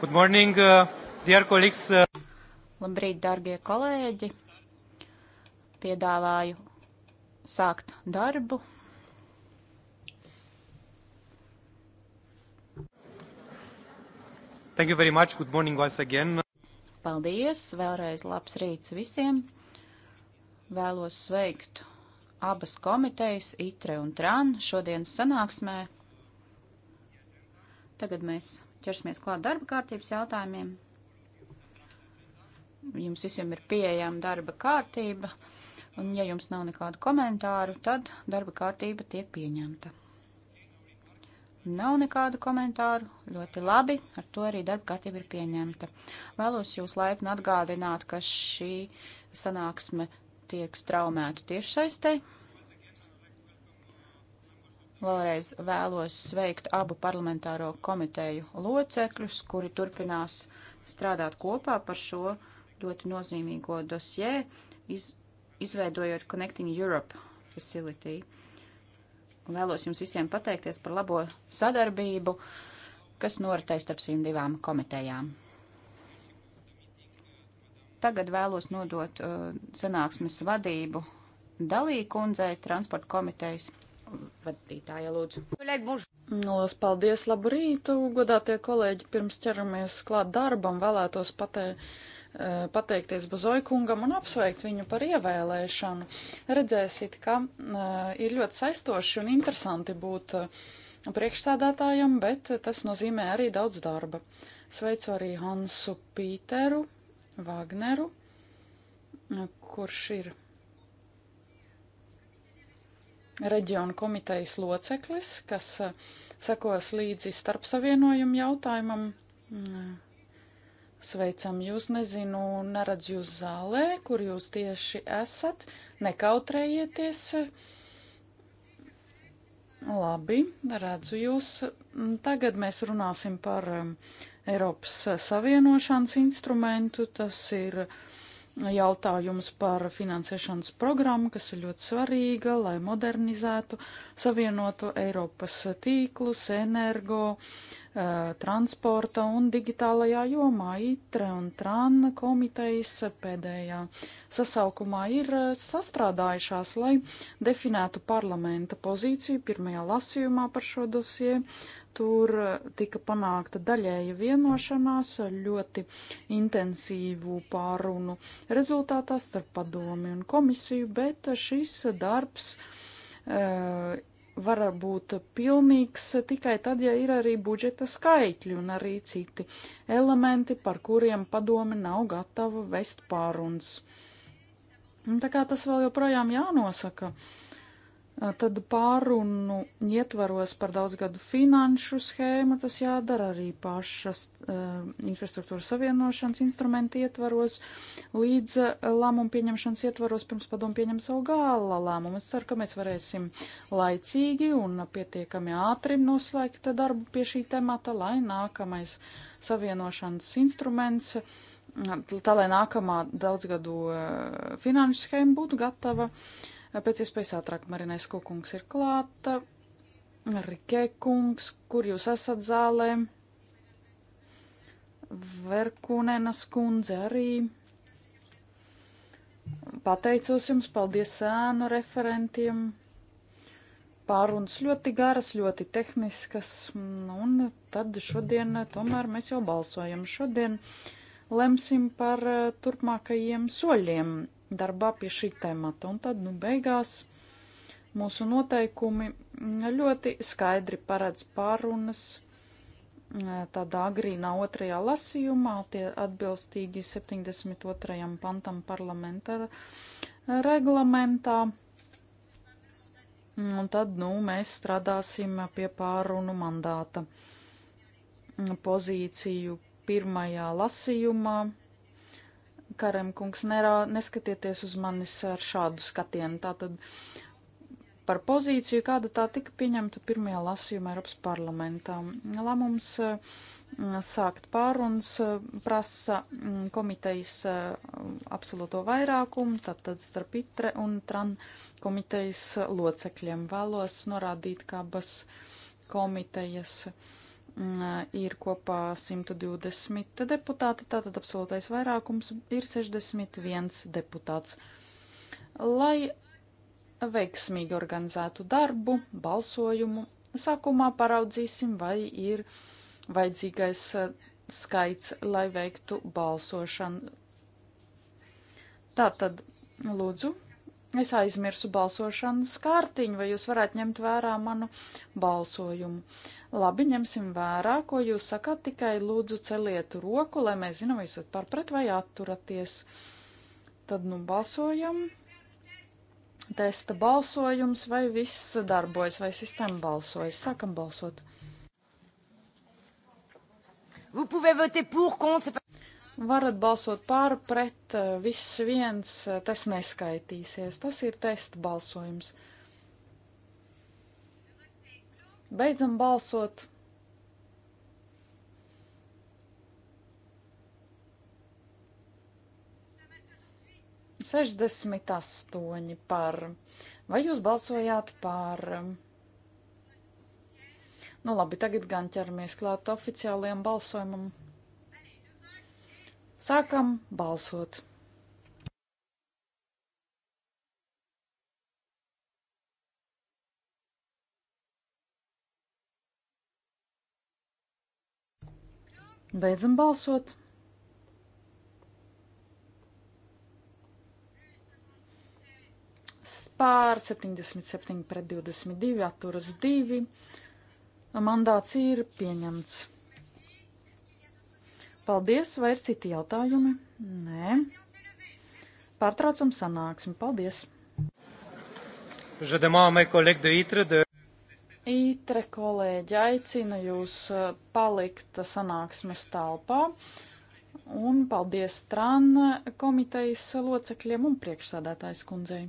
Good morning, uh, dear colleagues. Uh, Labrīt, darbie kolēģi. Piedāvāju sākt darbu. Thank you very much. Good morning once again. Paldies. Vēlreiz labs rīts visiem. Vēlos sveikt abas komitejas, ITRE un TRAN, šodienas sanāksmē. Tagad mēs ķersimies klāt darba kārtības jautājumiem. Jums visiem ir pieejama darba kārtība, un ja jums nav nekādu komentāru, tad darba kārtība tiek pieņemta. Nav nekādu komentāru, ļoti labi, ar to arī darba kārtība ir pieņemta. Vēlos jūs laipni atgādināt, ka šī sanāksme tiek straumēta tiešsaistē. Vēlreiz vēlos sveikt abu parlamentāro komiteju locekļus, kuri turpinās strādāt kopā par šo ļoti nozīmīgo dosjē, iz, izveidojot Connecting Europe Facility. Vēlos jums visiem pateikties par labo sadarbību, kas noritēs starp šīm divām komitejām. Tagad vēlos nodot uh, sanāksmes vadību dalī kundzei transporta komitejas vadītāja lūdzu. Lielas nu, paldies, labrīt, godātie kolēģi. Pirms ķeramies klāt darbam, vēlētos pateikt eh, pateikties Buzoikungam un apsveikt viņu par ievēlēšanu. Redzēsit, ka uh, ir ļoti saistoši un interesanti būt uh, eh, priekšsādātājam, bet tas nozīmē arī daudz darba. Sveicu arī Hansu Pīteru Vagneru, kurš ir reģionu komitejas loceklis, kas eh, sekos līdzi starpsavienojumu jautājumam. Mm. Sveicam jūs, nezinu, neredz jūs zālē, kur jūs tieši esat. Nekautrējieties. Labi, redzu jūs. Mm, tagad mēs runāsim par eh, Eiropas Savienošanas instrumentu. Tas ir uh, jautājumus par finansēšanas programmu, kas ir ļoti svarīga, lai modernizētu, savienotu Eiropas tīklus, energo, uh, Uh, transporta un digitālajā jomā. ITRE un TRAN komitejas pēdējā sasaukumā ir uh, sastrādājušās, lai definētu parlamenta pozīciju pirmajā lasījumā par šo dosie. Tur uh, tika panākta daļēja vienošanās ļoti intensīvu pārunu rezultātā starp padomi un komisiju, bet šis darbs var būt pilnīgs tikai tad, ja ir arī budžeta skaitļi un arī citi elementi, par kuriem padomi nav gatava vest pārunas. Tā kā tas vēl joprojām jānosaka. Uh, Tad pārunu ietvaros par daudzgadu finanšu schēmu tas jādara arī pašas uh, infrastruktūras savienošanas instrumenta ietvaros, līdz uh, lēmumu pieņemšanas ietvaros pirms padomu pieņem savu gala lēmumu. Es ceru, ka mēs varēsim laicīgi un pietiekami ātri noslēgt darbu pie šī temata, lai nākamais savienošanas instruments, tā lai nākamā daudzgadu uh, finanšu schēma būtu gatava. Uh, pēc iespējas ātrāk. Marinais Kukungs ir klāta, Rikē kungs, kur jūs esat zālē, Verkūnenas kundze arī. Pateicos jums, paldies sēnu referentiem. Pārunas ļoti garas, ļoti tehniskas, nu, un tad šodien tomēr mēs jau balsojam. Šodien lemsim par turpmākajiem soļiem darbā pie šī temata. Un tad, nu, beigās mūsu noteikumi ļoti skaidri paredz pārunas e, tādā agrīnā otrajā lasījumā, tie atbilstīgi 72. pantam parlamenta reglamentā. Un tad, nu, mēs strādāsim pie pārunu mandāta pozīciju pirmajā lasījumā Karem kungs, nerā, neskatieties uz manis ar šādu skatienu. Tātad par pozīciju, kāda tā tika pieņemta pirmajā lasījumā Eiropas parlamentā. Lēmums mm, sākt pārunas mm, prasa mm, komitejas absolūto vairākumu, tātad starp itre un tran komitejas locekļiem. Vēlos norādīt, ka abas komitejas uh, Mm, ir kopā 120 deputāti, tātad absolūtais vairākums ir 61 deputāts. Lai veiksmīgi organizētu darbu, balsojumu, sākumā paraudzīsim, vai ir vajadzīgais skaits, lai veiktu balsošanu. Tātad, lūdzu, Es aizmirsu balsošanas kārtiņu, vai jūs varētu ņemt vērā manu balsojumu. Labi, ņemsim vērā, ko jūs sakat, tikai lūdzu celiet roku, lai mēs zinām, vai jūs esat par pret vai atturaties. Tad nu balsojam. Testa balsojums, vai viss darbojas, vai sistēma balsojas. Sākam balsot. Vous pouvez voter pour, contre, varat balsot pār, pret, eh, viss viens, eh, tas neskaitīsies. Tas ir testa balsojums. Beidzam balsot. Sešdesmit astoņi par. Vai jūs balsojāt par? Nu labi, tagad gan ķeramies klāt oficiālajam balsojumam. Sākam balsot! Beidzam balsot. Pār 77 pret 22 atturas 2. Mandāts ir pieņemts. Paldies, vai ir citi jautājumi? Nē. Pārtraucam sanāksmi. Paldies. Ītre kolēģi, aicinu jūs uh, palikt sanāksmes talpā. Un paldies Tran komitejas locekļiem un priekšsādātājs kundzei.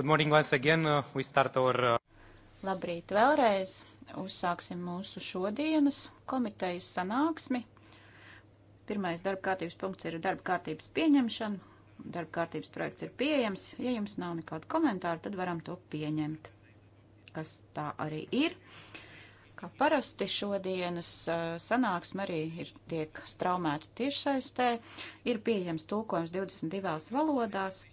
Good morning once again. Uh, we start our. Uh, Labrīt vēlreiz. Uzsāksim mūsu šodienas komitejas sanāksmi. Pirmais darba kārtības punkts ir darba kārtības pieņemšana. Darba kārtības projekts ir pieejams. Ja jums nav nekādu komentāru, tad varam to pieņemt. Kas tā arī ir. Kā parasti šodienas uh, sanāksme arī ir tiek straumēta tiešsaistē, ir pieejams tulkojums 22 valodās,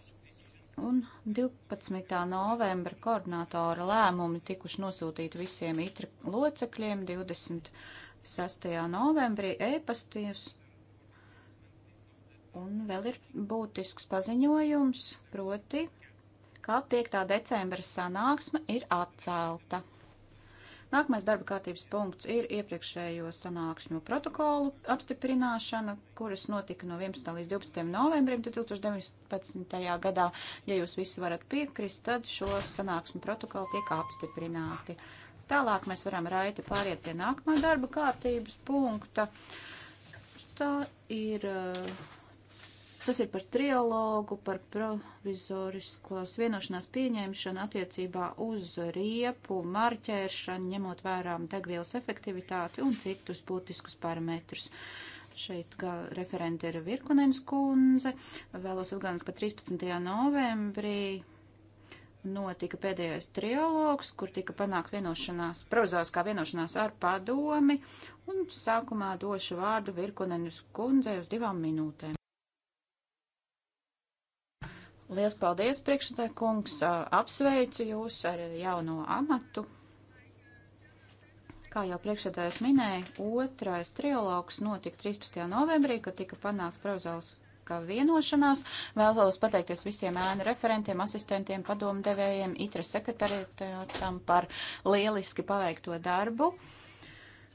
12. novembra koordinātora lēmumi tikuši nosūtīti visiem itri locekļiem 26. novembrī ēpastījus. Un vēl ir būtisks paziņojums, proti, ka 5. decembra sanāksme ir atcelta. Nākamais darba kārtības punkts ir iepriekšējo sanāksmju protokolu apstiprināšana, kuras notika no 11. līdz 12. novembrim 2019. gadā. Ja jūs visi varat piekrist, tad šo sanāksmu protokolu tiek apstiprināti. Tālāk mēs varam raiti pāriet pie nākamā darba kārtības punkta. Tā ir. Uh, Tas ir par trialogu, par provizoriskos vienošanās pieņemšanu attiecībā uz riepu, marķēšanu, ņemot vērām degvielas efektivitāti un citus būtiskus parametrus. Šeit referente ir Virkunens kundze. Vēlos atgādināt, ka 13. novembrī notika pēdējais trialogs, kur tika panākt vienošanās, provizoriskā vienošanās ar padomi, un sākumā došu vārdu Virkunenes kundzei uz divām minūtēm. Liels paldies, priekšsēdē kungs, apsveicu jūs ar jauno amatu. Kā jau priekšsēdājs minēja, otrais trialogs notika 13. novembrī, kad tika panāks provizāls ka vienošanās. Vēlos pateikties visiem ēnu referentiem, asistentiem, padomdevējiem, itra sekretariatam par lieliski paveikto darbu.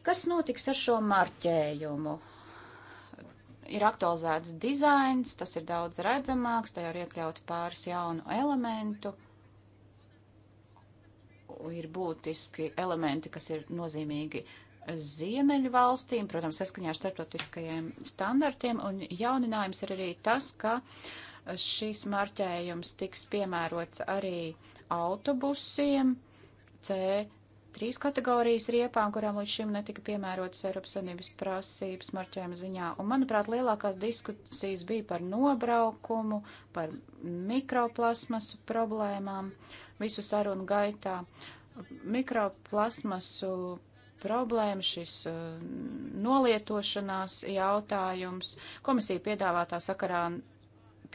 Kas notiks ar šo marķējumu? ir aktualizēts dizains, tas ir daudz redzamāks, tajā ir iekļauti pāris jaunu elementu. Ir būtiski elementi, kas ir nozīmīgi ziemeļu valstīm, protams, saskaņā ar starptautiskajiem standartiem, un jauninājums ir arī tas, ka šīs marķējums tiks piemērots arī autobusiem C trīs kategorijas riepām, kurām līdz šim netika piemērotas Eiropas Savienības prasības marķējuma ziņā. Un, manuprāt, lielākās diskusijas bija par nobraukumu, par mikroplasmasu problēmām visu sarunu gaitā. Mikroplasmasu problēma, šis uh, nolietošanās jautājums. Komisija piedāvātā sakarā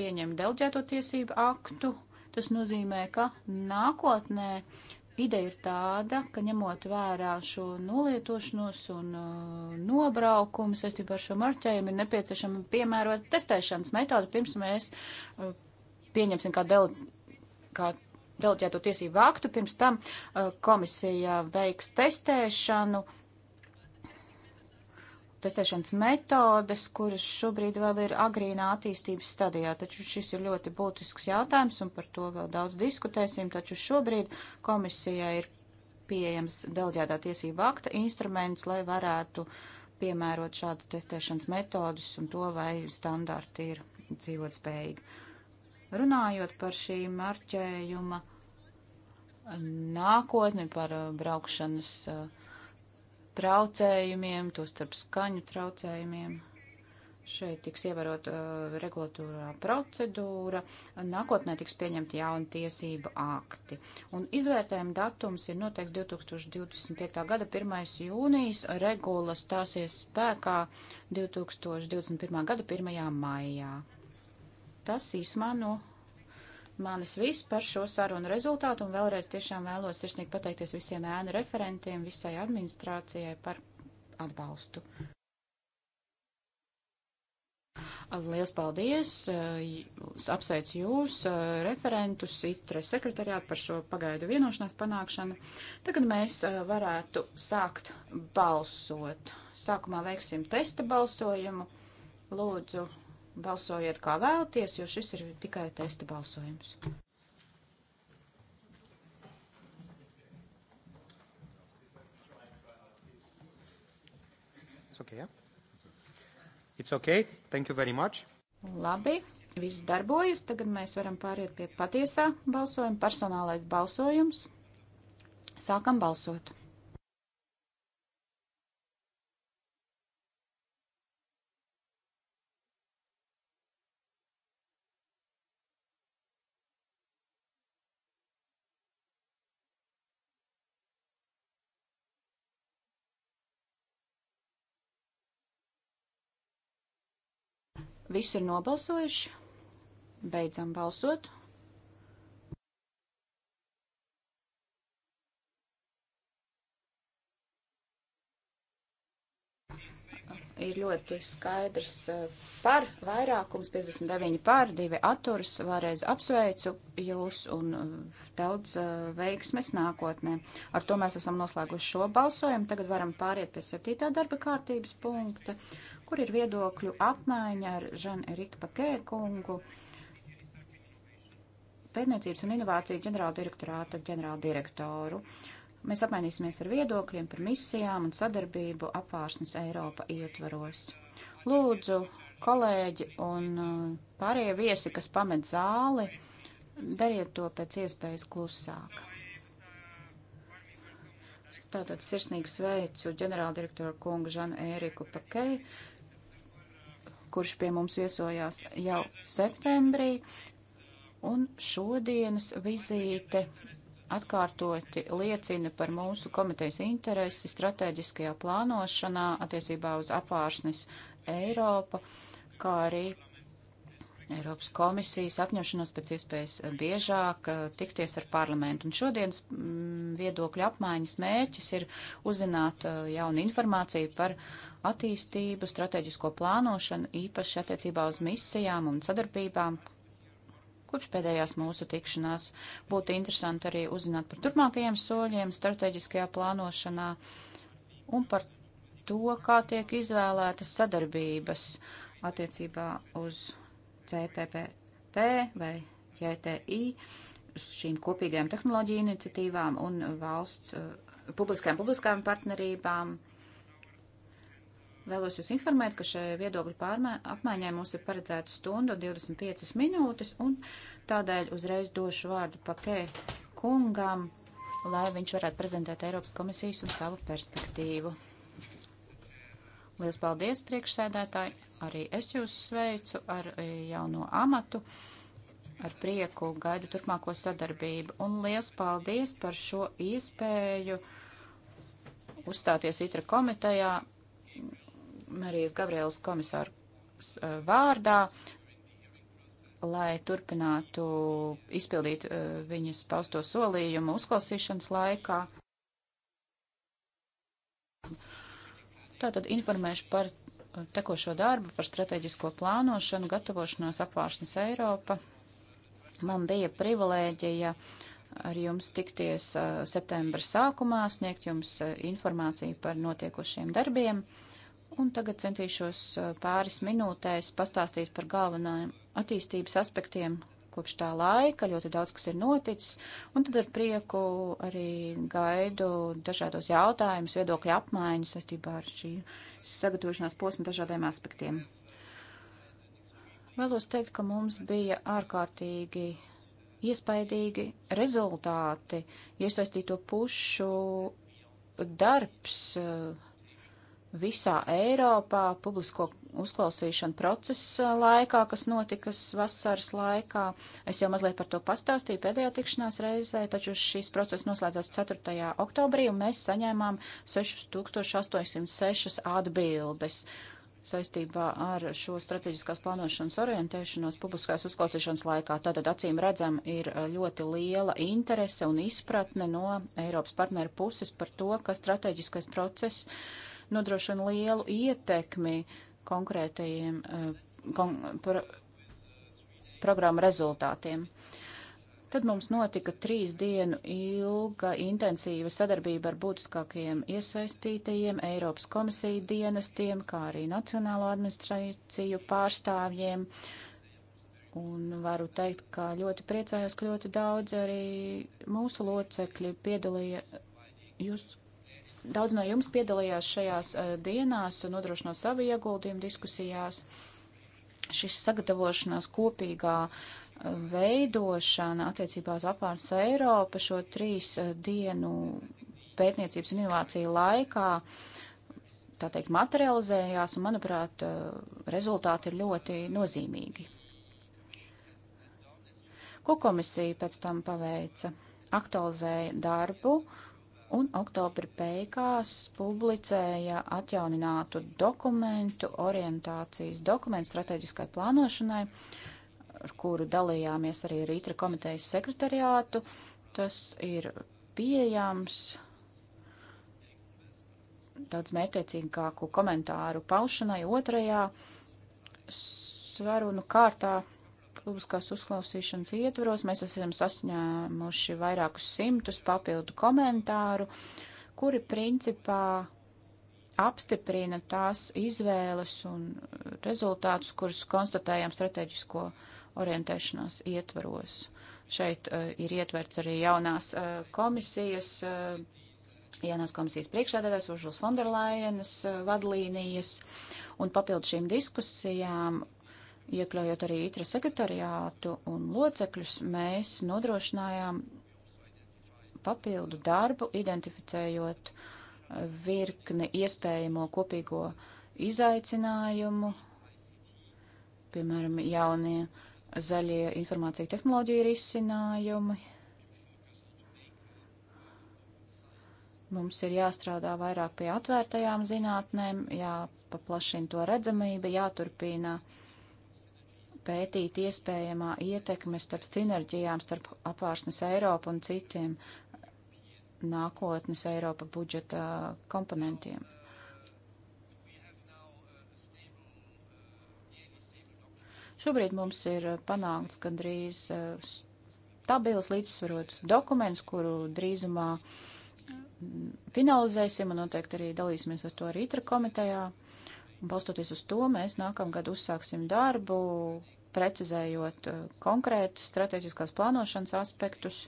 pieņem delģēto tiesību aktu. Tas nozīmē, ka nākotnē uh, Ideja ir tāda, ka ņemot vērā šo nolietošanos un uh, nobraukumu saistībā ar šo marķējumu, ir nepieciešama piemērot testēšanas metodu, pirms mēs uh, pieņemsim kā, del, kā deleģēto tiesību aktu, pirms tam uh, komisija veiks testēšanu. Uh, testēšanas metodes, kuras šobrīd vēl ir agrīnā attīstības stadijā, taču šis ir ļoti būtisks jautājums un par to vēl daudz diskutēsim, taču šobrīd komisijai ir pieejams delģētā tiesība akta instruments, lai varētu piemērot šādas testēšanas metodas un to, vai standarti ir dzīvot spējīgi. Runājot par šī marķējuma nākotni, par braukšanas uh, traucējumiem, tostarp skaņu traucējumiem. Šeit tiks ievērot uh, regulatūrā procedūra, nākotnē tiks pieņemti jauni tiesību akti. Un izvērtējuma datums ir noteikts 2025. gada 1. jūnijas, regula stāsies spēkā 2021. gada 1. maijā. Tas īsumā no manis viss par šo sarunu rezultātu un vēlreiz tiešām vēlos sirsnīgi pateikties visiem ēnu referentiem, visai administrācijai par atbalstu. Lielas paldies! Apsveicu jūs, referentus, itre sekretariātu par šo pagaidu vienošanās panākšanu. Tagad mēs varētu sākt balsot. Sākumā veiksim testa balsojumu. Lūdzu, Balsojiet, kā vēlaties, jo šis ir tikai testa balsojums. It's okay. Yeah? It's okay. Thank you very much. Labi, viss darbojas. Tagad mēs varam pāriet pie patiesā balsojuma, personālais balsojums. Sākam balsot. Visi ir nobalsojuši. Beidzam balsot. ir ļoti skaidrs eh, par vairākums, 59 pār, 2 atturs, vēlreiz apsveicu jūs un eh, daudz eh, veiksmes nākotnē. Ar to mēs esam noslēguši šo balsojumu, tagad varam pāriet pie 7. darba kārtības punkta, kur ir viedokļu apmaiņa ar Žanu-Eriku Pakēkungu, pētniecības un inovāciju ģenerāldirektorāta ģenerāldirektoru. Mēs apmainīsimies ar viedokļiem par misijām un sadarbību apvārsnes Eiropa ietvaros. Lūdzu, kolēģi un uh, pārējie viesi, kas pamet zāli, dariet to pēc iespējas klusāk. Tātad sirsnīgi sveicu ģenerāldirektoru kungu Žanu Ēriku Pakeju kurš pie mums viesojās jau septembrī, un šodienas vizīte atkārtoti liecina par mūsu komitejas interesi strateģiskajā plānošanā attiecībā uz apārsnes Eiropa, kā arī Eiropas komisijas apņemšanos pēc iespējas eh, biežāk eh, tikties ar parlamentu. Un šodienas mm, viedokļu apmaiņas mērķis ir uzzināt eh, jaunu informāciju par attīstību, strateģisko plānošanu, īpaši attiecībā uz misijām un sadarbībām. Kopš pēdējās mūsu tikšanās būtu interesanti arī uzzināt par turpmākajiem soļiem strateģiskajā plānošanā un par to, kā tiek izvēlētas sadarbības attiecībā uz CPPP vai JTI, šīm kopīgajām tehnoloģiju iniciatīvām un valsts eh, publiskajām publiskajām partnerībām. Vēlos jūs informēt, ka šai viedokļu pārmē, apmaiņai mums ir paredzēta stunda un 25 minūtes, un tādēļ uzreiz došu vārdu pakē kungam, lai viņš varētu prezentēt Eiropas komisijas un savu perspektīvu. Lielas paldies, priekšsēdētāji! Arī es jūs sveicu ar e, jauno amatu, ar prieku gaidu turpmāko sadarbību un liels paldies par šo iespēju uzstāties itra komitejā Marijas Gabrielas komisāru e, vārdā, lai turpinātu izpildīt uh, viņas pausto solījumu uzklausīšanas laikā. Tātad informēšu par tekošo darbu par strateģisko plānošanu, gatavošanos apvāršanas Eiropa. Man bija privilēģija ar jums tikties uh, septembra sākumā, sniegt jums uh, informāciju par notiekošiem darbiem. Un tagad centīšos uh, pāris minūtēs pastāstīt par galvenajiem attīstības aspektiem, kopš tā laika, ļoti daudz kas ir noticis, un tad ar prieku arī gaidu dažādos jautājumus, viedokļu apmaiņu saistībā ar šī sagatavošanās posmu dažādiem aspektiem. Vēlos teikt, ka mums bija ārkārtīgi iespaidīgi rezultāti, iesaistīto pušu darbs. Uh, visā Eiropā publisko uzklausīšanu procesa laikā, kas notikas vasaras laikā. Es jau mazliet par to pastāstīju pēdējā tikšanās reizē, taču šīs procesas noslēdzās 4. oktobrī, un mēs saņēmām 6806 atbildes saistībā ar šo strateģiskās plānošanas orientēšanos publiskās uzklausīšanas laikā. Tātad, acīm redzam, ir ļoti liela interese un izpratne no Eiropas partneru puses par to, ka strateģiskais process uh, nodrošina lielu ietekmi konkrētajiem eh, kon, pro, programmu rezultātiem. Tad mums notika trīs dienu ilga intensīva sadarbība ar būtiskākajiem iesaistītajiem Eiropas komisiju dienestiem, kā arī Nacionālo administrāciju pārstāvjiem. Un varu teikt, ka ļoti priecājos, ka ļoti daudz arī mūsu locekļi piedalīja jūs daudz no jums piedalījās šajās eh, dienās, nodrošinot savu ieguldījumu diskusijās. Šis sagatavošanās kopīgā eh, veidošana attiecībā uz apvārnes Eiropa šo trīs eh, dienu pētniecības un inovāciju laikā, tā teikt, materializējās, un, manuprāt, rezultāti ir ļoti nozīmīgi. Ko komisija pēc tam paveica? Aktualizēja darbu, uh, un oktobra beigās publicēja atjauninātu dokumentu, orientācijas dokumentu strateģiskai plānošanai, ar kuru dalījāmies arī Rītra komitejas sekretariātu. Tas ir pieejams daudz mērķiecīgāku komentāru paušanai otrajā sarunu kārtā publiskās uzklausīšanas ietvaros. Mēs esam sasņēmuši vairākus simtus papildu komentāru, kuri principā apstiprina tās izvēles un rezultātus, kurus konstatējām strateģisko orientēšanās ietvaros. Šeit uh, ir ietverts arī jaunās uh, komisijas, uh, jaunās komisijas priekšsēdētājs Užuls Fonderlainas uh, vadlīnijas. Un papildus šīm diskusijām iekļaujot arī itra sekretariātu un locekļus, mēs nodrošinājām papildu darbu, identificējot eh, virkni iespējamo kopīgo izaicinājumu, piemēram, jaunie zaļie informācija tehnoloģija risinājumi. Mums ir jāstrādā vairāk pie atvērtajām zinātnēm, jāpaplašina to redzamība, jāturpina uh, pētīt iespējamā ietekme starp sinerģijām starp apvārsnes Eiropu un citiem nākotnes Eiropa budžeta komponentiem. Šobrīd mums ir panākts gandrīz eh, stabils līdzsvarots dokuments, kuru drīzumā mm, finalizēsim un noteikti arī dalīsimies ar to arī ITRA komitejā. Un balstoties uz to, mēs nākamgad uzsāksim darbu, precizējot eh, konkrētus strateģiskās plānošanas aspektus.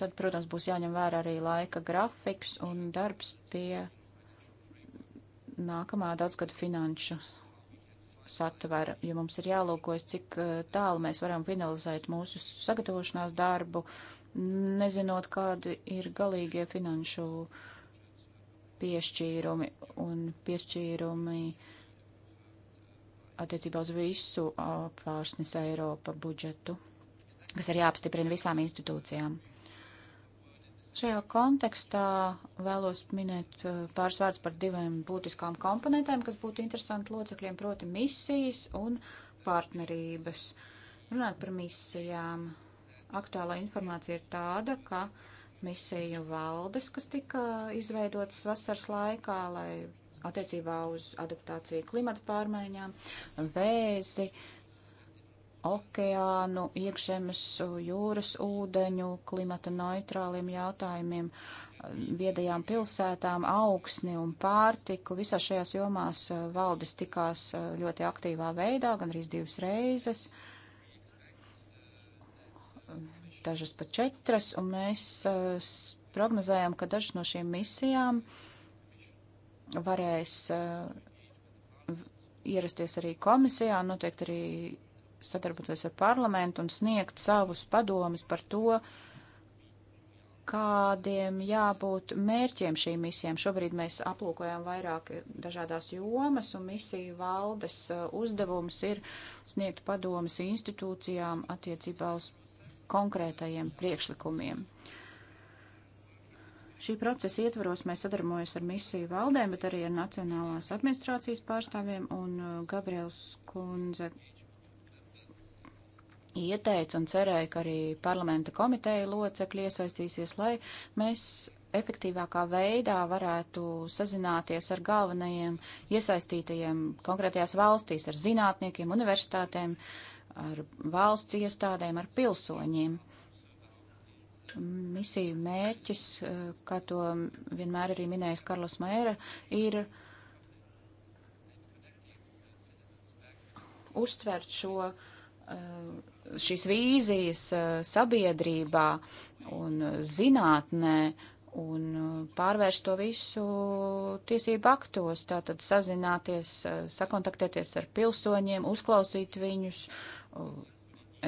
Tad, protams, būs jāņem vērā arī laika grafiks un darbs pie nākamā daudzgada finanšu satvera, jo mums ir jālūkojas, cik eh, tālu mēs varam finalizēt mūsu sagatavošanās darbu, nezinot, kādi ir galīgie finanšu piešķīrumi un piešķīrumi uh, attiecībā uz visu apvārsnes Eiropa budžetu, kas ir jāapstiprina visām institūcijām. Šajā kontekstā vēlos minēt pāris vārdus par divām būtiskām komponentēm, kas būtu interesanti locekļiem, proti misijas un partnerības. Runāt par misijām. Aktuālā informācija ir tāda, ka misiju valdes, kas tika izveidotas vasaras laikā, lai attiecībā uz adaptāciju klimata pārmaiņām, vēzi, okeānu, iekšzemes, jūras ūdeņu, klimata neitrāliem jautājumiem, viedajām pilsētām, augsni un pārtiku. Visā šajās jomās eh, valdes tikās eh, ļoti aktīvā veidā, gan arī divas reizes dažas pat četras, un mēs uh, eh, prognozējām, ka dažas no šīm misijām uh, varēs uh, ierasties arī komisijā, noteikti arī sadarboties ar parlamentu un sniegt savus padomus par to, kādiem jābūt mērķiem šīm misijām. Šobrīd mēs aplūkojam vairāk dažādās jomas, un misija valdes eh, uzdevums ir sniegt padomus institūcijām attiecībā uz konkrētajiem priekšlikumiem. Uh, Šī procesa ietvaros mēs sadarbojamies ar misiju valdēm, bet arī ar Nacionālās administrācijas pārstāvjiem, un uh, Gabriels kundze ieteica un cerēja, ka arī parlamenta komiteja locekļi iesaistīsies, lai mēs efektīvākā veidā varētu sazināties ar galvenajiem iesaistītajiem konkrētajās valstīs, ar zinātniekiem, universitātēm, ar valsts iestādēm, ar pilsoņiem. Misiju mērķis, eh, kā to vienmēr arī minējis Karlos Mēra, ir uztvert šo, eh, šīs vīzijas eh, sabiedrībā un zinātnē un pārvērst to visu tiesību aktos, tātad sazināties, sakontaktēties ar pilsoņiem, uzklausīt viņus,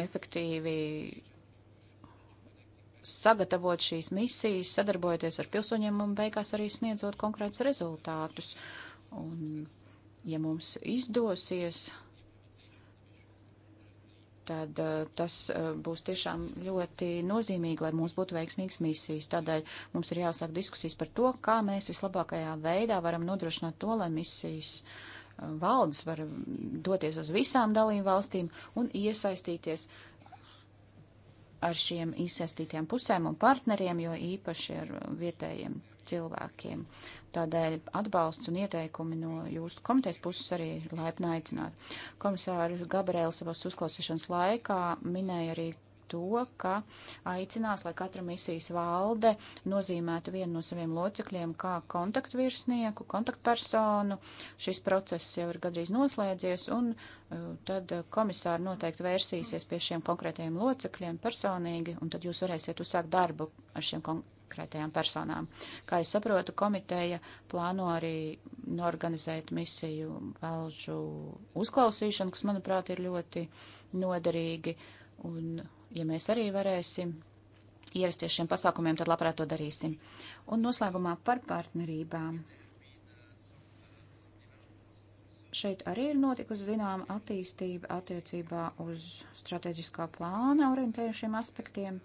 efektīvi sagatavot šīs misijas, sadarbojoties ar pilsoņiem un beigās arī sniedzot konkrēts rezultātus. Un, ja mums izdosies, tad uh, tas uh, būs tiešām ļoti nozīmīgi, lai mums būtu veiksmīgas misijas. Tādēļ mums ir jāsāk diskusijas par to, kā mēs vislabākajā veidā varam nodrošināt to, lai misijas uh, valdes var doties uz visām dalību valstīm un iesaistīties uh, ar šiem iesaistītiem pusēm un partneriem, jo īpaši ar vietējiem cilvēkiem. Tādēļ atbalsts un ieteikumi no jūsu komitejas puses arī laipni aicināt. Komisārs Gabriels savas uzklausīšanas laikā minēja arī to, ka aicinās, lai katra misijas valde nozīmētu vienu no saviem locekļiem kā kontaktvirsnieku, kontaktpersonu. Šis process jau ir gadrīz noslēdzies, un uh, tad komisāri noteikti vērsīsies pie šiem konkrētajiem locekļiem personīgi, un tad jūs varēsiet uzsākt darbu ar šiem konkrētajām personām. Kā es saprotu, komiteja plāno arī norganizēt misiju valžu uzklausīšanu, kas, manuprāt, ir ļoti noderīgi. Un ja mēs arī varēsim ierasties šiem pasākumiem, tad labprāt to darīsim. Un noslēgumā par partnerībām. Šeit arī ir notikusi zināma attīstība attiecībā uz strateģiskā plāna orientējušiem aspektiem.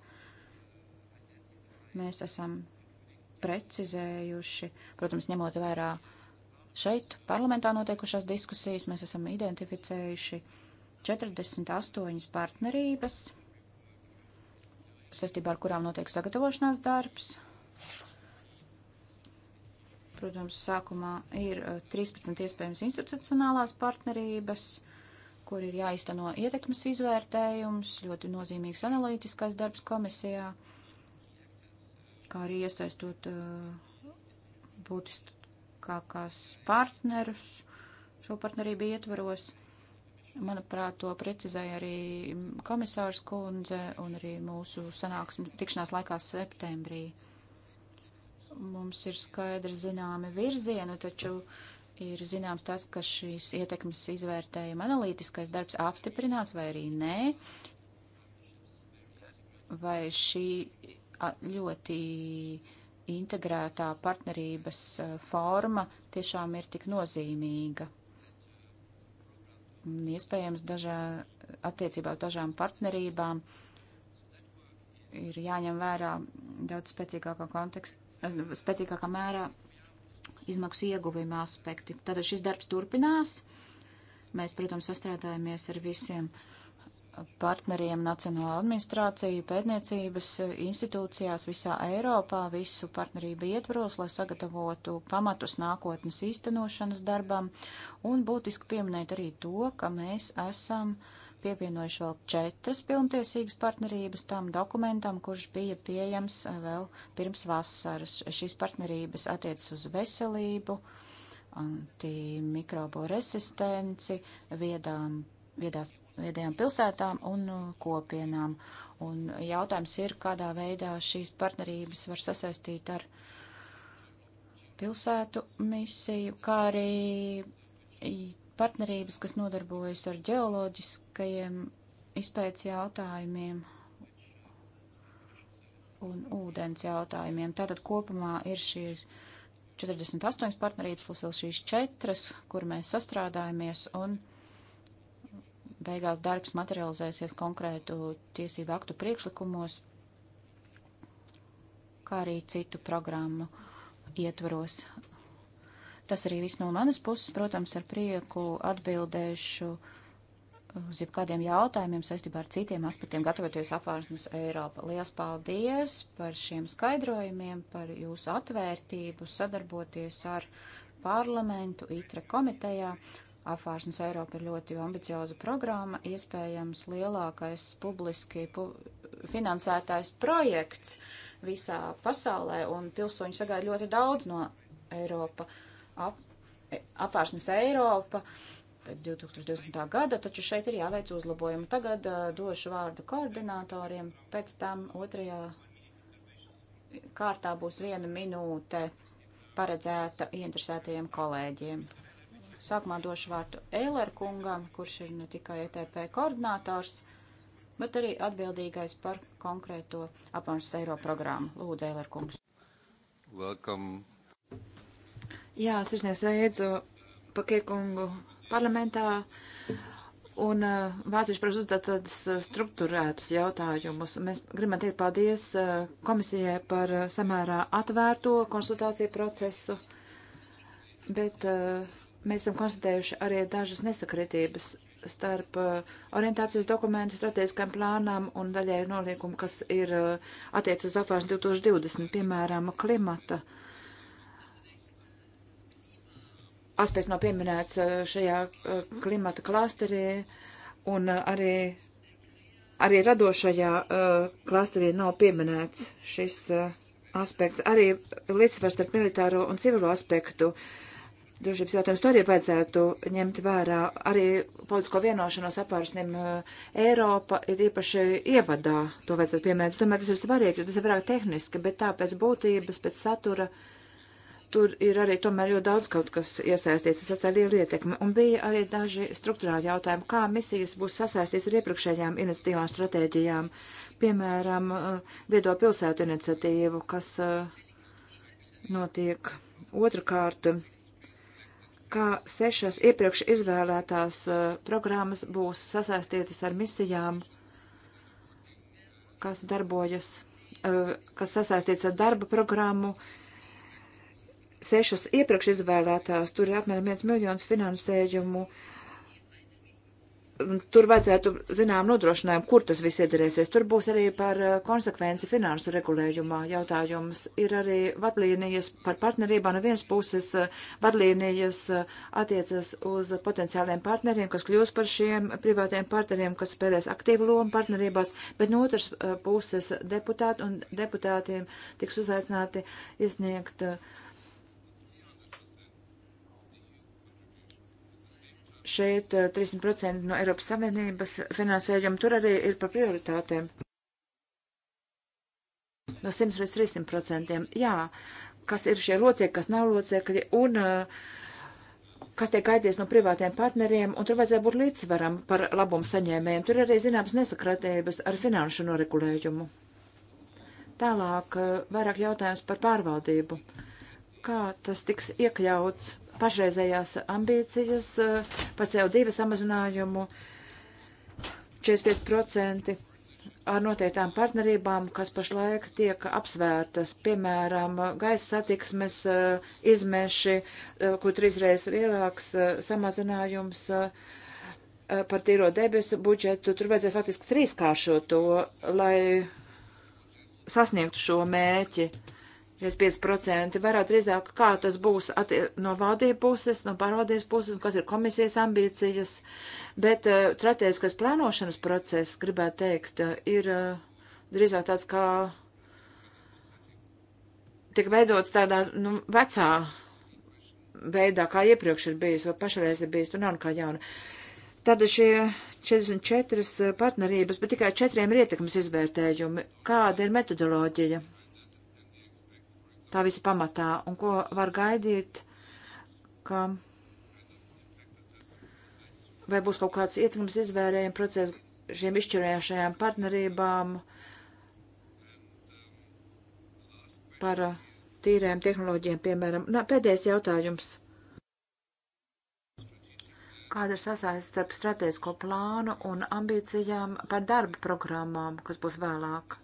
Mēs esam precizējuši, protams, ņemot vērā šeit parlamentā notiekušās diskusijas, mēs esam identificējuši 48 partnerības saistībā ar kurām notiek sagatavošanās darbs. Protams, sākumā ir 13 eh, iespējams institucionālās partnerības, kur ir jāizteno ietekmes izvērtējums, ļoti nozīmīgs analītiskais darbs komisijā, kā arī iesaistot eh, būtiskākās partnerus šo partnerību ietvaros. Manuprāt, to precizēja arī komisārs kundze un arī mūsu sanāksmes tikšanās laikā septembrī. Mums ir skaidri zināmi virzieni, taču ir zināms tas, ka šīs ietekmes izvērtējuma analītiskais darbs apstiprinās vai arī nē, vai šī ļoti integrētā partnerības forma tiešām ir tik nozīmīga iespējams dažā, attiecībā uz dažām partnerībām ir jāņem vērā daudz spēcīgākā konteksta, spēcīgākā mērā izmaksu ieguvuma aspekti. Tātad šis darbs turpinās. Mēs, protams, sastrādājamies ar visiem uh, partneriem Nacionālā administrācija, pētniecības institūcijās visā Eiropā, visu partnerību ietvaros, lai sagatavotu pamatus nākotnes īstenošanas darbam, un būtiski pieminēt arī to, ka mēs esam pievienojuši vēl četras pilntiesīgas partnerības tam dokumentam, kurš bija pieejams eh, vēl pirms vasaras. Šīs partnerības attiecas uz veselību, antimikrobu resistenci, viedām, viedās viedajām pilsētām un uh, kopienām. Un jautājums ir, kādā veidā šīs partnerības var sasaistīt ar pilsētu misiju, kā arī partnerības, kas nodarbojas ar ģeoloģiskajiem izpētes jautājumiem un ūdens jautājumiem. Tātad kopumā ir šīs 48 partnerības plus vēl šīs četras, kur mēs sastrādājamies un beigās darbs materializēsies konkrētu tiesību aktu priekšlikumos, kā arī citu programmu ietvaros. Tas arī viss no manas puses, protams, ar prieku atbildēšu uz jebkādiem jautājumiem saistībā ar citiem aspektiem, gatavoties apvārsnes Eiropa. Lielas paldies par šiem skaidrojumiem, par jūsu atvērtību sadarboties ar parlamentu ITRE komitejā. Apvārsnes Eiropa ir ļoti ambicioza programma, iespējams lielākais publiski pu finansētais projekts visā pasaulē, un pilsoņi sagaida ļoti daudz no Eiropa. Ap, apvārsnes Eiropa pēc 2020. gada, taču šeit ir jāveic uzlabojumi. Tagad uh, došu vārdu koordinatoriem, pēc tam otrajā kārtā būs viena minūte paredzēta ieinteresētajiem kolēģiem. Sākumā došu vārtu Eiler kungam, kurš ir ne tikai ETP koordinātors, bet arī atbildīgais par konkrēto apmaiņas eiro programmu. Lūdzu, Eiler kungs. Welcome. Jā, sirsnies veidzu pakiekungu parlamentā. Un uh, vācieši prasa uzdot tādus uh, struktūrētus jautājumus. Mēs gribam teikt paldies uh, komisijai par uh, samērā atvērto konsultāciju procesu, bet uh, Mēs esam konstatējuši arī dažas nesakritības starp uh, orientācijas dokumentu strateģiskajam plānām un daļai noliekumu, kas ir uh, attiecas uz apvērs 2020, piemēram, klimata. Aspekts nav pieminēts uh, šajā klimata klāsterī un arī, arī radošajā klāsterī nav pieminēts šis aspekts. Arī līdzsvars starp militāro un civilo aspektu. Uh, drošības jautājums, to arī vajadzētu ņemt vērā. Arī politisko vienošanos apārsnim uh, Eiropa ir īpaši ievadā, to vajadzētu pieminēt. Tomēr tas ir svarīgi, jo tas ir vairāk tehniski, bet tā pēc būtības, pēc satura, tur ir arī tomēr ļoti daudz kaut kas iesaistīts, tas atstāja lielu ietekmi. Un bija arī daži struktūrāli jautājumi, kā misijas būs sasaistīts ar iepriekšējām iniciatīvām stratēģijām, piemēram, uh, viedo pilsētu iniciatīvu, kas uh, notiek. Otrakārt, ka sešas iepriekš izvēlētās uh, programmas būs sasaistītas ar misijām, kas darbojas, uh, kas sasaistīts ar darba programmu. Sešas iepriekš izvēlētās, tur ir apmēram 1 miljons finansējumu uh, tur vajadzētu, zinām, nodrošinājumu, kur tas viss iedarēsies. Tur būs arī par eh, konsekvenci finansu regulējumā jautājums. Ir arī vadlīnijas par partnerībā. No vienas puses eh, vadlīnijas eh, attiecas uz potenciāliem partneriem, kas kļūs par šiem privātiem partneriem, kas spēlēs aktīvu lomu partnerībās, bet no otras puses deputāti un deputātiem tiks uzaicināti iesniegt uh, šeit 30% eh, no Eiropas Savienības finansējuma tur arī ir par prioritātēm. No 100 līdz 300%. Jā, kas ir šie locekļi, kas nav locekļi un eh, kas tiek aities no privātiem partneriem, un tur vajadzēja būt līdzsvaram par labumu saņēmējiem. Tur arī zināmas nesakratības ar finanšu noregulējumu. Tālāk eh, vairāk jautājums par pārvaldību. Kā tas tiks iekļauts pašreizējās ambīcijas eh, par CO2 samazinājumu 45% ar noteiktām partnerībām, kas pašlaik tiek apsvērtas, piemēram, gaisa satiksmes eh, izmeši, eh, kur trīsreiz lielāks samazinājums par tīro debesu budžetu. Tur vajadzēja faktiski trīskāršot to, lai sasniegtu šo mēķi. 45% vairāk drīzāk, kā tas būs no valdību puses, no pārvaldības puses, kas ir komisijas ambīcijas, bet uh, strateģiskas plānošanas process, gribētu teikt, eh, ir uh, drīzāk tāds kā tiek veidots tādā, nu, vecā veidā, kā iepriekš ir bijis, vai pašreiz ir bijis, tur nav nekā jauna. Tad šie 44 partnerības, bet tikai četriem ir ietekmes izvērtējumi. Kāda ir metodoloģija? tā visa pamatā un ko var gaidīt, ka vai būs kaut kāds ietekmes izvērējuma process šiem izšķirējušajām partnerībām par uh, tīrēm tehnoloģijām, piemēram. Nā, pēdējais jautājums. Kāda ir sasaiste starp strateģisko plānu un ambīcijām par darba programmām, kas būs vēlāk?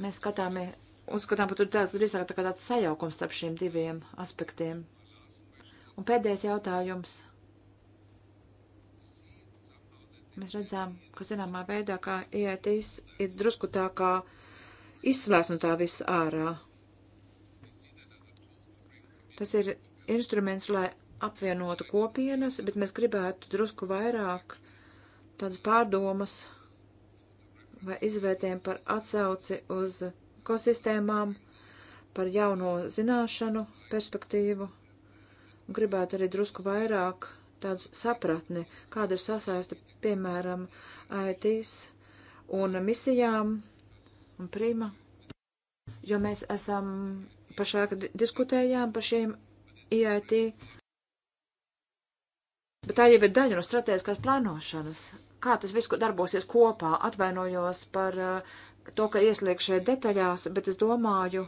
Mēs skatāmies uzskatām, ka tur drīzāk tā kā tāds sajaukums starp šiem diviem aspektiem. Un pēdējais jautājums. Mēs redzām, ka zināmā veidā, kā ietīs, ir drusku tā kā izslēgts no tā viss ārā. Tas ir instruments, lai apvienotu kopienas, bet mēs gribētu drusku vairāk tādas pārdomas vai izvērtējumu par atsauci uz ekosistēmām, par jauno zināšanu perspektīvu un gribētu arī drusku vairāk tādu sapratni, kāda ir sasaista, piemēram, AITs un misijām un prima, jo mēs esam pašāk diskutējām par šiem IIT, bet tā jau ir daļa no strateģiskās plānošanas. Kā tas viss darbosies kopā, atvainojos par uh, to, ka ieslēgšu šeit detaļās, bet es domāju,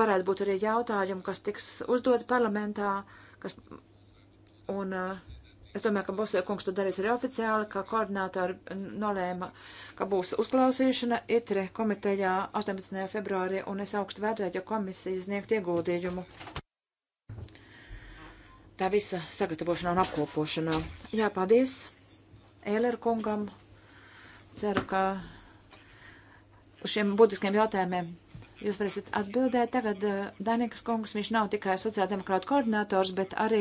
varētu būt arī jautājumi, kas tiks uzdot parlamentā, kas, un eh, es domāju, ka Bosija kungs to darīs arī oficiāli, ka koordinātori nolēma, ka būs uzklausīšana ITRE komitejā 18. februārī, un es augstu vērtēju, ja komisija sniegt ieguldījumu. Tā visa sagatavošanā un apkopošanā. Jā, paldies Ēler kungam. Ceru, ka uz šiem būtiskiem jautājumiem. Jūs varēsiet atbildēt tagad, eh, Danikas kungs, viņš nav tikai sociāldemokrāta koordinators, bet arī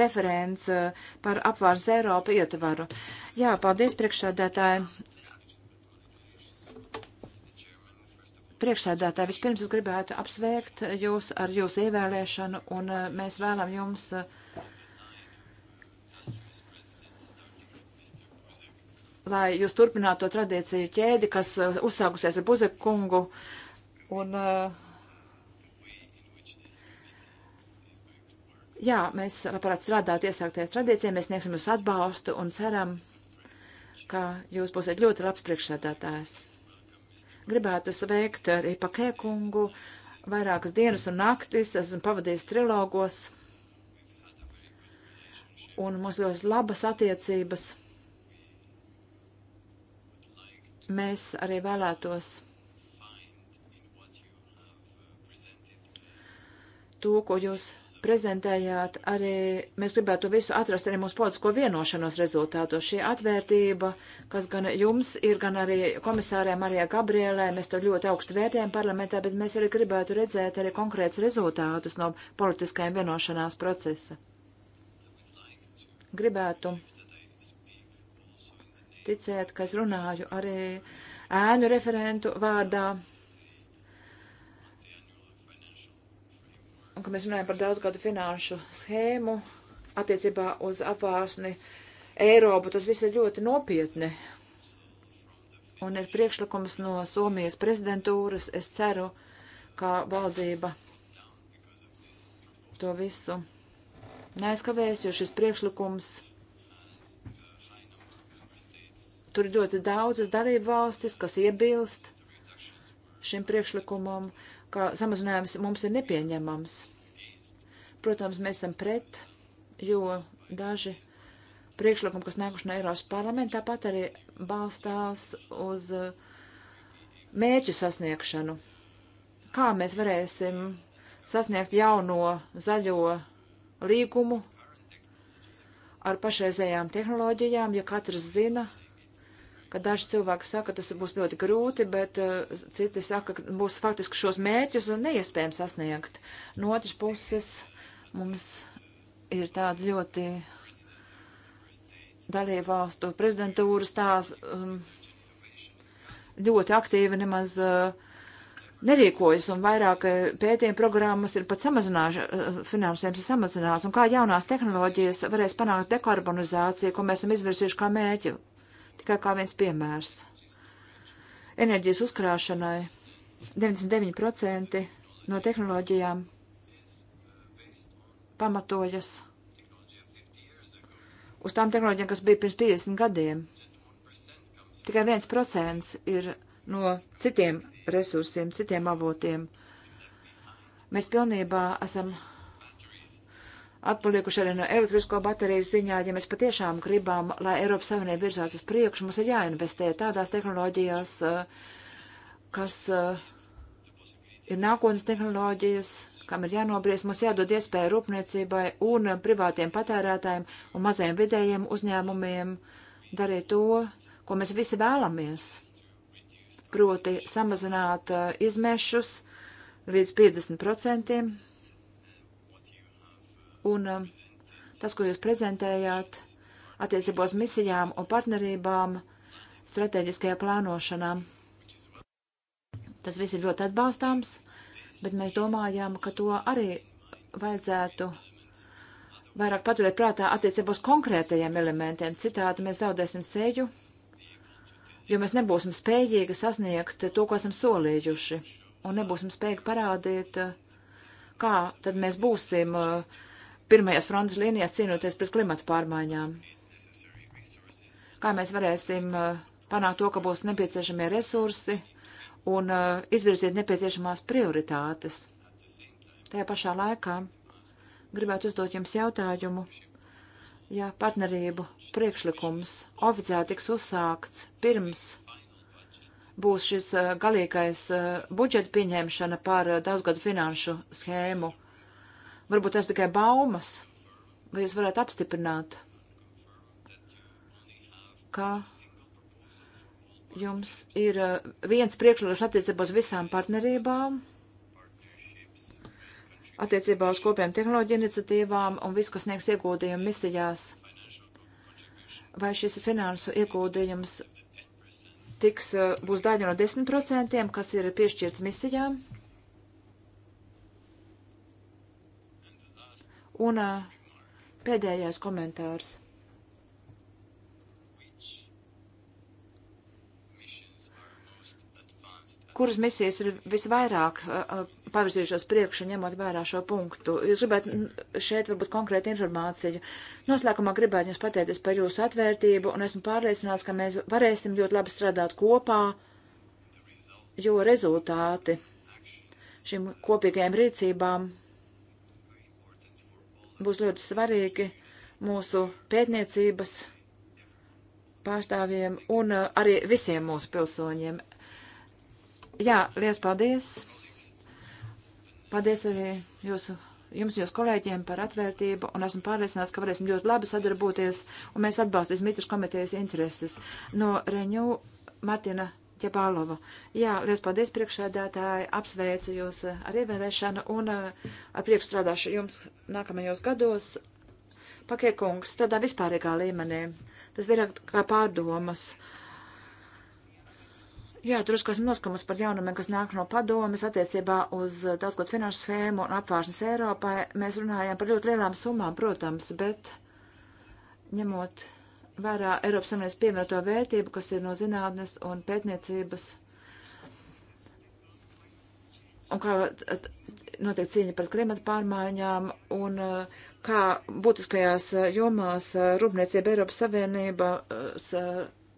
referents eh, par apvārs Eiropu ietvaru. Jā, paldies priekšsādātāji. Priekšsēdētāji, vispirms es gribētu apsveikt jūs ar jūsu ievēlēšanu, un eh, mēs vēlam jums uh, lai jūs turpinātu to tradīciju ķēdi, kas eh, uzsākusies ar Buzekungu. Un, eh, jā, mēs labprāt strādāt, iesākties tradīcijai, mēs sniegsim jūs atbalstu un ceram, ka jūs būsiet ļoti labs priekšsēdētājs. Gribētu sveikt arī Pakēkungu vairākas dienas un naktis, esmu pavadījis trilogos, un mums ļoti labas attiecības. Mēs arī vēlētos to, ko jūs prezentējāt, arī mēs gribētu visu atrast arī mūsu politisko vienošanos rezultātos. Šī atvērtība, kas gan jums ir, gan arī komisāriem Marijā Gabrielē, mēs to ļoti augstu vērtējam parlamentā, bet mēs arī gribētu redzēt arī konkrēts rezultātus no politiskajiem vienošanās procesa. Gribētu ticēt, ka es runāju arī ēnu referentu vārdā. Un ka mēs runājam par daudzgadu finanšu schēmu attiecībā uz apvārsni Eiropu. Tas viss ir ļoti nopietni. Un ir priekšlikums no Somijas prezidentūras. Es ceru, ka valdība to visu neaizkavēs, jo šis priekšlikums Tur ir ļoti daudzas dalību valstis, kas iebilst šim priekšlikumam, ka samazinājums mums ir nepieņemams. Protams, mēs esam pret, jo daži priekšlikumi, kas nākuši no Eiropas parlamenta, tāpat arī balstās uz uh, mērķu sasniegšanu. Kā mēs varēsim sasniegt jauno zaļo līgumu ar pašreizējām tehnoloģijām, ja katrs zina, ka daži cilvēki saka, ka tas būs ļoti grūti, bet uh, citi saka, ka būs faktiski šos mērķus neiespējami sasniegt. No otras puses mums ir tāda ļoti dalībvalstu prezidentūras tās um, ļoti aktīvi nemaz uh, nerīkojas un vairāk eh, pētījuma programmas ir pat samazinājuši, finansējums ir samazināts, un kā jaunās tehnoloģijas varēs panākt dekarbonizāciju, ko mēs esam izvirsījuši kā mēķi, Tikai kā viens piemērs. Enerģijas uzkrāšanai 99% no tehnoloģijām pamatojas uz tām tehnoloģijām, kas bija pirms 50 gadiem. Tikai 1% ir no citiem resursiem, citiem avotiem. Mēs pilnībā esam atpaliekuši arī no elektrisko bateriju ziņā. Ja mēs patiešām gribam, lai Eiropas Savienība virzās uz priekšu, mums ir jāinvestē tādās tehnoloģijās, eh, kas eh, ir nākotnes tehnoloģijas, kam ir jānobriest, mums jādod iespēja rūpniecībai un privātiem patērētājiem un mazajiem vidējiem uzņēmumiem darīt to, ko mēs visi vēlamies. Proti samazināt eh, izmešus līdz 50%. Un um, tas, ko jūs prezentējāt attiecībos misijām un partnerībām, strateģiskajā plānošanā, tas viss ir ļoti atbalstāms, bet mēs domājām, ka to arī vajadzētu vairāk paturēt prātā attiecībos konkrētajiem elementiem. Citādi mēs zaudēsim seju, jo mēs nebūsim spējīgi sasniegt to, ko esam solījuši, un nebūsim spējīgi parādīt, kā tad mēs būsim uh, pirmajās frontes līnijās cīnoties pret klimatu pārmaiņām. Kā mēs varēsim eh, panākt to, ka būs nepieciešamie resursi un eh, izvirzīt nepieciešamās prioritātes. Tajā pašā laikā gribētu uzdot jums jautājumu, ja partnerību priekšlikums oficiāli tiks uzsākts pirms būs šis eh, galīgais budžeta pieņemšana par daudzgadu finanšu schēmu Varbūt tas tikai baumas. Vai jūs varētu apstiprināt, ka jums ir uh, viens priekšlikums attiecībā uz visām partnerībām, attiecībā uz kopiem tehnoloģiju iniciatīvām un visu, kas sniegs ieguldījumu misijās? Vai šis finansu ieguldījums tiks, uh, būs daļa no 10%, kas ir piešķirts misijām? Un pēdējais komentārs. kuras misijas ir visvairāk pavirzījušās priekšu, ņemot vērā šo punktu. Jūs gribētu šeit varbūt konkrēti informāciju. Noslēgumā gribētu jums pateikties par jūsu atvērtību, un esmu pārliecināts, ka mēs varēsim ļoti labi strādāt kopā, jo rezultāti šīm kopīgajām rīcībām būs ļoti svarīgi mūsu pētniecības pārstāvjiem un uh, arī visiem mūsu pilsoņiem. Jā, liels paldies! Paldies arī jūsu, jums, jūsu kolēģiem par atvērtību, un esmu pārliecināts, ka varēsim ļoti labi sadarboties, un mēs atbalstīsim mitras komitejas intereses no Reņu Martina Ķebālova. Jā, liels paldies priekšsēdētāji, apsveicu jūs ar ievēlēšanu un eh, ar prieku strādāšu jums nākamajos gados. Pakiekungs, tādā vispārīgā līmenī. Tas vairāk kā pārdomas. Jā, drusku esmu noskumas par jaunumiem, kas nāk no padomas attiecībā uz eh, daudzgad finanšu schēmu un apvāršanas Eiropai. Mēs runājām par ļoti lielām summām, protams, bet ņemot vērā Eiropas Savienības pievienoto vērtību, kas ir no zinātnes un pētniecības. Un kā notiek cīņa pret klimata pārmaiņām un uh, kā būtiskajās uh, jomās uh, rūpniecība Eiropas Savienības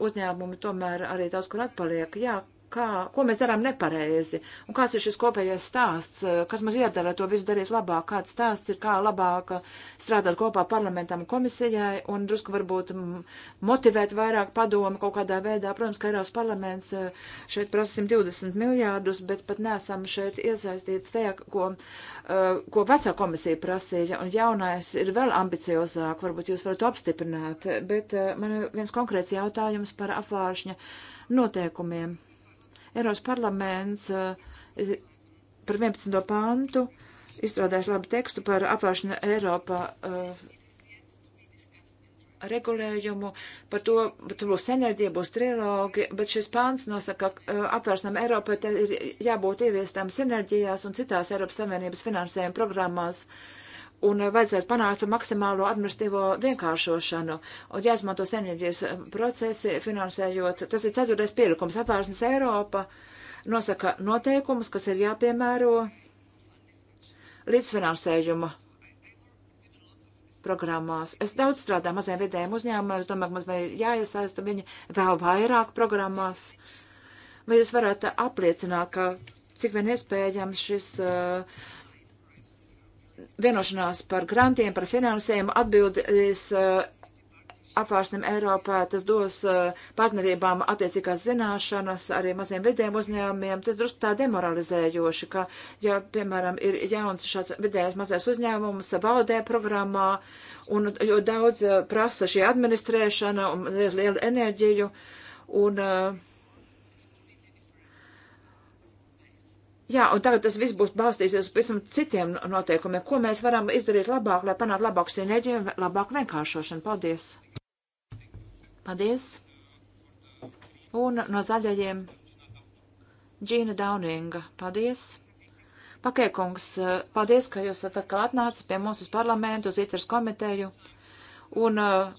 uzņēmumi tomēr arī daudz kur atpaliek. Jā, kā, ko mēs darām nepareizi, un kāds ir šis kopējais stāsts, eh, kas mums iedara to visu darīt labāk, kāds stāsts ir, kā labāk eh, strādāt kopā parlamentam un komisijai, un drusku varbūt mm, motivēt vairāk padomu kaut kādā veidā. Protams, ka Eiropas parlaments eh, šeit prasa 120 miljārdus, bet pat nesam šeit iesaistīti tajā, ko, ko vecā komisija prasīja, un jaunais ir vēl ambiciozāk, varbūt jūs varat apstiprināt, bet man ir viens konkrēts jautājums par apvāršņa noteikumiem Eiropas parlaments eh, par 11. pantu izstrādājuši labu tekstu par apvēršanu Eiropā eh, regulējumu, par to, tur būs enerģija, būs trilogi, bet šis pāns nosaka, ka eh, apvērsnam Eiropai ir jābūt ieviestām sinerģijās un citās Eiropas Savienības finansējuma programmās. Uh, un vajadzētu panākt maksimālo administratīvo vienkāršošanu. Un jāizmanto senīģijas procesi finansējot. Tas ir ceturtais pielikums. Apvērsnes Eiropa nosaka noteikumus, kas ir jāpiemēro līdzfinansējuma programmās. Es daudz strādāju maziem vidējiem uzņēmumiem, es domāju, ka mums vajag jāiesaista viņi vēl vairāk programmās. Vai jūs varētu apliecināt, ka cik vien iespējams šis uh, vienošanās par grantiem, par finansējumu atbildēs eh, apvārsnim Eiropā, tas dos eh, partnerībām attiecīgās zināšanas arī maziem vidiem uzņēmumiem. Tas drusku tā demoralizējoši, ka, ja, piemēram, ir jauns šāds vidējais mazais uzņēmums valdē programmā, un jo daudz eh, prasa šī administrēšana un lielu enerģiju, un uh, Jā, un tagad tas viss būs balstīsies uz pavisam citiem noteikumiem. Ko mēs varam izdarīt labāk, lai panāktu labāku sinerģiju un labāku vienkāršošanu? Paldies! Paldies! Un no zaļajiem Džīna Dauninga. Paldies! Pakēkungs, paldies, ka jūs esat atkal atnācis pie mums uz parlamentu, uz ITRS komiteju. Un uh,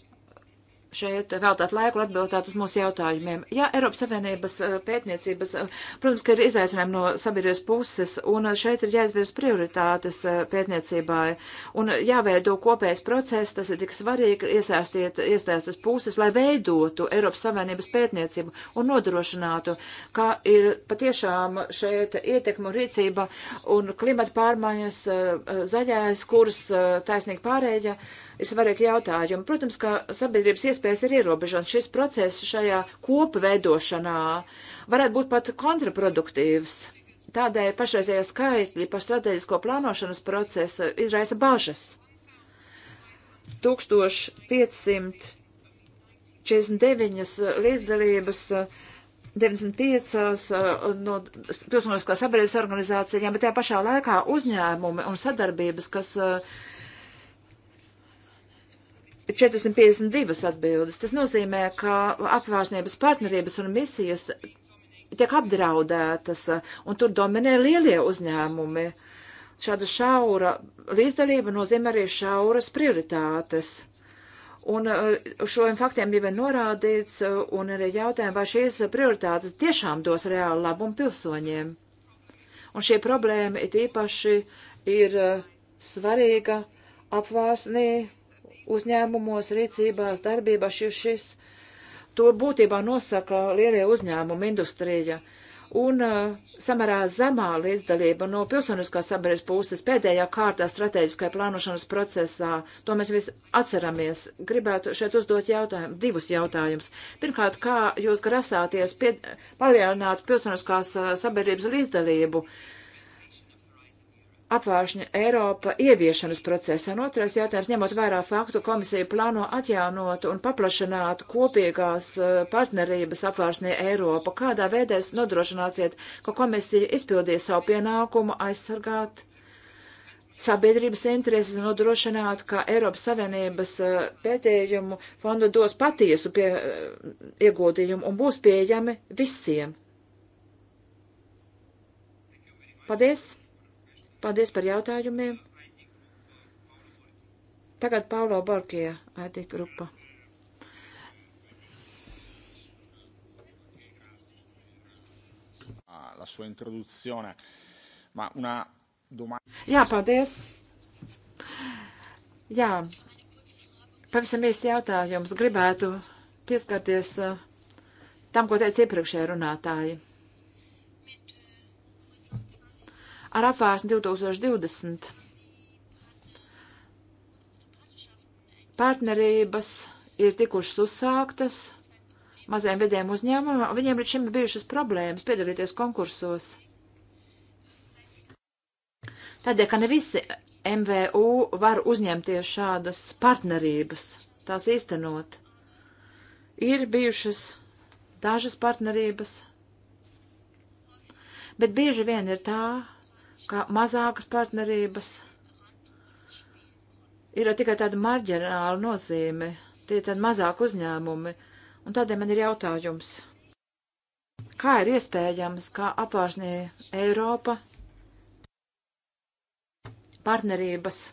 šeit veltāt laiku, atbildēt uz mūsu jautājumiem. Jā, Eiropas Savienības eh, pētniecības, eh, protams, ka ir izaicinājumi no sabiedrības puses, un eh, šeit ir jāizvirs prioritātes pētniecībai, un jāveido kopējs process, tas ir tik svarīgi, iesaistīt iestāstas puses, lai veidotu Eiropas Savienības pētniecību un nodrošinātu, ka ir patiešām šeit ietekmu rīcība un klimata pārmaiņas, zaļais kurs, taisnīgi pārēja. Uh, ir svarīgi jautājumi. Protams, ka sabiedrības iespējas ir ierobežotas. Šis process šajā kopu veidošanā varētu būt pat kontraproduktīvs. Tādēļ pašreizējie skaitļi par strateģisko plānošanas procesu izraisa bažas. 1549 līdzdalības 95 uh, no pilsoniskās sabiedrības organizācijām, bet tajā pašā laikā uzņēmumi un sadarbības, kas uh, 452 atbildes. Tas nozīmē, ka apvārsniebas partnerības un misijas tiek apdraudētas, un tur dominē lielie uzņēmumi. Šāda šaura līdzdalība nozīmē arī šauras prioritātes. Un uh, šiem faktiem bija norādīts, uh, un arī jautājumi, vai šīs prioritātes tiešām dos reāli labumu pilsoņiem. Un šī problēma it īpaši ir uh, svarīga apvārsnī uzņēmumos, rīcībās, darbībās, jo šis to būtībā nosaka lielie uzņēmumi, industrija. Un uh, samērā zemā līdzdalība no pilsoniskās sabiedrības puses pēdējā kārtā strateģiskajā plānošanas procesā, to mēs visi atceramies. Gribētu šeit uzdot jautājumu, divus jautājumus. Pirmkārt, kā jūs grasāties pie, palielināt pilsoniskās uh, sabiedrības līdzdalību? Uh, apvāršņa Eiropa ieviešanas procesā. Un otrais jautājums, ņemot vērā faktu, komisija plāno atjaunot un paplašināt kopīgās eh, partnerības apvāršņa Eiropa. Kādā veidā jūs nodrošināsiet, ka komisija izpildīs savu pienākumu aizsargāt sabiedrības intereses un nodrošināt, ka Eiropas Savienības eh, pētījumu fondu dos patiesu pie, eh, ieguldījumu un būs pieejami visiem? Paldies! Paldies par jautājumiem. Tagad Paulo Borkija, IT grupa. Ah, la sua introduzione, ma una domanda. Jā, paldies. Jā, pavisam īsts jautājums. Gribētu pieskarties uh, tam, ko teica iepriekšējā runātāji ar apvārsni 2020. Partnerības ir tikušas uzsāktas maziem vidiem uzņēmumiem, viņiem līdz šim ir bijušas problēmas piedalīties konkursos. Tādēļ, ka ne visi MVU var uzņemties šādas partnerības, tās īstenot. Ir bijušas dažas partnerības, bet bieži vien ir tā, ka mazākas partnerības ir tikai tāda marģināla nozīme, tie ir tādi mazāk uzņēmumi, un tādēļ man ir jautājums. Kā ir iespējams, ka apvārsnī Eiropa partnerības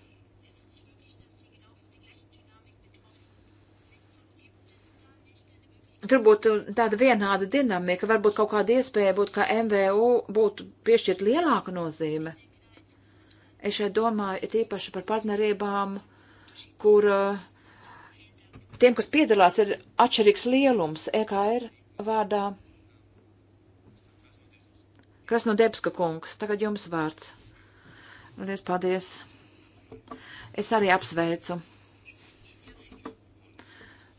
tur būtu tāda vienāda dinamika, varbūt kaut kāda iespēja būtu, ka MVU būtu piešķirt lielāka nozīme. Es šeit domāju, ir īpaši par partnerībām, kur eh, tiem, kas piedalās, ir atšķirīgs lielums EKR vārdā. Kas no Debska kungs, tagad jums vārds. Lies paldies. Es arī apsveicu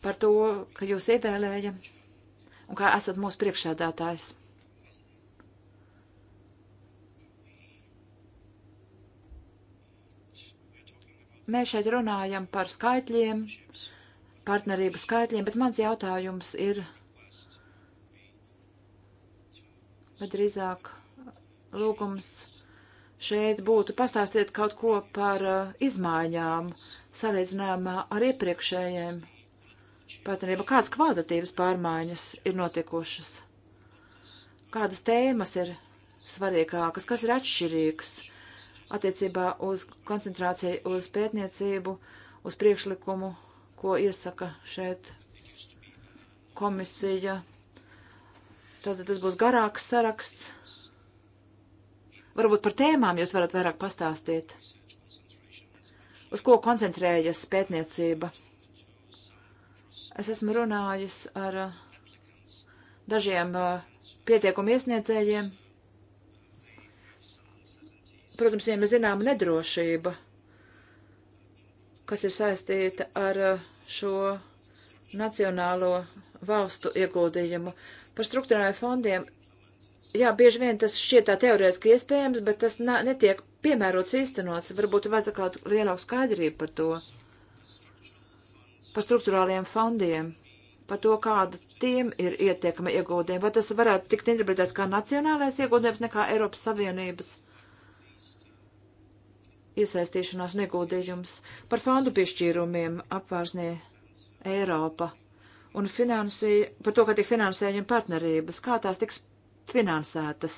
par to, ka jūs ievēlēja un kā esat mūsu priekšsēdētājs. Mēs šeit runājam par skaitļiem, partnerību skaitļiem, bet mans jautājums ir, bet drīzāk lūgums šeit būtu pastāstiet kaut ko par uh, izmaiņām, salīdzinājumā ar iepriekšējiem Pētniecība, kādas kvalitatīvas pārmaiņas ir notikušas? Kādas tēmas ir svarīgākas, kas ir atšķirīgs attiecībā uz koncentrāciju uz pētniecību, uz priekšlikumu, ko iesaka šeit komisija? Tad tas būs garāks saraksts. Varbūt par tēmām jūs varat vairāk pastāstīt. Uz ko koncentrējas pētniecība? Es esmu runājis ar uh, dažiem uh, pietiekumu iesniedzējiem. Protams, viņiem ir zināma nedrošība, kas ir saistīta ar uh, šo nacionālo valstu ieguldījumu. Par struktūrālajiem fondiem, jā, bieži vien tas šķiet tā teorētiski iespējams, bet tas netiek piemērots īstenots. Varbūt vajadzētu kādu lielāku skaidrību par to par struktūrāliem fondiem, par to, kāda tiem ir ietiekama ieguldījuma. Vai tas varētu tikt interpretēts kā nacionālais ieguldījums nekā Eiropas Savienības iesaistīšanās un ieguldījums par fondu piešķīrumiem apvārsnē Eiropa un finansī, par to, kā tiek finansējumi partnerības, kā tās tiks finansētas.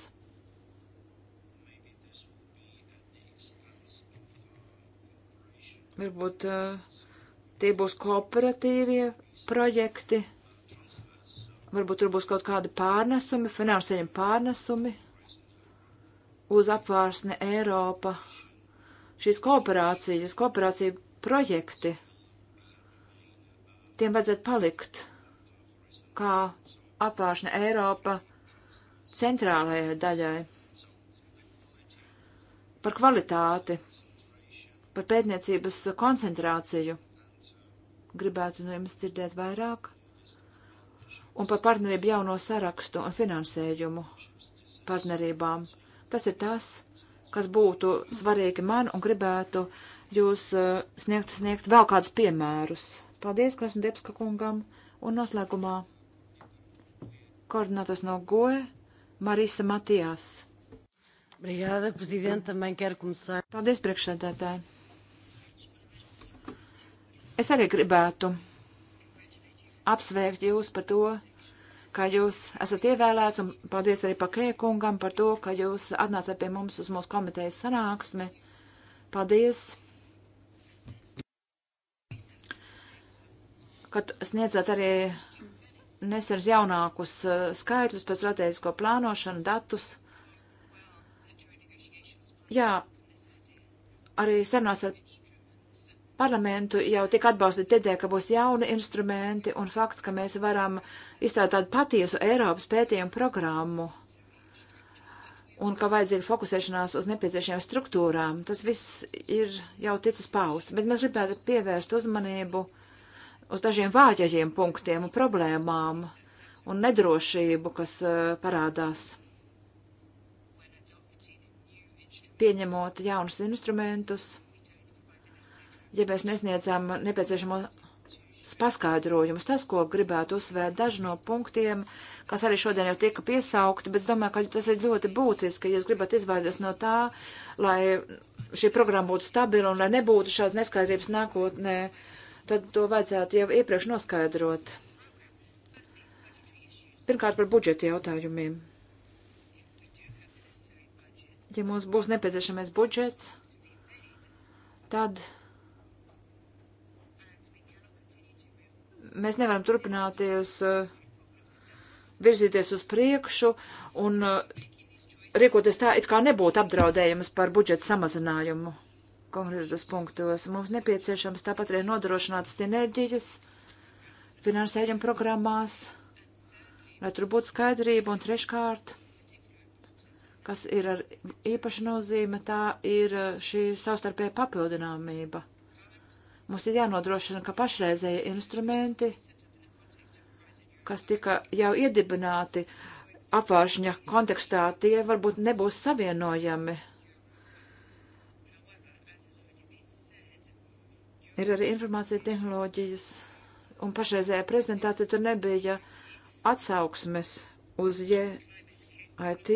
Varbūt uh, Tie būs kooperatīvie projekti. Varbūt tur būs kaut kādi pārnesumi, finansējumi pārnesumi uz apvārsne Eiropa. Šīs kooperācijas, kooperācija projekti, tiem vajadzētu palikt kā apvāršana Eiropa centrālajai daļai. Par kvalitāti, par pētniecības koncentrāciju gribētu no jums dzirdēt vairāk. Un par partnerību jauno sarakstu un finansējumu partnerībām. Tas ir tas, kas būtu svarīgi man un gribētu jūs uh, sniegt, sniegt vēl kādus piemērus. Paldies, Krasnodebska kungam, un noslēgumā koordinātors no GOE Marisa Matijās. Brigāda, prezidenta, man ķer kumsā. Paldies, priekšsēdētāji. Es arī gribētu apsvērt jūs par to, ka jūs esat ievēlēts, un paldies arī Pakē kungam par to, ka jūs atnācāt pie mums uz mūsu komitejas sanāksmi. Paldies! Kad sniedzat arī nesarz jaunākus uh, skaitļus par strateģisko plānošanu, datus. Jā, arī sarunās ar parlamentu jau tika atbalstīta ideja, ka būs jauni instrumenti un fakts, ka mēs varam izstrādāt tādu patiesu Eiropas pētījumu programmu un ka vajadzīga fokusēšanās uz nepieciešajām struktūrām. Tas viss ir jau ticis pausts, bet mēs gribētu pievērst uzmanību uz dažiem vājajiem punktiem un problēmām un nedrošību, kas parādās. Pieņemot jaunus instrumentus ja mēs nesniedzām nepieciešamos paskaidrojumus. Tas, ko gribētu uzsvērt daži no punktiem, kas arī šodien jau tika piesaukti, bet es domāju, ka tas ir ļoti būtiski, ja jūs gribat izvairīties no tā, lai šī programma būtu stabila un lai nebūtu šādas neskaidrības nākotnē, tad to vajadzētu jau iepriekš noskaidrot. Pirmkārt par budžeta jautājumiem. Ja mums būs nepieciešamais budžets, tad mēs nevaram turpināties eh, virzīties uz priekšu un eh, rīkoties tā, it kā nebūtu apdraudējumas par budžeta samazinājumu konkrētos punktos. Mums nepieciešams tāpat arī nodrošināt sinerģijas finansējuma programmās, lai tur būtu skaidrība un treškārt, kas ir ar īpašu nozīme, tā ir eh, šī savstarpēja papildināmība. Mums ir jānodrošina, ka pašreizēji instrumenti, kas tika jau iedibināti apvāršņa kontekstā, tie varbūt nebūs savienojami. Ir arī informācija tehnoloģijas, un pašreizējā prezentācija tur nebija atsauksmes uz JIT,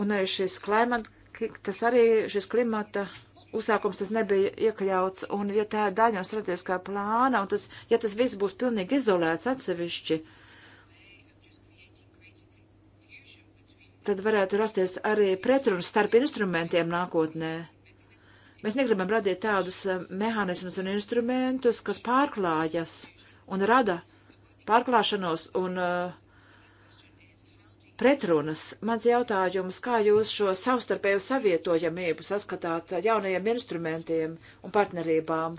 un arī šis climate tas arī šis klimata uzsākums tas nebija iekļauts, un ja tā ir daļa no strateģiskā plāna, un tas, ja tas viss būs pilnīgi izolēts atsevišķi, tad varētu rasties arī pretrunas starp instrumentiem nākotnē. Mēs negribam radīt tādus eh, mehānismus un instrumentus, kas pārklājas un rada pārklāšanos un uh, pretrunas. Mans jautājums, kā jūs šo savstarpēju savietojamību saskatāt jaunajiem instrumentiem un partnerībām?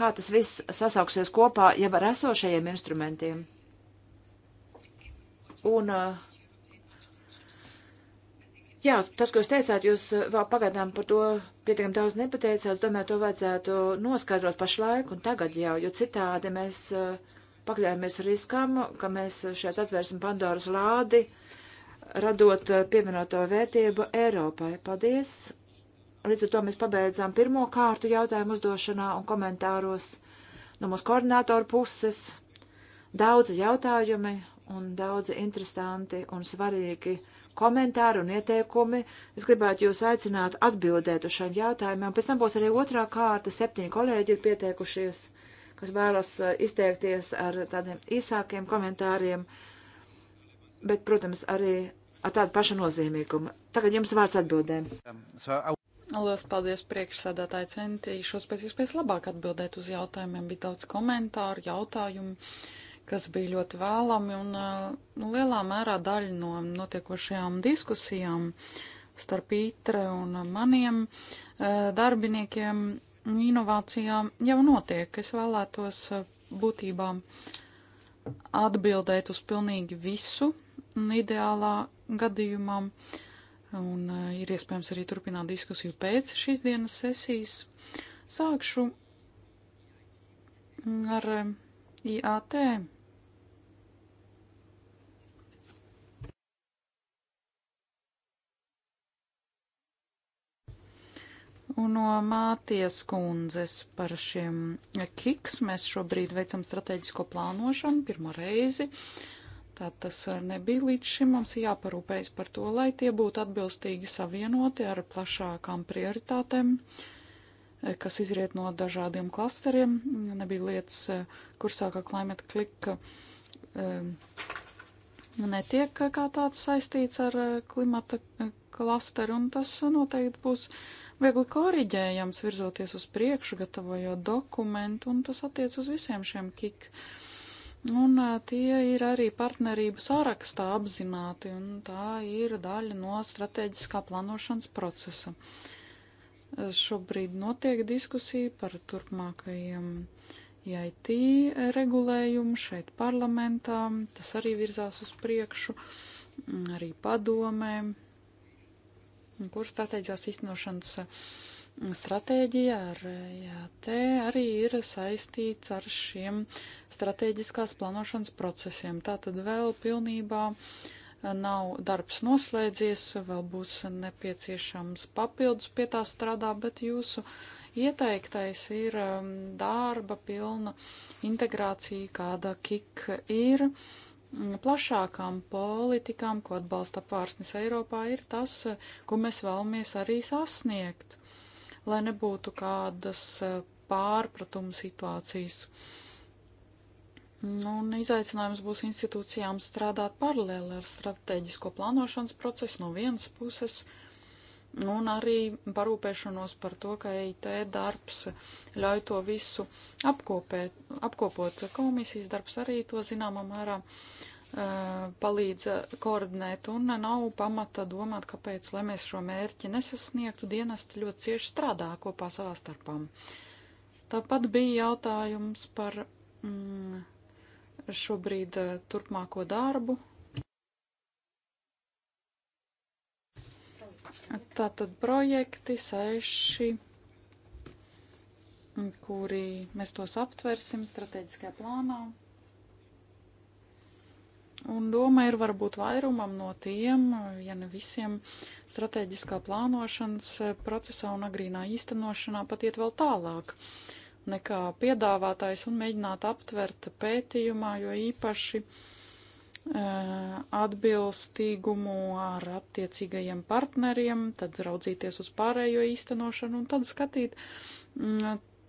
Kā tas viss sasauksies kopā jau ar esošajiem instrumentiem? Un, jā, tas, ko jūs teicāt, jūs vēl pagaidām par to pietiekami daudz nepateicāt. Domāju, to vajadzētu noskaidrot pašlaik un tagad jau, jo citādi mēs uh, pakļāmies riskam, ka mēs šeit atvērsim Pandoras lādi, radot eh, pievienoto vērtību Eiropai. Paldies! Līdz ar to mēs pabeidzām pirmo kārtu jautājumu uzdošanā un komentāros no mūsu koordinātoru puses. Daudz jautājumi un daudzi interesanti un svarīgi komentāri un ieteikumi. Es gribētu jūs aicināt atbildēt uz šiem jautājumiem. Pēc tam būs arī otrā kārta. Septiņi kolēģi ir pieteikušies kas vēlas eh, izteikties ar tādiem īsākiem komentāriem, bet, protams, arī ar tādu pašu nozīmīgumu. Tagad jums vārds atbildēm. Um, Lielas paldies priekšsēdētāji centīšos pēc iespējas labāk atbildēt uz jautājumiem. Bija daudz komentāru, jautājumu, kas bija ļoti vēlami un eh, nu, lielā mērā daļa no notiekošajām diskusijām starp Ītre un eh, maniem darbiniekiem inovācijām jau notiek. Es vēlētos eh, būtībā atbildēt uz pilnīgi visu ideālā gadījumā, un eh, ir iespējams arī turpināt diskusiju pēc šīs dienas sesijas. Sākšu mm, ar eh, IAT Un no māties kundzes par šiem kiks mēs šobrīd veicam strateģisko plānošanu pirmo reizi. Tā tas eh, nebija līdz šim. Mums jāparūpējas par to, lai tie būtu atbilstīgi savienoti ar plašākām prioritātēm, eh, kas izriet no dažādiem klasteriem. Nebija lietas, eh, kur sākā climate click netiek kā tāds saistīts ar klimata klasteru, un tas noteikti būs uh, viegli koriģējams virzoties uz priekšu, gatavojot dokumentu, un tas attiec uz visiem šiem kik. Un tie ir arī partnerību sārakstā apzināti, un tā ir daļa no strateģiskā plānošanas procesa. Šobrīd notiek diskusija par turpmākajiem IT regulējumu šeit parlamentā, tas arī virzās uz priekšu, arī padomēm kur strateģiskās iznošanas mm, stratēģija ar JAT arī ir saistīts ar šiem strateģiskās plānošanas procesiem. Tā tad vēl pilnībā eh, nav darbs noslēdzies, vēl būs nepieciešams papildus pie tā strādā, bet jūsu ieteiktais ir mm, darba pilna integrācija, kāda kik ir Mm, plašākām politikām, ko atbalsta pārsnis Eiropā, ir tas, ko mēs vēlamies arī sasniegt, lai nebūtu kādas e, pārpratuma situācijas. Un izaicinājums būs institūcijām strādāt paralēli ar strateģisko plānošanas procesu no vienas puses, uh, un arī parūpēšanos par to, ka EIT darbs ļauj to visu apkopēt, apkopot. Komisijas darbs arī to zināmā mērā palīdz koordinēt, un nav pamata domāt, kāpēc, lai mēs šo mērķi nesasniegtu, dienesti ļoti cieši strādā kopā savā starpā. Tāpat bija jautājums par mm, šobrīd turpmāko darbu Tātad projekti seši, kuri mēs tos aptversim strateģiskajā plānā. Un doma ir varbūt vairumam no tiem, ja ne visiem, strateģiskā plānošanas procesā un agrīnā īstenošanā pat iet vēl tālāk nekā piedāvātais un mēģināt aptvert pētījumā, jo īpaši uh, Eh, atbilstīgumu ar attiecīgajiem partneriem, tad raudzīties uz pārējo īstenošanu un tad skatīt mm, eh,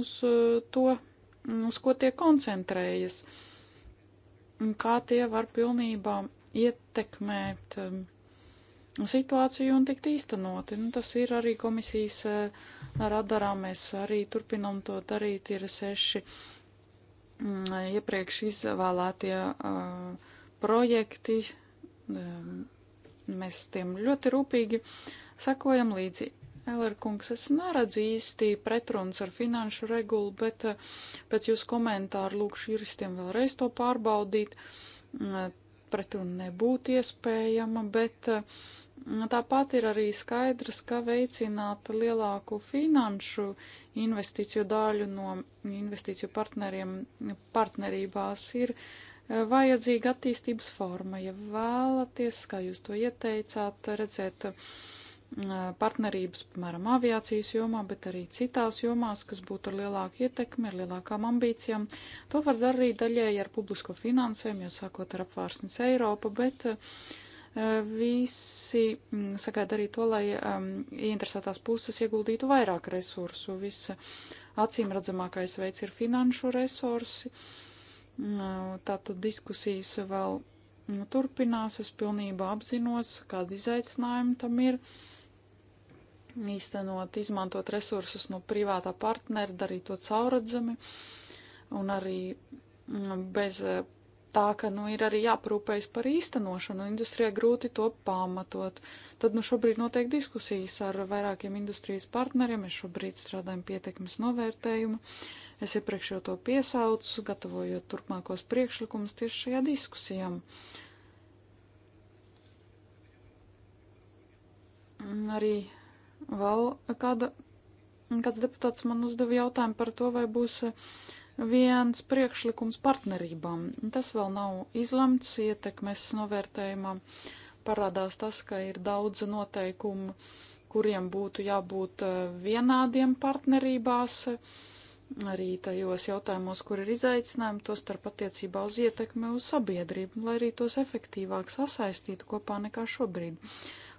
uz eh, to, mm, uz ko tie koncentrējas, kā tie var pilnībā ietekmēt mm, situāciju un tikt īstenoti. Nu, tas ir arī komisijas radarā, mēs arī turpinam to darīt, ir seši Mm, iepriekš izvēlētie uh, projekti, um, mēs tiem ļoti rūpīgi sakojam līdzi. Elerkungs, es neredzu īsti pretruns ar finanšu regulu, bet uh, pēc jūsu komentāru lūkšu juristiem vēlreiz to pārbaudīt. Mm, pretruna nebūtu iespējama, bet uh, Nu, tāpat ir arī skaidrs, ka veicināt lielāku finanšu investīciju daļu no investīciju partneriem partnerībās ir e, vajadzīga attīstības forma. Ja vēlaties, kā jūs to ieteicāt, redzēt e, partnerības, piemēram, aviācijas jomā, bet arī citās jomās, kas būtu ar lielāku ietekmi, ar lielākām ambīcijām, to var darīt daļēji ar publisko finansēm, jau sākot ar apvārsnes Eiropa, bet uh, visi mm, sagaida arī to, lai um, ieinteresētās puses ieguldītu vairāk resursu. Viss acīm redzamākais veids ir finanšu resursi. Mm, tātad diskusijas vēl mm, turpinās. Es pilnībā apzinos, kāda izaicinājuma tam ir. Īstenot, izmantot resursus no privātā partnera, darīt to cauradzami un arī bez tā, ka nu, ir arī jāprūpējas par īstenošanu, un industrijai grūti to pamatot. Tad nu, šobrīd notiek diskusijas ar vairākiem industrijas partneriem. Mēs šobrīd strādājam pie ietekmes novērtējuma. Es iepriekš jau to piesaucu, gatavojot turpmākos priekšlikumus tieši šajā diskusijā. Arī vēl kāda, kāds deputāts man uzdeva jautājumu par to, vai būs uh, viens priekšlikums partnerībām. Tas vēl nav izlemts ietekmes novērtējumā. Parādās tas, ka ir daudz noteikumu, kuriem būtu jābūt eh, vienādiem partnerībās, arī tajos jautājumos, kur ir izaicinājumi, to starp attiecībā uz ietekmi uz sabiedrību, lai arī tos efektīvāk sasaistītu kopā nekā šobrīd.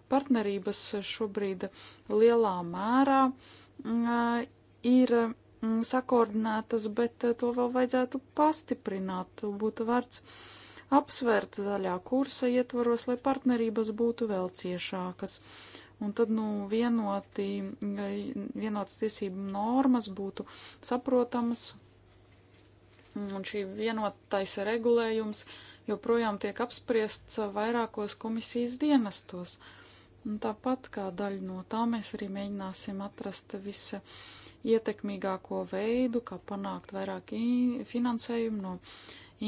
Partnerības šobrīd lielā mērā eh, ir Mm, sakoordinētas, bet eh, to vēl vajadzētu pastiprināt, būtu vērts apsvērt zaļā kursa ietvaros, lai partnerības būtu vēl ciešākas. Un tad, nu, vienoti, vienotas tiesību normas būtu saprotamas, mm, un šī vienotais regulējums joprojām tiek apspriests vairākos komisijas dienestos. Un tāpat kā daļa no tā mēs arī mēģināsim atrast visa ietekmīgāko veidu, kā panākt vairāk finansējumu no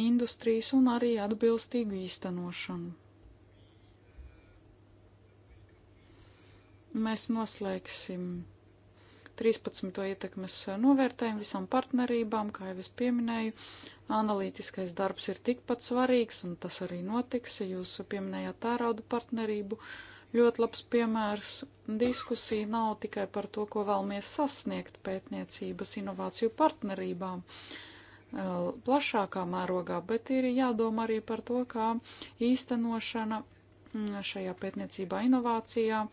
industrijas un arī atbilstīgu īstenošanu. Mēs noslēgsim 13. ietekmes novērtējumu visām partnerībām, kā jau es pieminēju. Analītiskais darbs ir tikpat svarīgs, un tas arī notiks. Jūs pieminējāt tāraudu partnerību. Uh, ļoti labs piemērs. Diskusija nav tikai par to, ko vēlamies sasniegt pētniecības inovāciju partnerībām eh, plašākā mērogā, bet ir jādomā arī par to, kā īstenošana mm, šajā pētniecībā inovācijā eh,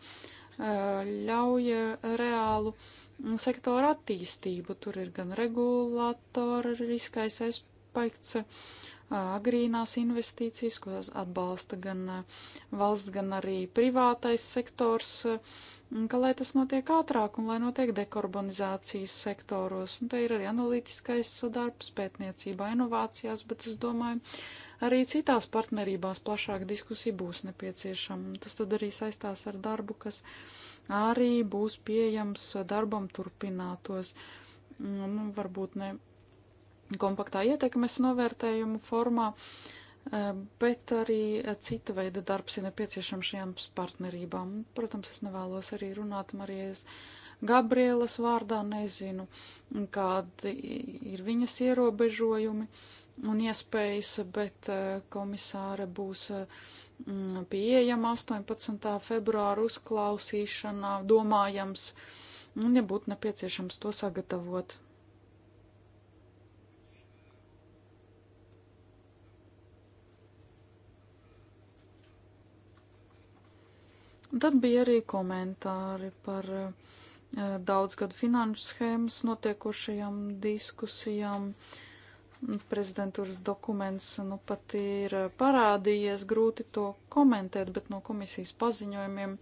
ļauj reālu mm, sektoru attīstību. Tur ir gan regulātoriskais aspekts, agrīnās investīcijas, ko atbalsta gan eh, valsts, gan arī privātais sektors, eh, ka lai tas notiek ātrāk un lai notiek dekarbonizācijas sektoros. Un te ir arī analītiskais sadarbs pētniecībā, inovācijās, bet es domāju, arī citās partnerībās plašāk diskusija būs nepieciešama. Tas tad arī saistās ar darbu, kas arī būs pieejams darbam turpinātos. Nu, varbūt ne kompaktā ietekmes novērtējumu formā, e, bet arī cita veida darbs ir nepieciešams šajām partnerībām. Protams, es nevēlos arī runāt Marijas Gabrielas vārdā, nezinu, kādi ir viņas ierobežojumi un iespējas, bet e, komisāre būs e, pieejama 18. februāra uzklausīšanā, domājams, un, ja būtu nepieciešams to sagatavot. Un tad bija arī komentāri par eh, daudzgadu finanšu schēmas notiekošajām diskusijām. Prezidentūras dokuments nu pat ir eh, parādījies, grūti to komentēt, bet no komisijas paziņojumiem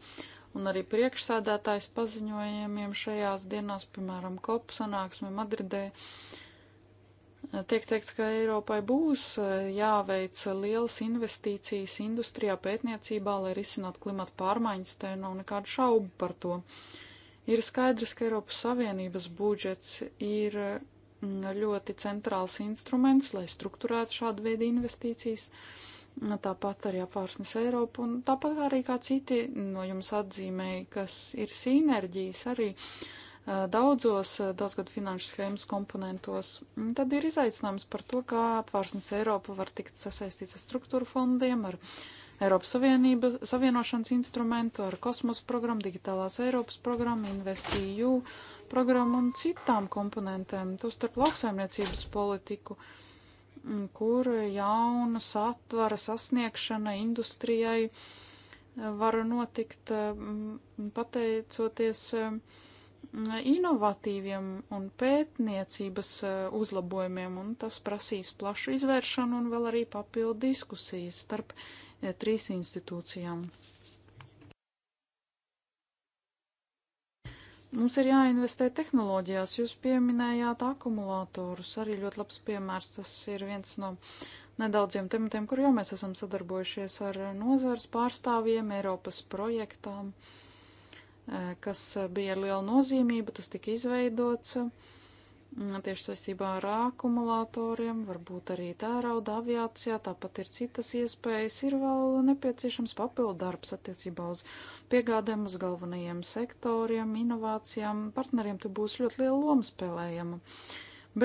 un arī priekšsēdētājs paziņojumiem šajās dienās, piemēram, kopu sanāksme Madridē, uh, Tiek teikts, ka Eiropai būs e, jāveic lielas investīcijas industrijā, pētniecībā, lai risinātu klimatu pārmaiņas, te nav nekādu šaubu par to. Ir skaidrs, ka Eiropas Savienības budžets ir ļoti centrāls instruments, lai strukturētu šādu veidu investīcijas. Tāpat arī apvārsnes Eiropu, un tāpat arī kā citi no jums atzīmēja, kas ir sinerģijas arī uh, Eh, daudzos eh, daudzgadu finanšu schēmas komponentos. Tad ir izaicinājums par to, kā apvārsnes Eiropa var tikt sasaistīts ar struktūru fondiem, ar Eiropas Savienības, Savienošanas instrumentu, ar kosmosa programmu, digitālās Eiropas programmu, InvestEU programmu un citām komponentēm, tostarp lauksaimniecības politiku, mm, kur jauna satvara sasniegšana industrijai eh, var notikt pateicoties uh, inovatīviem un pētniecības e, uzlabojumiem, un tas prasīs plašu izvēršanu un vēl arī papildu diskusijas starp e, trīs institūcijām. Mums ir jāinvestē tehnoloģijās. Jūs pieminējāt akumulātorus, arī ļoti labs piemērs. Tas ir viens no nedaudziem tematiem, kur jau mēs esam sadarbojušies ar nozars pārstāvjiem, Eiropas projektām. Uh, Eh, kas bija ar lielu nozīmību, tas tika izveidots mm, tieši saistībā ar akumulatoriem, varbūt arī tērauda aviācijā, tāpat ir citas iespējas, ir vēl nepieciešams papildu darbs attiecībā uz piegādēm, uz galvenajiem sektoriem, inovācijām, partneriem te būs ļoti liela loma spēlējama.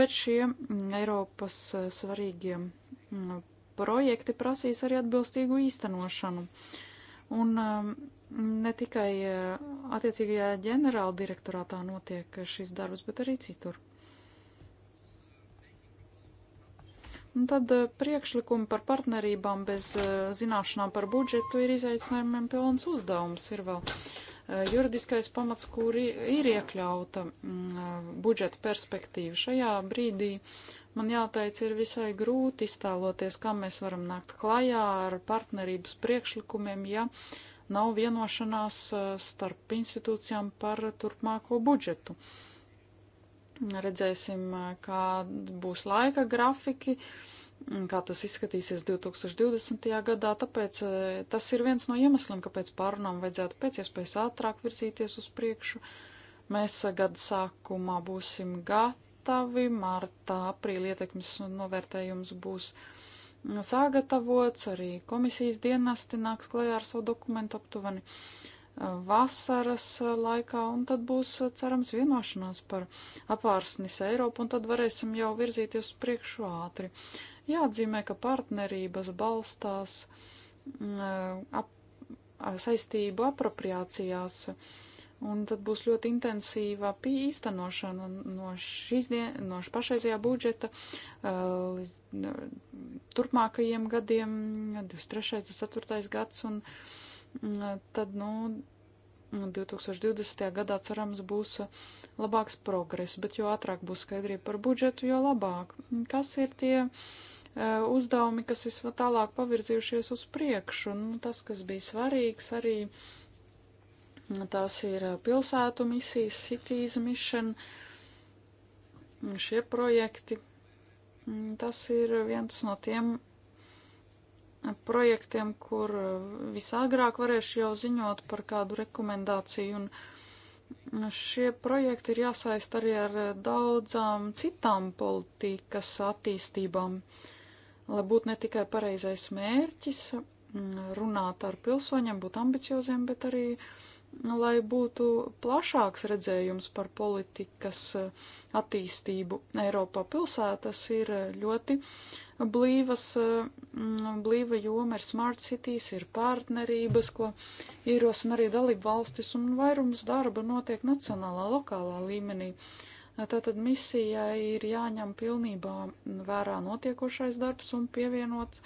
Bet šie mm, Eiropas eh, svarīgie mm, projekti prasīs arī atbilstīgu īstenošanu. Un ehm, ne tikai eh, attiecīgajā ģenerāla direktorātā notiek eh, šis darbs, bet arī citur. Un tad eh, priekšlikumi par partnerībām bez zināšanām par budžetu ir izaicinājumiem pilns uzdevums. Ir vēl juridiskais pamats, kur ir iekļauta mm, budžeta perspektīva. Šajā brīdī man jāteic, ir visai grūti iztēloties, kā mēs varam nākt klajā ar partnerības priekšlikumiem, ja nav vienošanās eh, starp institūcijām par turpmāko budžetu. Redzēsim, eh, kā būs laika grafiki, kā tas izskatīsies 2020. gadā, tāpēc eh, tas ir viens no iemesliem, kāpēc pārunām vajadzētu pēc iespējas ātrāk virzīties uz priekšu. Mēs gada sākumā būsim gatavi, martā, aprīļa ietekmes novērtējums būs uh, sagatavots, arī komisijas dienesti nāks klajā ar savu dokumentu aptuveni eh, vasaras eh, laikā, un tad būs, eh, cerams, vienošanās par apārsnis Eiropu, un tad varēsim jau virzīties uz priekšu ātri. Jāatzīmē, ka partnerības balstās mm, ap, saistību apropriācijās. Uh, Un tad būs ļoti intensīva īstenošana no, šīs dien, no pašreizējā budžeta līdz uh, turpmākajiem gadiem, 23. un 4. gads, un uh, tad, nu, 2020. gadā cerams būs labāks progress, bet jo ātrāk būs skaidrība par budžetu, jo labāk. Kas ir tie uh, uzdevumi, kas visvētālāk pavirzījušies uz priekšu? Nu, tas, kas bija svarīgs arī. Uh, Tās ir pilsētu misijas, cities mission, šie projekti. Tas ir viens no tiem projektiem, kur visāgrāk varēšu jau ziņot par kādu rekomendāciju. Un šie projekti ir jāsaist arī ar daudzām citām politikas attīstībām, lai būtu ne tikai pareizais mērķis runāt ar pilsoņiem, būt ambicioziem, bet arī uh, Nu, lai būtu plašāks redzējums par politikas eh, attīstību Eiropā. Pilsētas ir eh, ļoti blīvas, eh, mm, blīva joma, ir smart cities, ir partnerības, ko ierosina arī dalību valstis, un vairums darba notiek nacionālā, lokālā līmenī. Tātad misijai ir jāņem pilnībā vērā notiekošais darbs un pievienot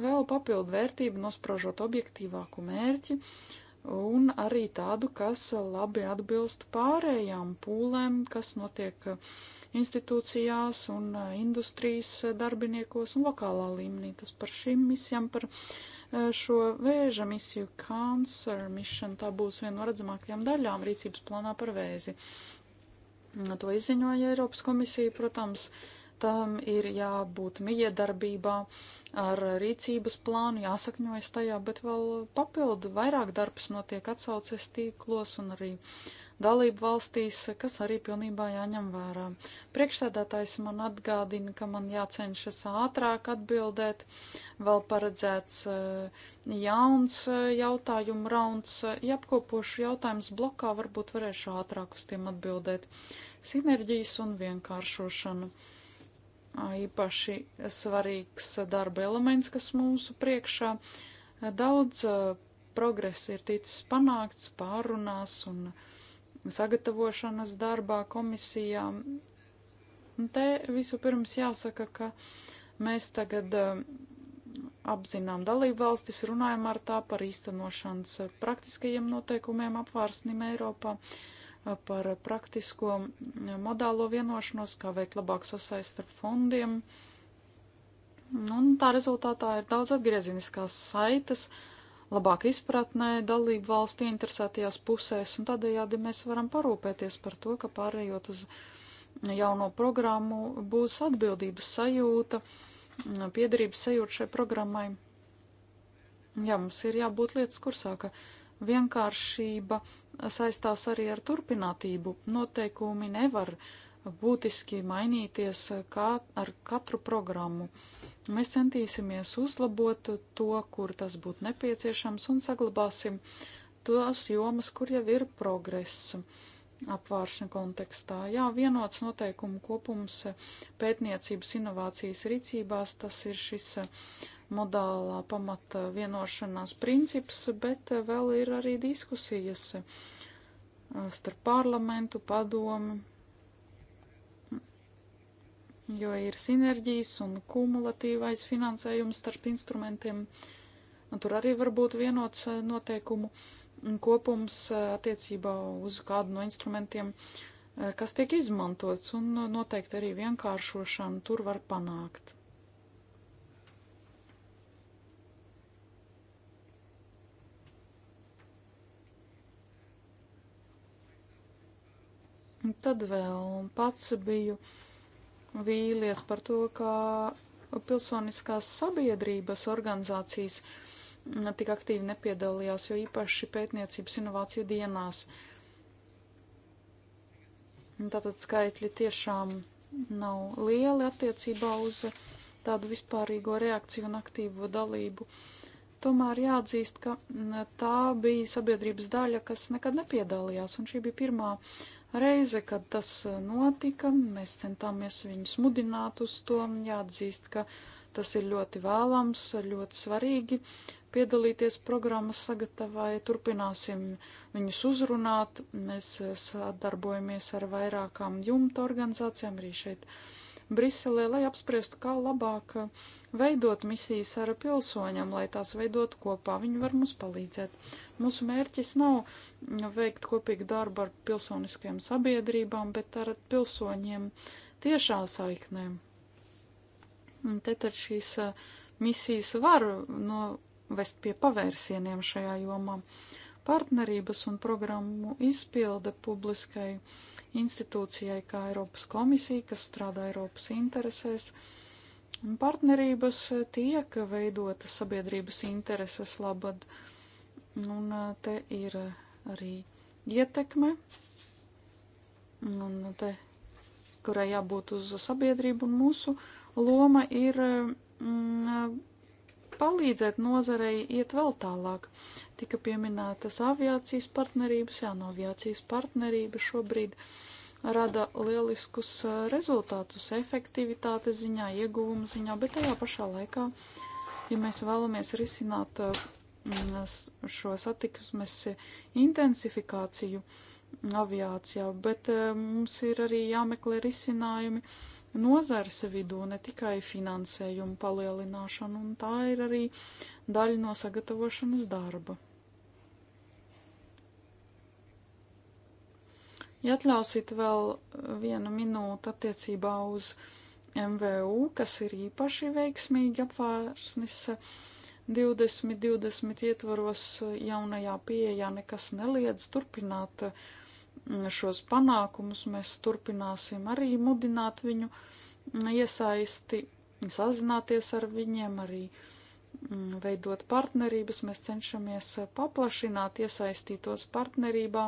vēl papildu vērtību, nospražot objektīvāku mērķi, uh, un arī tādu, kas labi atbilst pārējām pūlēm, kas notiek institūcijās un industrijas darbiniekos un lokālā līmenī. Tas par šīm misijām, par eh, šo vēža misiju, cancer mission, tā būs viena no redzamākajām daļām rīcības plānā par vēzi. To izziņoja Eiropas komisija, protams, uh, tam ir jābūt miedarbībā ar rīcības plānu, jāsakņojas tajā, bet vēl papildu vairāk darbs notiek atsauces tīklos un arī dalību valstīs, kas arī pilnībā jāņem vērā. Priekšsēdētājs man atgādina, ka man jācenšas ātrāk atbildēt, vēl paredzēts eh, jauns eh, jautājumu rauns, ja apkopošu jautājumus blokā, varbūt varēšu ātrāk uz tiem atbildēt. Sinerģijas un vienkāršošana īpaši svarīgs darba elements, kas mūsu priekšā. Daudz uh, progresa ir ticis panākts pārunās un sagatavošanas darbā komisijā. Un te vispirms jāsaka, ka mēs tagad uh, apzinām dalību valstis, runājam ar tā par īstenošanas uh, praktiskajiem noteikumiem apvārsnim Eiropā. Uh, par praktisko modālo vienošanos, kā veikt labāku sasaist ar fondiem. Un tā rezultātā ir daudz atgrieziniskās saites, labāk izpratnē dalību valstu interesētajās pusēs, un tādējādi mēs varam parūpēties par to, ka pārējot uz jauno programmu būs atbildības sajūta, piederības sajūta šai programmai. Jā, mums ir jābūt lietas kursāka. Uh, vienkāršība saistās arī ar turpinātību. Noteikumi nevar būtiski mainīties kā ar katru programmu. Mēs centīsimies uzlabot to, kur tas būtu nepieciešams, un saglabāsim tos jomas, kur jau ir progress apvāršana kontekstā. Jā, vienots noteikumu kopums pētniecības inovācijas rīcībās, tas ir šis eh, modālā pamata vienošanās princips, bet eh, vēl ir arī diskusijas eh, starp parlamentu, padomu, jo ir sinerģijas un kumulatīvais finansējums starp instrumentiem. Un tur arī var būt vienots noteikumu uh, kopums eh, attiecībā uz kādu no instrumentiem, eh, kas tiek izmantots, un eh, noteikti arī vienkāršošanu tur var panākt. Un tad vēl pats biju vīlies par to, kā pilsoniskās sabiedrības organizācijas uh, tik aktīvi nepiedalījās, jo īpaši pētniecības inovāciju dienās. Tātad skaitļi tiešām nav lieli attiecībā uz tādu vispārīgo reakciju un aktīvo dalību. Tomēr jāatzīst, ka tā bija sabiedrības daļa, kas nekad nepiedalījās, un šī bija pirmā reize, kad tas notika. Mēs centāmies viņus mudināt uz to, jāatzīst, ka uh, Tas ir ļoti vēlams, ļoti svarīgi piedalīties programmas sagatavai. Turpināsim viņus uzrunāt. Mēs sadarbojamies ar vairākām jumta organizācijām arī šeit. Briselē, lai apspriestu, kā labāk veidot misijas ar pilsoņiem, lai tās veidot kopā. Viņi var mums palīdzēt. Mūsu mērķis nav veikt kopīgu darbu ar pilsoniskajām sabiedrībām, bet ar pilsoņiem tiešā saiknēm. Te tad šīs misijas var novest pie pavērsieniem šajā jomā. Partnerības un programmu izpilda publiskai institūcijai kā Eiropas komisija, kas strādā Eiropas interesēs. Un partnerības tiek veidotas sabiedrības intereses labad. Un te ir arī ietekme, un te, kurai jābūt uz sabiedrību un mūsu uh, loma ir mm, palīdzēt nozarei iet vēl tālāk. Tika pieminētas aviācijas partnerības, jā, no aviācijas partnerība šobrīd rada lieliskus rezultātus efektivitātes ziņā, ieguvuma ziņā, bet tajā pašā laikā, ja mēs vēlamies risināt mm, šo satiksmes intensifikāciju aviācijā, bet mums ir arī jāmeklē risinājumi nozares vidū, ne tikai finansējumu palielināšanu, un tā ir arī daļa no sagatavošanas darba. Ja atļausit vēl vienu minūtu attiecībā uz MVU, kas ir īpaši veiksmīgi apvērsnis 2020 ietvaros jaunajā pieejā, nekas neliedz turpināt uh, Mm, šos panākumus, mēs turpināsim arī mudināt viņu mm, iesaisti, sazināties ar viņiem, arī mm, veidot partnerības. Mēs cenšamies paplašināt iesaistītos partnerībā.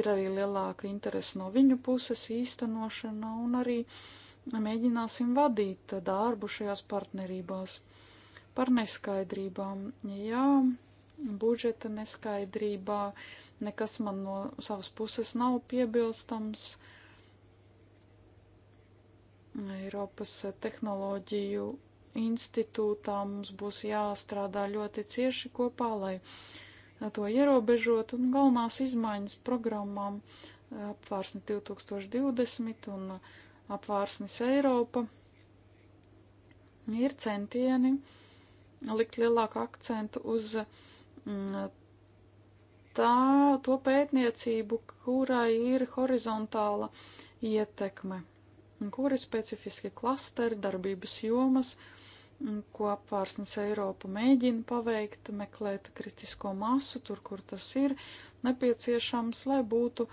Ir arī lielāka interese no viņu puses īstenošana un arī mēģināsim vadīt darbu šajās partnerībās. Par neskaidrībām. Jā, budžeta neskaidrībā. Uh, Nekas man no savas puses nav piebilstams. Eiropas tehnoloģiju institūtā mums būs jāstrādā ļoti cieši kopā, lai to ierobežot un galvenās izmaiņas programmām apvārsni 2020 un apvārsnis Eiropa ir centieni likt lielāku akcentu uz mm, tā, to pētniecību, kurai ir horizontāla ietekme, kuri specifiski klasteri, darbības jomas, ko apvārsnes Eiropa mēģina paveikt, meklēt kritisko masu tur, kur tas ir nepieciešams, lai būtu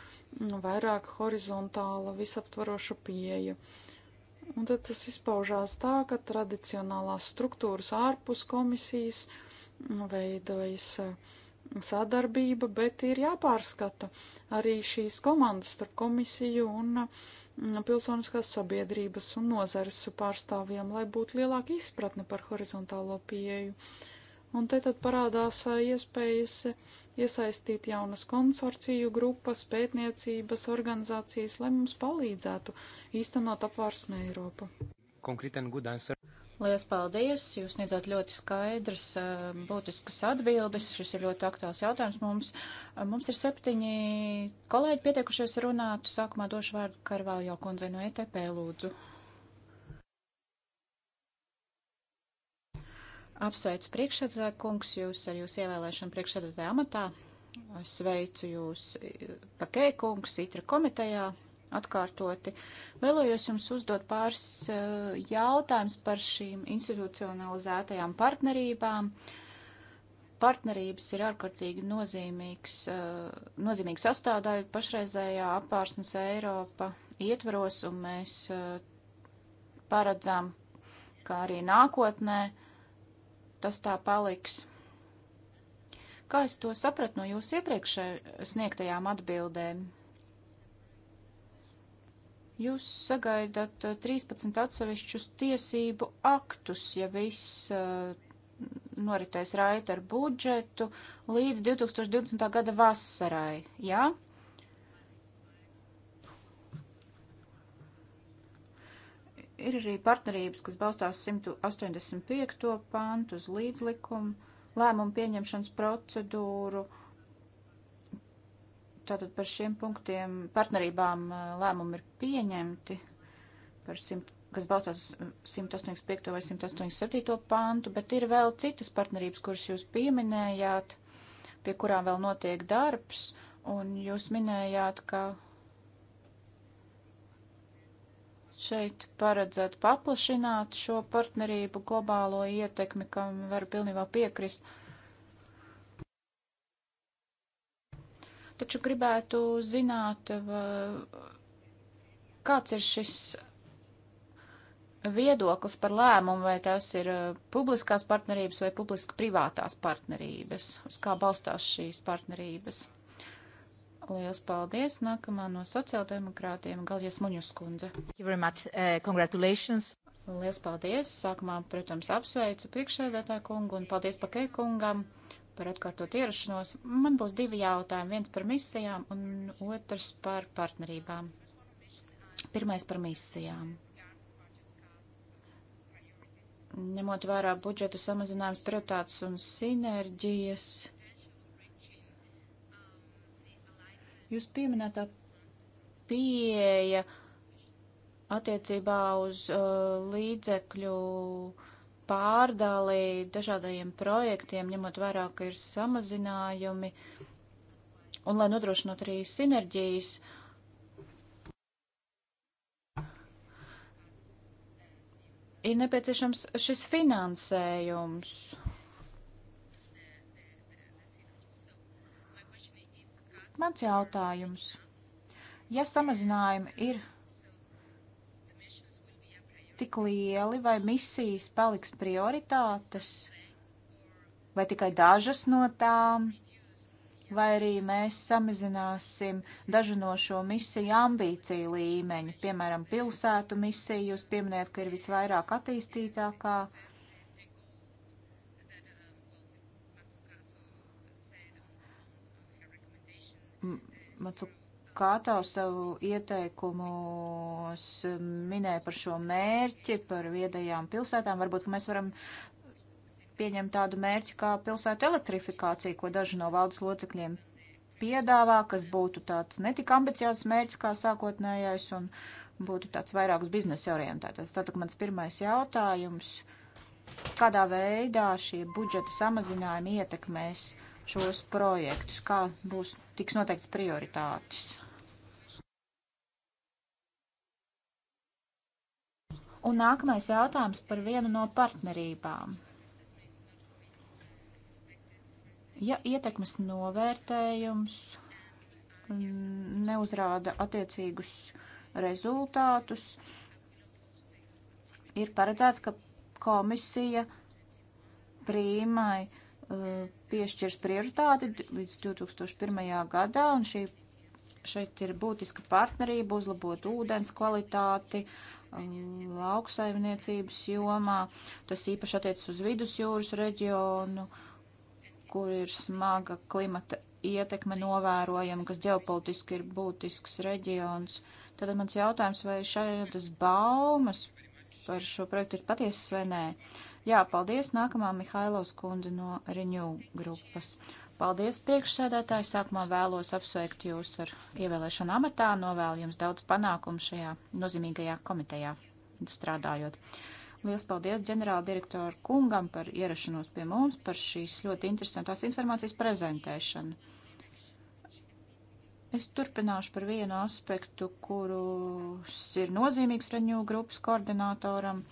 nu, vairāk horizontāla, visaptvaroša pieeja. Un tad tas izpaužās tā, ka tradicionālās struktūras ārpus komisijas veidojas uh, sadarbība, bet ir jāpārskata arī šīs komandas starp komisiju un mm, pilsoniskās sabiedrības un nozares pārstāvjiem, lai būtu lielāka izpratne par horizontālo pieeju. Un te tad parādās iespējas iesaistīt jaunas konsorciju grupas, pētniecības organizācijas, lai mums palīdzētu īstenot apvārsnē Eiropu. Concrete and good answer. Lielas paldies! Jūs sniedzāt ļoti skaidras, eh, būtiskas atbildes. Šis ir ļoti aktuāls jautājums mums. Eh, mums ir septiņi kolēģi pietiekušies runāt. Sākumā došu vārdu Karvaljo kundzei no ETP lūdzu. Apsveicu priekšsēdētāju kungs jūs ar jūsu ievēlēšanu priekšsēdētāju amatā. Sveicu jūs eh, pakē kungs, itra komitejā atkārtoti. Vēlējos jums uzdot pāris eh, jautājums par šīm institucionalizētajām partnerībām. Partnerības ir ārkārtīgi nozīmīgs, eh, nozīmīgs sastāvdaļa pašreizējā apvārsnes Eiropa ietvaros, un mēs eh, paredzam, kā arī nākotnē tas tā paliks kā es to sapratu no jūsu iepriekšējām sniegtajām atbildēm. Jūs sagaidat 13 eh, atsevišķus tiesību aktus, ja viss eh, noritēs raita ar budžetu līdz 2020. gada vasarai, jā? Ja? ir arī partnerības, kas balstās 185. pantu uz līdzlikumu, lēmumu pieņemšanas procedūru, uh, Tātad par šiem punktiem partnerībām eh, lēmumi ir pieņemti, simt, kas balstās uz 185. vai 187. pantu, bet ir vēl citas partnerības, kuras jūs pieminējāt, pie kurām vēl notiek darbs, un jūs minējāt, ka šeit paredzēt paplašināt šo partnerību globālo ietekmi, kam varu pilnībā piekrist. Uh, Taču gribētu zināt, kāds ir šis viedoklis par lēmumu, vai tās ir eh, publiskās partnerības vai publiski-privātās partnerības, uz kā balstās šīs partnerības. Lielas paldies! Nākamā no sociāldemokrātiem Galjas Muņus kundze. Uh, Lielas paldies! Sākumā, protams, apsveicu priekšsēdētāju kungu un paldies pakei kungam! par atkārtot ierašanos. Man būs divi jautājumi. Viens par misijām un otrs par partnerībām. Pirmais par misijām. Ņemot vērā budžeta samazinājums, prioritātes un sinerģijas, jūs pieminētā pieeja attiecībā uz uh, līdzekļu uh, pārdalī dažādajiem projektiem, ņemot vērā, ka ir samazinājumi, un lai nodrošinātu arī sinerģijas. Ir nepieciešams šis finansējums. Mans jautājums. Ja samazinājumi ir tik lieli, vai misijas paliks prioritātes, vai tikai dažas no tām, vai arī mēs samazināsim dažu no šo misiju ambīciju līmeņu, piemēram, pilsētu misiju, jūs pieminējat, ka ir visvairāk attīstītākā. Matsukato Kato savu ieteikumos minēja par šo mērķi, par viedajām pilsētām. Varbūt, ka mēs varam pieņemt tādu mērķi kā pilsētu elektrifikācija, ko daži no valdes locekļiem piedāvā, kas būtu tāds netik ambiciāls mērķis kā sākotnējais un būtu tāds vairāk uz biznesa orientētas. Tātad mans pirmais jautājums, kādā veidā šie budžeta samazinājumi ietekmēs šos projektus, kā būs tiks noteikts prioritātes. Un nākamais jautājums par vienu no partnerībām. Ja ietekmes novērtējums neuzrāda attiecīgus rezultātus, ir paredzēts, ka komisija prīmai uh, piešķirs prioritāti līdz 2001. gadā, un šī, šeit ir būtiska partnerība uzlabot ūdens kvalitāti, uh, lauksaimniecības jomā. Tas īpaši attiecas uz vidusjūras reģionu, kur ir smaga klimata ietekme novērojama, kas ģeopolitiski ir būtisks reģions. Tad mans jautājums, vai šādas baumas par šo projektu ir patiesas vai nē? Jā, paldies. Nākamā Mihailovs kundze no Renew grupas. Paldies, priekšsēdētāji. Sākumā vēlos apsveikt jūs ar ievēlēšanu amatā. Novēlu jums daudz panākumu šajā nozīmīgajā komitejā strādājot. Lielas paldies ģenerāla direktoru kungam par ierašanos pie mums, par šīs ļoti interesantās informācijas prezentēšanu. Es turpināšu par vienu aspektu, kurus ir nozīmīgs reņū grupas koordinātoram.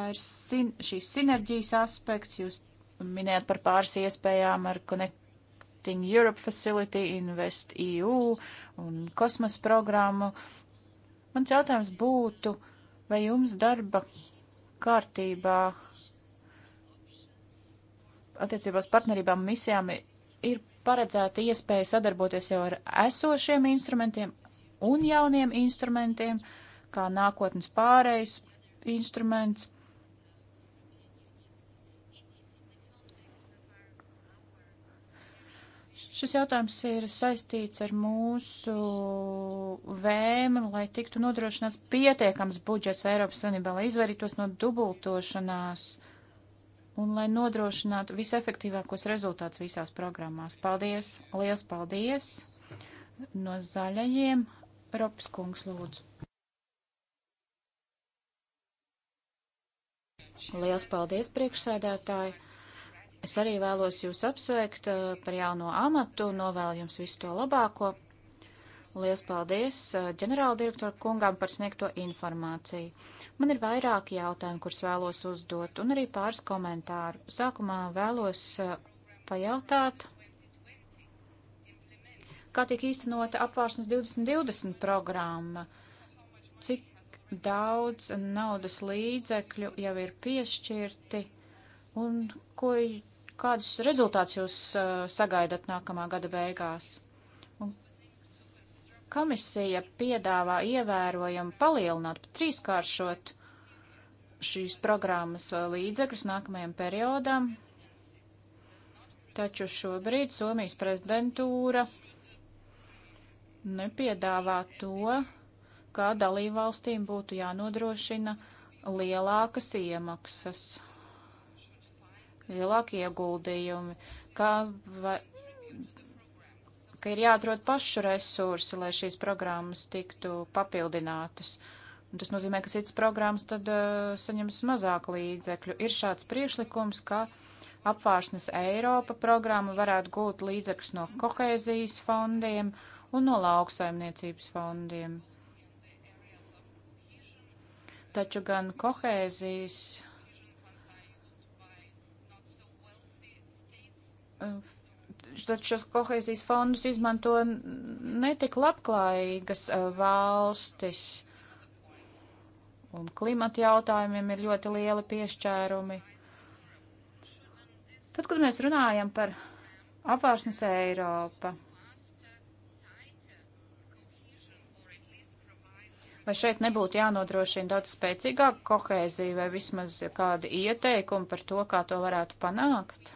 Tā ir sin šīs sinerģijas aspekts. Jūs minējāt par pāris iespējām ar Connecting Europe Facility, Invest EU un kosmos programmu. Mans jautājums būtu, vai jums darba kārtībā attiecībās partnerībām misijām ir paredzēta iespēja sadarboties jau ar esošiem instrumentiem un jauniem instrumentiem, kā nākotnes pārējais instruments. Šis jautājums ir saistīts ar mūsu vēmu, lai tiktu nodrošināts pietiekams budžets Eiropas Savienībā, lai izvairītos no dubultošanās un lai nodrošinātu visefektīvākos rezultātus visās programmās. Paldies! Liels paldies! No zaļajiem Rops kungs lūdzu. Liels paldies, priekšsēdētāji! Es arī vēlos jūs apsveikt uh, par jauno amatu, novēlu jums visu to labāko. Lielas paldies uh, ģenerāldirektoru kungām par sniegto informāciju. Man ir vairāki jautājumi, kurus vēlos uzdot, un arī pāris komentāru. Sākumā vēlos uh, pajautāt, kā tiek īstenota apvārsnes 2020 programma, cik daudz naudas līdzekļu jau ir piešķirti un ko kādus rezultātus jūs uh, sagaidat nākamā gada beigās? Un komisija piedāvā ievērojami palielināt, pat trīskāršot šīs programmas uh, līdzekļus nākamajam periodam. Taču šobrīd Somijas prezidentūra nepiedāvā to, kā dalībvalstīm būtu jānodrošina lielākas iemaksas lielāki ieguldījumi, ka, va, ka ir jāatrod pašu resursi, lai šīs programmas tiktu papildinātas. Un tas nozīmē, ka citas programmas tad uh, saņems mazāk līdzekļu. Ir šāds priešlikums, ka apvārsnes Eiropa programma varētu gūt līdzekļus no kohēzijas fondiem un no lauksaimniecības fondiem. Taču gan kohēzijas šos kohēzijas fondus izmanto netik labklājīgas valstis. Un klimata jautājumiem ir ļoti lieli piešķērumi. Tad, kad mēs runājam par apvārsnes Eiropa, vai šeit nebūtu jānodrošina daudz spēcīgāka kohēzija vai vismaz kādi ieteikumi par to, kā to varētu panākt?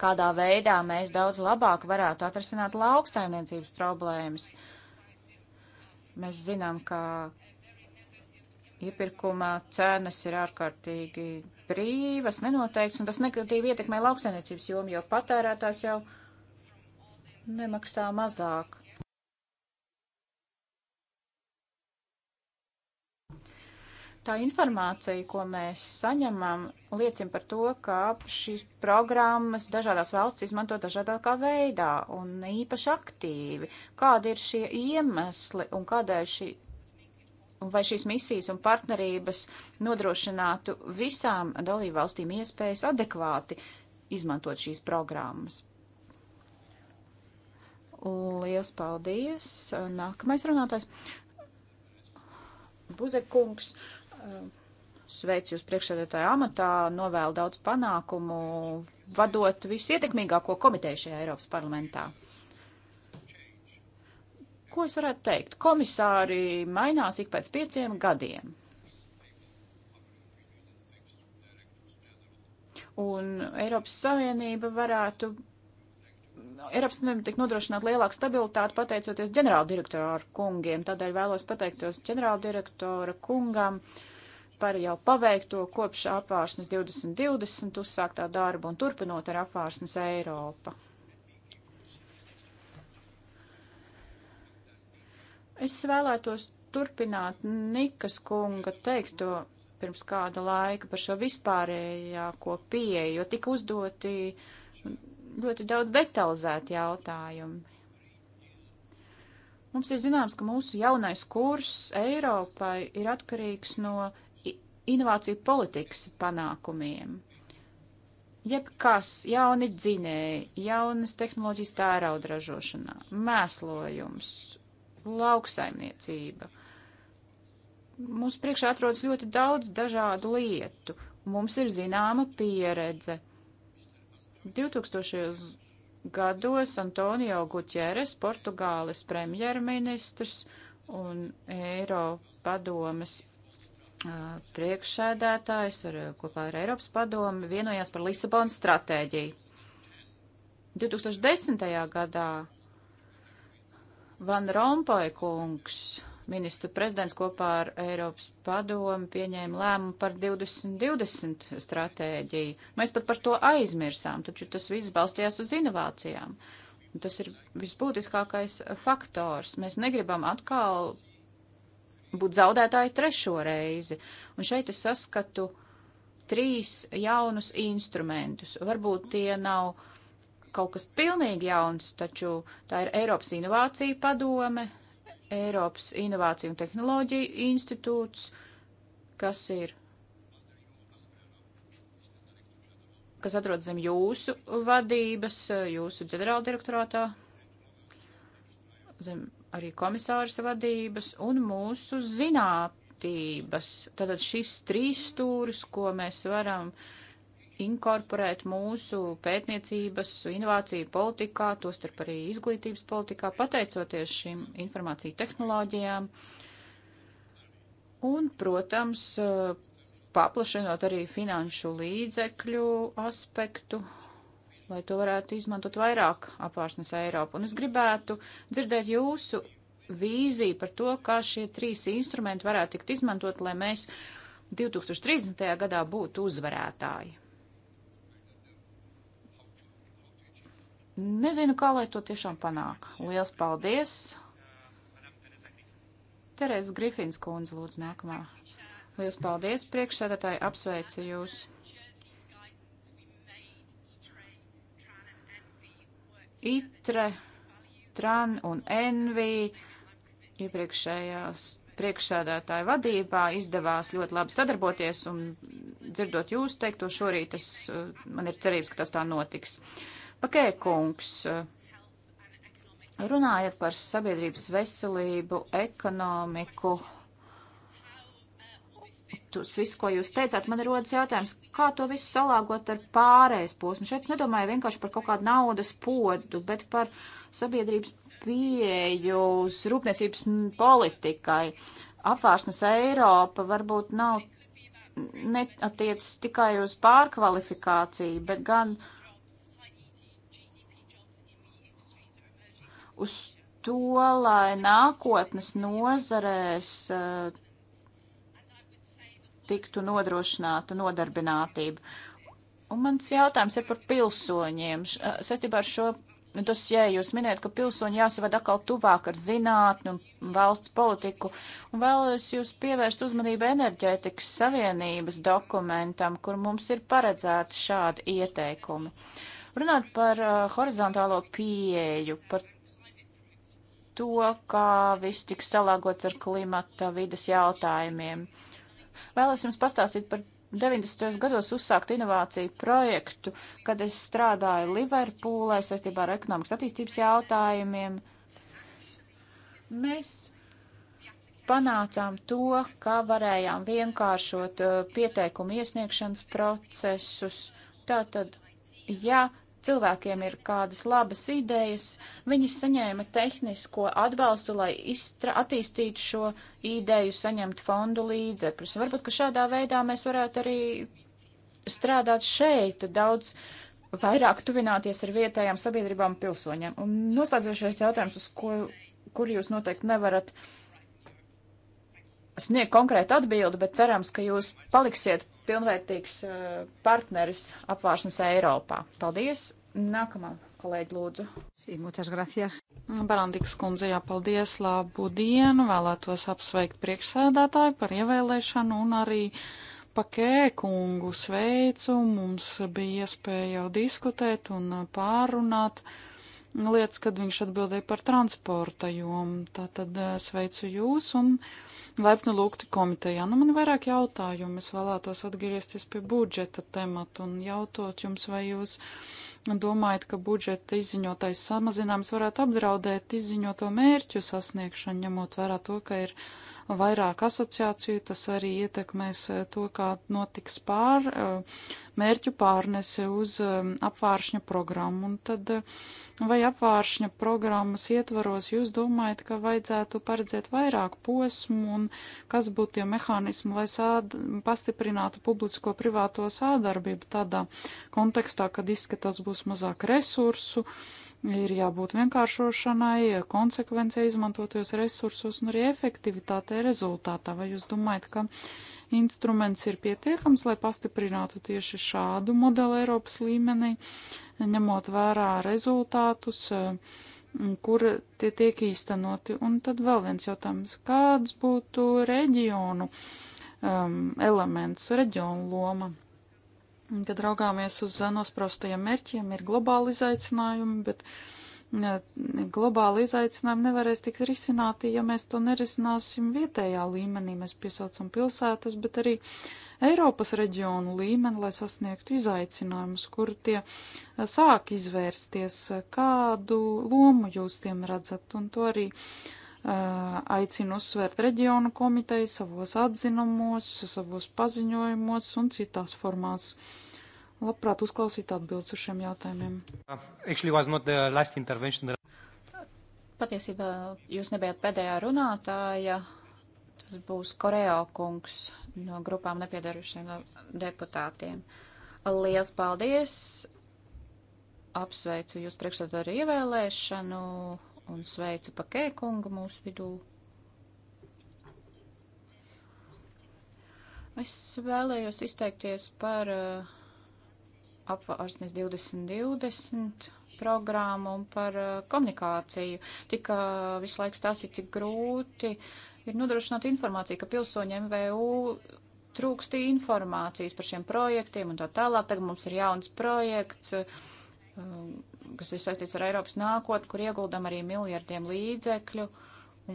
kādā veidā mēs daudz labāk varētu atrasināt lauksaimniecības problēmas. Mēs zinām, ka iepirkuma cenas ir ārkārtīgi brīvas, nenoteikts, un tas negatīvi ietekmē lauksainiecības jomu, jo patērētājs jau nemaksā mazāk. Tā informācija, ko mēs saņemam, liecina par to, ka šīs programmas dažādās valsts izmanto dažādākā veidā un īpaši aktīvi. Kādi ir šie iemesli un kādēļ šī, vai šīs misijas un partnerības nodrošinātu visām dalībvalstīm iespējas adekvāti izmantot šīs programmas? Lielas paldies! Nākamais runātājs. Buzekungs. Uh, sveicu jūs priekšsēdētāju amatā, novēlu daudz panākumu, vadot visietekmīgāko komiteju šajā Eiropas parlamentā. Ko es varētu teikt? Komisāri mainās ik pēc pieciem gadiem. Un Eiropas Savienība varētu, Eiropas Savienība tik nodrošināt lielāku stabilitāti pateicoties ģenerāldirektoru kungiem. Tādēļ vēlos pateikties ģenerāldirektora kungam. Uh, par jau paveikto kopš apvārsnes 2020 uzsāktā darba un turpinot ar apvārsnes Eiropa. Es vēlētos turpināt Nikas kunga teikto pirms kāda laika par šo vispārējāko pieeju, jo tika uzdoti ļoti daudz detalizēti jautājumi. Mums ir zināms, ka mūsu jaunais kurs Eiropai ir atkarīgs no inovāciju politikas panākumiem. Jebkas, jauni dzinēji, jaunas tehnoloģijas tērauda ražošanā, mēslojums, lauksaimniecība. Mums priekšā atrodas ļoti daudz dažādu lietu. Mums ir zināma pieredze. 2000. gados Antonio Gutieres, Portugāles premjerministrs un Eiropadomes priekšsēdētājs ar, kopā ar Eiropas padomu vienojās par Lisabonas stratēģiju. 2010. gadā Van Rompuy kungs, ministru prezidents kopā ar Eiropas padomu, pieņēma lēmumu par 2020 stratēģiju. Mēs pat par to aizmirsām, taču tas viss balstījās uz inovācijām. Tas ir visbūtiskākais faktors. Mēs negribam atkal būt zaudētāji trešo reizi. Un šeit es saskatu trīs jaunus instrumentus. Varbūt tie nav kaut kas pilnīgi jauns, taču tā ir Eiropas inovācija padome, Eiropas inovāciju un tehnoloģiju institūts, kas ir kas atrodas zem jūsu vadības, jūsu ģenerāldirektorātā, zem arī komisāras vadības un mūsu zinātības. Tātad šis trīs stūris, ko mēs varam inkorporēt mūsu pētniecības, inovāciju politikā, tostarp arī izglītības politikā, pateicoties šīm informāciju tehnoloģijām. Un, protams, paplašinot arī finanšu līdzekļu aspektu lai to varētu izmantot vairāk apārsnes Eiropu. Un es gribētu dzirdēt jūsu vīziju par to, kā šie trīs instrumenti varētu tikt izmantot, lai mēs 2030. gadā būtu uzvarētāji. Nezinu, kā lai to tiešām panāk. Liels paldies! Terēzes Grifins kundze lūdzu nākamā. Liels paldies, priekšsēdētāji, apsveicu jūs! ITRE, TRAN un ENVI iepriekšējās priekšsēdētāja vadībā izdevās ļoti labi sadarboties un dzirdot jūs teikto šorīt, es, uh, man ir cerības, ka tas tā notiks. Pakē kungs, uh, runājot par sabiedrības veselību, ekonomiku elementus, visu, ko jūs teicāt, man rodas jautājums, kā to visu salāgot ar pārējais posmu. Šeit es nedomāju vienkārši par kaut kādu naudas podu, bet par sabiedrības pieeju uz rūpniecības politikai. Apvārsnes Eiropa varbūt nav neatiec tikai uz pārkvalifikāciju, bet gan uz to, lai nākotnes nozarēs uh, tiktu nodrošināta nodarbinātība. Un mans jautājums ir par pilsoņiem. Eh, Sastībā ar šo dosjē jūs minējat, ka pilsoņi jāsavad atkal tuvāk ar zinātni un valsts politiku. Un vēlos jūs pievērst uzmanību enerģētikas savienības dokumentam, kur mums ir paredzēti šādi ieteikumi. Runāt par uh, horizontālo pieeju, par to, kā viss tiks salāgots ar klimata vidas jautājumiem. Uh, Vēlos jums pastāstīt par 90. gados uzsākt inovāciju projektu, kad es strādāju Liverpūlē saistībā ar ekonomikas attīstības jautājumiem. Mēs panācām to, kā varējām vienkāršot uh, pieteikumu iesniegšanas procesus. Tātad, ja cilvēkiem ir kādas labas idejas, viņi saņēma tehnisko atbalstu, lai izstra, attīstītu šo ideju, saņemtu fondu līdzekļus. Varbūt, ka šādā veidā mēs varētu arī strādāt šeit daudz vairāk tuvināties ar vietējām sabiedrībām pilsoņiem. Un noslēdzošais jautājums, uz ko, kur jūs noteikti nevarat sniegt konkrētu atbildi, bet cerams, ka jūs paliksiet pilnvērtīgs eh, partneris apvāršanas Eiropā. Paldies! Nākamā kolēģi lūdzu. Sí, muchas gracias. Barandikas kundze, jā, paldies, labu dienu, vēlētos apsveikt priekšsēdētāju par ievēlēšanu un arī pakē kungu sveicu. Mums bija iespēja jau diskutēt un pārunāt lietas, kad viņš atbildēja par transporta jomu. Tātad eh, sveicu jūs un. Uh, Laipni lūgti komitejā. Nu, man ir vairāk jautājumu. Es vēlētos atgriezties pie budžeta temata un jautot jums, vai jūs domājat, ka budžeta izziņotais samazinājums varētu apdraudēt izziņoto mērķu sasniegšanu, ņemot vērā to, ka ir vairāk asociāciju, tas arī ietekmēs eh, to, kā notiks pār eh, mērķu pārnese uz eh, apvāršņa programmu. Un tad vai apvāršņa programmas ietvaros jūs domājat, ka vajadzētu paredzēt vairāk posmu un kas būtu tie mehānismi, lai sād, pastiprinātu publisko-privāto sādarbību tādā kontekstā, kad izskatās būs mazāk resursu? resursu, Ir jābūt vienkāršošanai, konsekvencija izmantotajos resursos un arī efektivitātei rezultātā. Vai jūs domājat, ka instruments ir pietiekams, lai pastiprinātu tieši šādu modelu Eiropas līmenī, ņemot vērā rezultātus? kur tie tiek īstenoti. Un tad vēl viens jautājums, kāds būtu reģionu um, elements, reģionu loma? Kad raugāmies uz eh, nosprostajiem mērķiem, ir globāli izaicinājumi, bet eh, globāli izaicinājumi nevarēs tikt risināti, ja mēs to nerisināsim vietējā līmenī. Mēs piesaucam pilsētas, bet arī Eiropas reģionu līmeni, lai sasniegtu izaicinājumus, kur tie eh, sāk izvērsties, kādu lomu jūs tiem redzat, un to arī uh, Eh, aicinu uzsvērt reģionu komiteju savos atzinumos, savos paziņojumos un citās formās. Labprāt uzklausīt atbildes uz šiem jautājumiem. Actually, Patiesībā jūs nebijat pēdējā runātāja. Tas būs Korejā kungs no grupām nepiedarušiem deputātiem. Liels paldies! Apsveicu jūs priekšsēdāru ievēlēšanu un sveicu Pakēkungu mūsu vidū. Es vēlējos izteikties par uh, apvārsnes 2020 programmu un par uh, komunikāciju. Tika uh, visu laiku stāstīt, cik grūti ir nodrošināt informāciju, ka pilsoņiem VU trūkst informācijas par šiem projektiem un tā tālāk. Tagad mums ir jauns projekts. Uh, kas ir saistīts ar Eiropas nākotni, kur ieguldam arī miljardiem līdzekļu,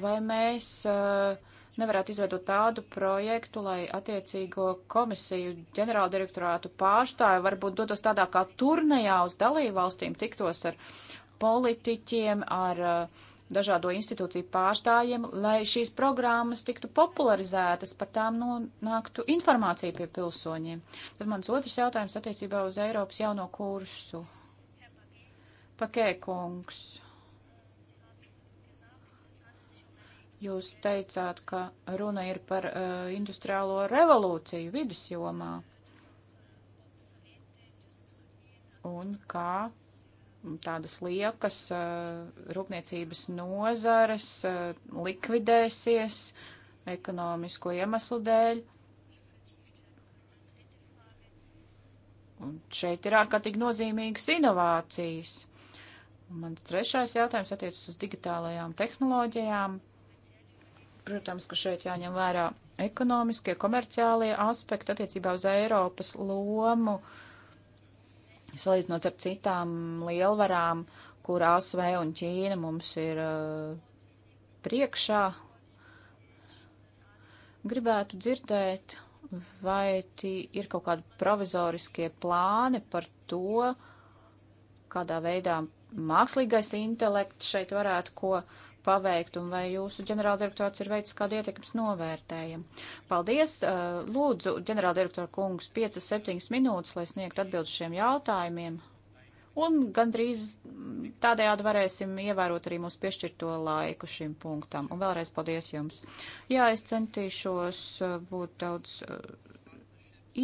vai mēs eh, nevarētu izveidot tādu projektu, lai attiecīgo komisiju ģenerāldirektorātu pārstāju varbūt dotos tādā kā turnejā uz dalībvalstīm, tiktos ar politiķiem, ar eh, dažādo institūciju pārstājiem, lai šīs programmas tiktu popularizētas, par tām nonāktu informācija pie pilsoņiem. Tad mans otrs jautājums attiecībā uz Eiropas jauno kursu. Pakē kungs, jūs teicāt, ka runa ir par uh, industriālo revolūciju vidusjomā. Un kā tādas liekas uh, rūpniecības nozares uh, likvidēsies ekonomisko iemeslu dēļ. Un šeit ir ārkārtīgi nozīmīgas inovācijas. Mans trešais jautājums attiecas uz digitālajām tehnoloģijām. Protams, ka šeit jāņem vērā ekonomiskie, komerciālie aspekti attiecībā uz Eiropas lomu, salīdzinot ar citām lielvarām, kur ASV un Ķīna mums ir uh, priekšā. Gribētu dzirdēt, vai ir kaut kādi provizoriskie plāni par to, kādā veidā mākslīgais intelekts šeit varētu ko paveikt un vai jūsu ģenerāldirektors ir veicis kādu ietekmes novērtējumu. Paldies! Uh, lūdzu, ģenerāldirektora kungs, 5-7 minūtes, lai sniegtu atbildes šiem jautājumiem. Un gandrīz tādējādi varēsim ievērot arī mūsu piešķirto laiku šim punktam. Un vēlreiz paldies jums. Jā, es centīšos uh, būt daudz uh,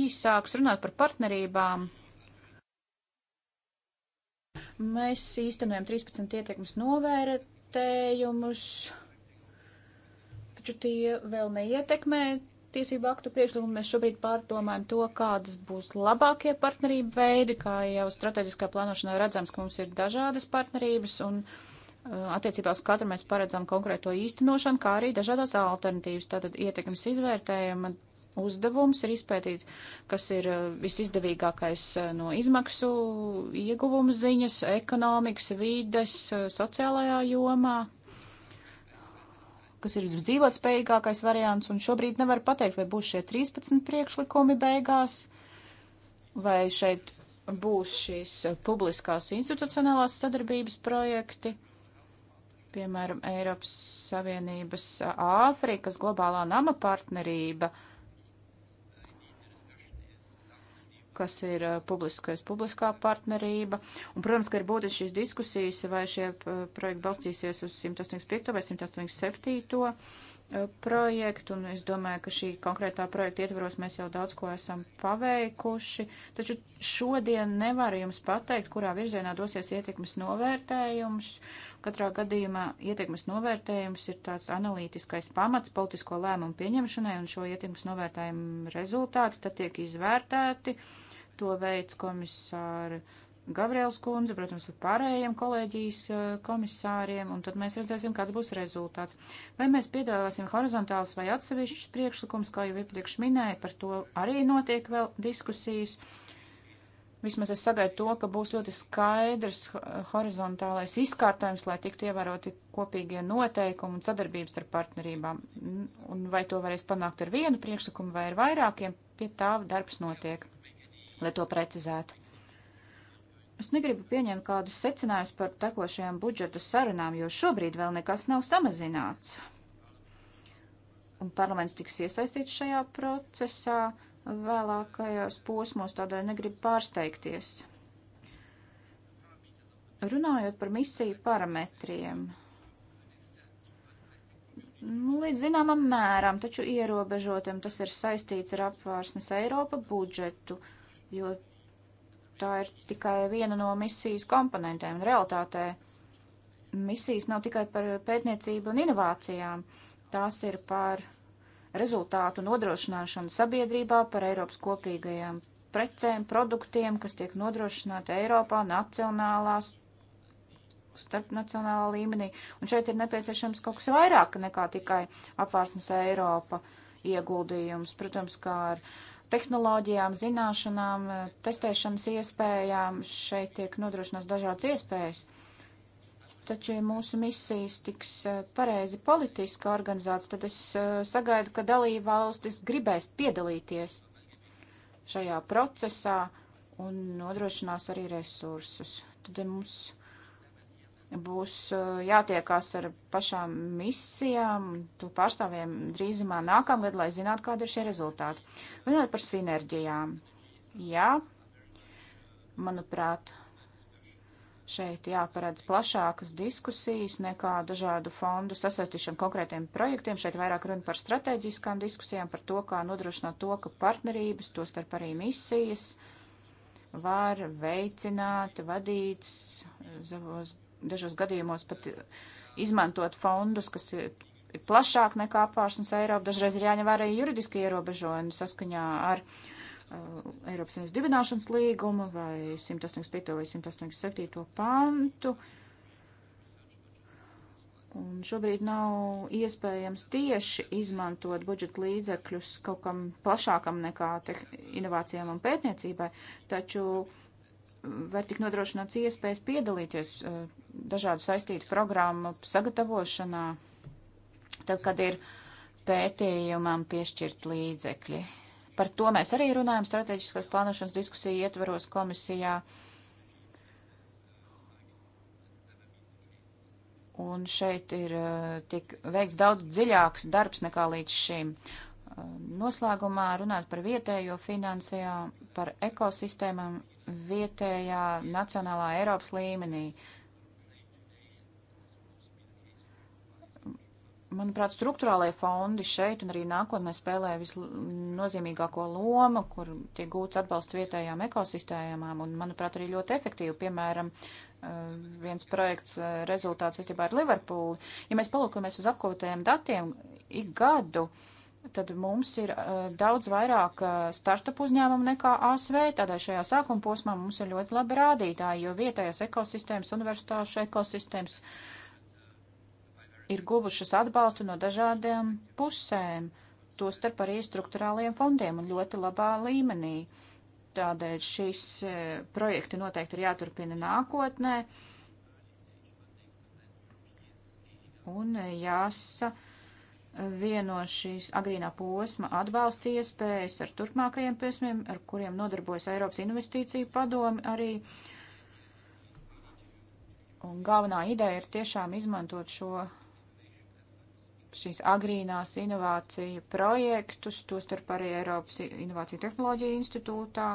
īsāks, runāt par partnerībām. Mēs īstenojam 13 ietekmes novērtējumus, taču tie vēl neietekmē tiesību aktu priekšlikumu. Mēs šobrīd pārdomājam to, kādas būs labākie partnerību veidi, kā jau strateģiskā plānošanā redzams, ka mums ir dažādas partnerības un uh, attiecībā uz katru mēs paredzam konkrēto īstenošanu, kā arī dažādās alternatīvas, tātad ietekmes izvērtējuma uzdevums ir izpētīt, kas ir eh, visizdevīgākais eh, no izmaksu ieguvuma ziņas, ekonomikas, vides, eh, sociālajā jomā, kas ir visdzīvotspējīgākais variants, un šobrīd nevar pateikt, vai būs šie 13 priekšlikumi beigās, vai šeit būs šīs publiskās institucionālās sadarbības projekti piemēram, Eiropas Savienības Āfrikas globālā nama partnerība, uh, kas ir eh, publiskais publiskā partnerība. Un, protams, ka ir būtiski šīs diskusijas, vai šie eh, projekti balstīsies uz 185. vai 187. Eh, projektu, un es domāju, ka šī konkrētā projekta ietvaros mēs jau daudz ko esam paveikuši, taču šodien nevaru jums pateikt, kurā virzienā dosies ietekmes novērtējums. Katrā gadījumā ietekmes novērtējums ir tāds analītiskais pamats politisko lēmumu pieņemšanai, un šo ietekmes novērtējumu rezultāti tad tiek izvērtēti. To veids komisāri Gabriels kundze, protams, ar pārējiem kolēģijas eh, komisāriem, un tad mēs redzēsim, kāds būs rezultāts. Vai mēs piedāvāsim horizontālus vai atsevišķus priekšlikumus, kā jau iepriekš minēju, par to arī notiek vēl diskusijas. Vismaz es sagaidu to, ka būs ļoti skaidrs eh, horizontālais izkārtojums, lai tiktu ievēroti kopīgie noteikumi un sadarbības ar partnerībām. Un vai to varēs panākt ar vienu priekšlikumu vai ar vairākiem, pie tā darbs notiek, lai to precizētu. Es negribu pieņemt kādus secinājumus par tekošajām budžeta sarunām, jo šobrīd vēl nekas nav samazināts. Un parlaments tiks iesaistīts šajā procesā vēlākajos posmos, tādēļ negribu pārsteigties. Runājot par misiju parametriem, nu, līdz zināmam mēram, taču ierobežotam tas ir saistīts ar apvārsnes Eiropa budžetu, jo tā ir tikai viena no misijas komponentēm. Realtātē misijas nav tikai par pētniecību un inovācijām, tās ir par rezultātu nodrošināšanu sabiedrībā, par Eiropas kopīgajām precēm, produktiem, kas tiek nodrošināti Eiropā nacionālās starpnacionālā līmenī. Un šeit ir nepieciešams kaut kas vairāk nekā tikai apvārsnes Eiropa ieguldījums. Protams, kā ar uh, tehnoloģijām, zināšanām, eh, testēšanas iespējām. Šeit tiek nodrošinās dažādas iespējas. Taču, ja mūsu misijas tiks eh, pareizi politiski organizētas, tad es eh, sagaidu, ka dalība valstis gribēs piedalīties šajā procesā un nodrošinās arī resursus. Tad ja mums būs eh, jātiekās ar pašām misijām, tu pārstāvjiem drīzumā nākamgad, lai zinātu, kāda ir šie rezultāti. Runājot par sinerģijām. Jā, manuprāt, šeit jāparedz plašākas diskusijas nekā dažādu fondu sasaistīšanu konkrētiem projektiem. Šeit vairāk runa par strateģiskām diskusijām, par to, kā nodrošināt to, ka partnerības, to starp arī misijas, var veicināt, vadīt savos dažos gadījumos pat izmantot fondus, kas ir, ir plašāk nekā apvārsnes Eiropa. Dažreiz ir jāņem vērā juridiski ierobežojumi saskaņā ar uh, Eiropas Savienības dibināšanas līgumu vai 185. vai 187. pantu. Un šobrīd nav iespējams tieši izmantot budžeta līdzekļus kaut kam plašākam nekā inovācijām un pētniecībai, taču var tik nodrošināts iespējas piedalīties eh, dažādu saistītu programmu sagatavošanā, tad, kad ir pētījumam piešķirt līdzekļi. Par to mēs arī runājam strateģiskās plānošanas diskusiju ietvaros komisijā. Un šeit ir eh, tik veikts daudz dziļāks darbs nekā līdz šim. Eh, noslēgumā runāt par vietējo finansējām, par ekosistēmām vietējā, nacionālā, Eiropas līmenī. Manuprāt, struktūrālajie fondi šeit un arī nākotnē spēlē visnozīmīgāko lomu, kur tiek gūts atbalsts vietējām ekosistēmām un, manuprāt, arī ļoti efektīvi. Piemēram, eh, viens projekts eh, rezultāts istībā ar Liverpūli. Ja mēs palūkojamies uz apkopotajiem datiem ik gadu, uh, tad mums ir uh, daudz vairāk uh, startup uzņēmumu nekā ASV. Tādēļ šajā sākuma posmā mums ir ļoti labi rādītāji, jo vietējās ekosistēmas, universitāšu ekosistēmas ir guvušas atbalstu no dažādiem pusēm, tostarp arī struktūrāliem fondiem un ļoti labā līmenī. Tādēļ šīs uh, projekti noteikti ir jāturpina nākotnē. Un uh, jāsaka, vieno šīs agrīnā posma atbalsta iespējas ar turpmākajiem posmiem, ar kuriem nodarbojas Eiropas investīcija padomi arī. Un galvenā ideja ir tiešām izmantot šo šīs agrīnās inovāciju projektus, tostarp arī Eiropas Inovāciju tehnoloģiju institūtā,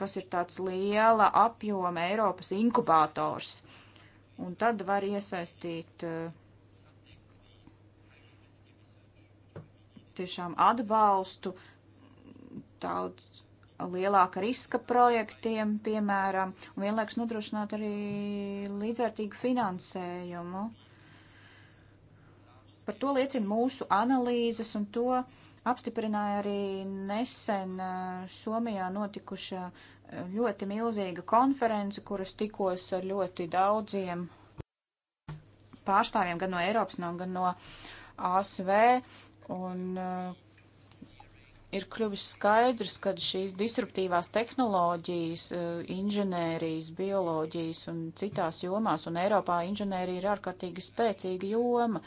kas ir tāds liela apjoma Eiropas inkubators. Un tad var iesaistīt uh, tiešām atbalstu daudz lielāka riska projektiem, piemēram, un vienlaiks nodrošināt arī līdzvērtīgu finansējumu. Par to liecina mūsu analīzes, un to apstiprināja arī nesen eh, Somijā notikuša eh, ļoti milzīga konference, kuras tikos ar ļoti daudziem pārstāvjiem gan no Eiropas, no, gan no ASV Un uh, ir kļuvis skaidrs, ka šīs disruptīvās tehnoloģijas, uh, inženērijas, bioloģijas un citās jomās, un Eiropā inženērija ir ārkārtīgi spēcīga joma,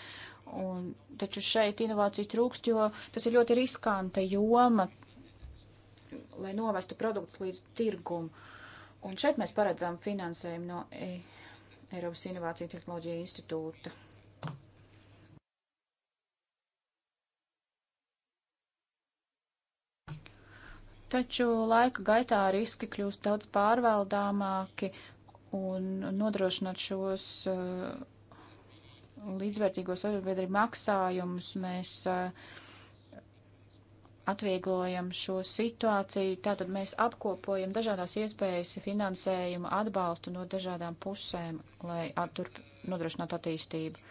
un taču šeit inovāciju trūkst, jo tas ir ļoti riskanta joma, lai novestu produktus līdz tirgumu. Un šeit mēs paredzam finansējumu no Ei Eiropas Inovāciju tehnoloģiju institūta. taču laika gaitā riski kļūst daudz pārvaldāmāki un nodrošināt šos uh, līdzvērtīgos arotbiedrību maksājumus mēs uh, atvieglojam šo situāciju. Tātad mēs apkopojam dažādās iespējas finansējumu atbalstu no dažādām pusēm, lai atturp, nodrošinātu attīstību.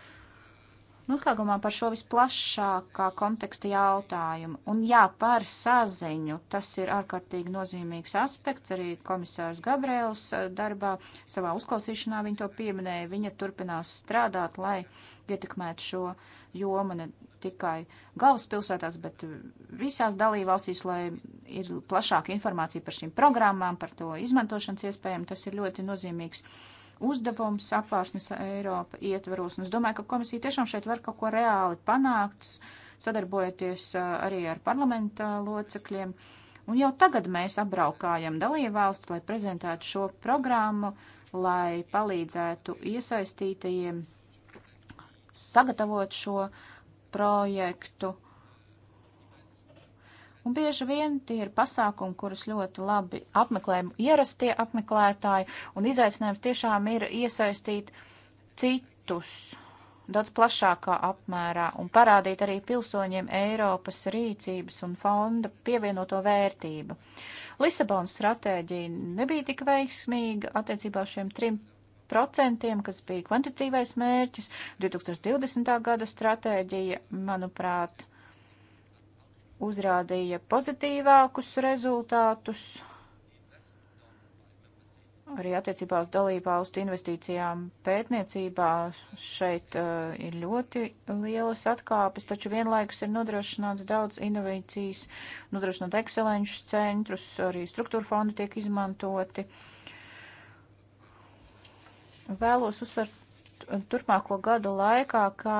Noslēgumā par šo visplašākā konteksta jautājumu. Un jā, par saziņu. Tas ir ārkārtīgi nozīmīgs aspekts. Arī komisārs Gabriels eh, darbā savā uzklausīšanā viņa to pieminēja. Viņa turpinās strādāt, lai ietekmētu šo jomu ne tikai galvaspilsētās, bet visās dalībvalstīs, lai ir plašāka informācija par šīm programmām, par to izmantošanas iespējām. Tas ir ļoti nozīmīgs aspekts uzdevums apvārsnes Eiropa ietveros. Un es domāju, ka komisija tiešām šeit var kaut ko reāli panākt, sadarbojoties arī ar parlamenta locekļiem. Un jau tagad mēs apbraukājam dalībvalsts, lai prezentētu šo programmu, lai palīdzētu iesaistītajiem sagatavot šo projektu. Un bieži vien tie ir pasākumi, kurus ļoti labi apmeklē ierastie apmeklētāji, un izaicinājums tiešām ir iesaistīt citus daudz plašākā apmērā un parādīt arī pilsoņiem Eiropas rīcības un fonda pievienoto vērtību. Lisabonas stratēģija nebija tik veiksmīga attiecībā uz šiem trim procentiem, kas bija kvantitīvais mērķis. 2020. gada stratēģija, manuprāt, uzrādīja pozitīvākus rezultātus arī attiecībā uz dalībvalstu investīcijām pētniecībā šeit uh, ir ļoti lielas atkāpes, taču vienlaikus ir nodrošināts daudz inovācijas, nodrošināt ekscelenčus centrus, arī struktūra fondi tiek izmantoti. Vēlos uzsvert turpmāko gadu laikā, ka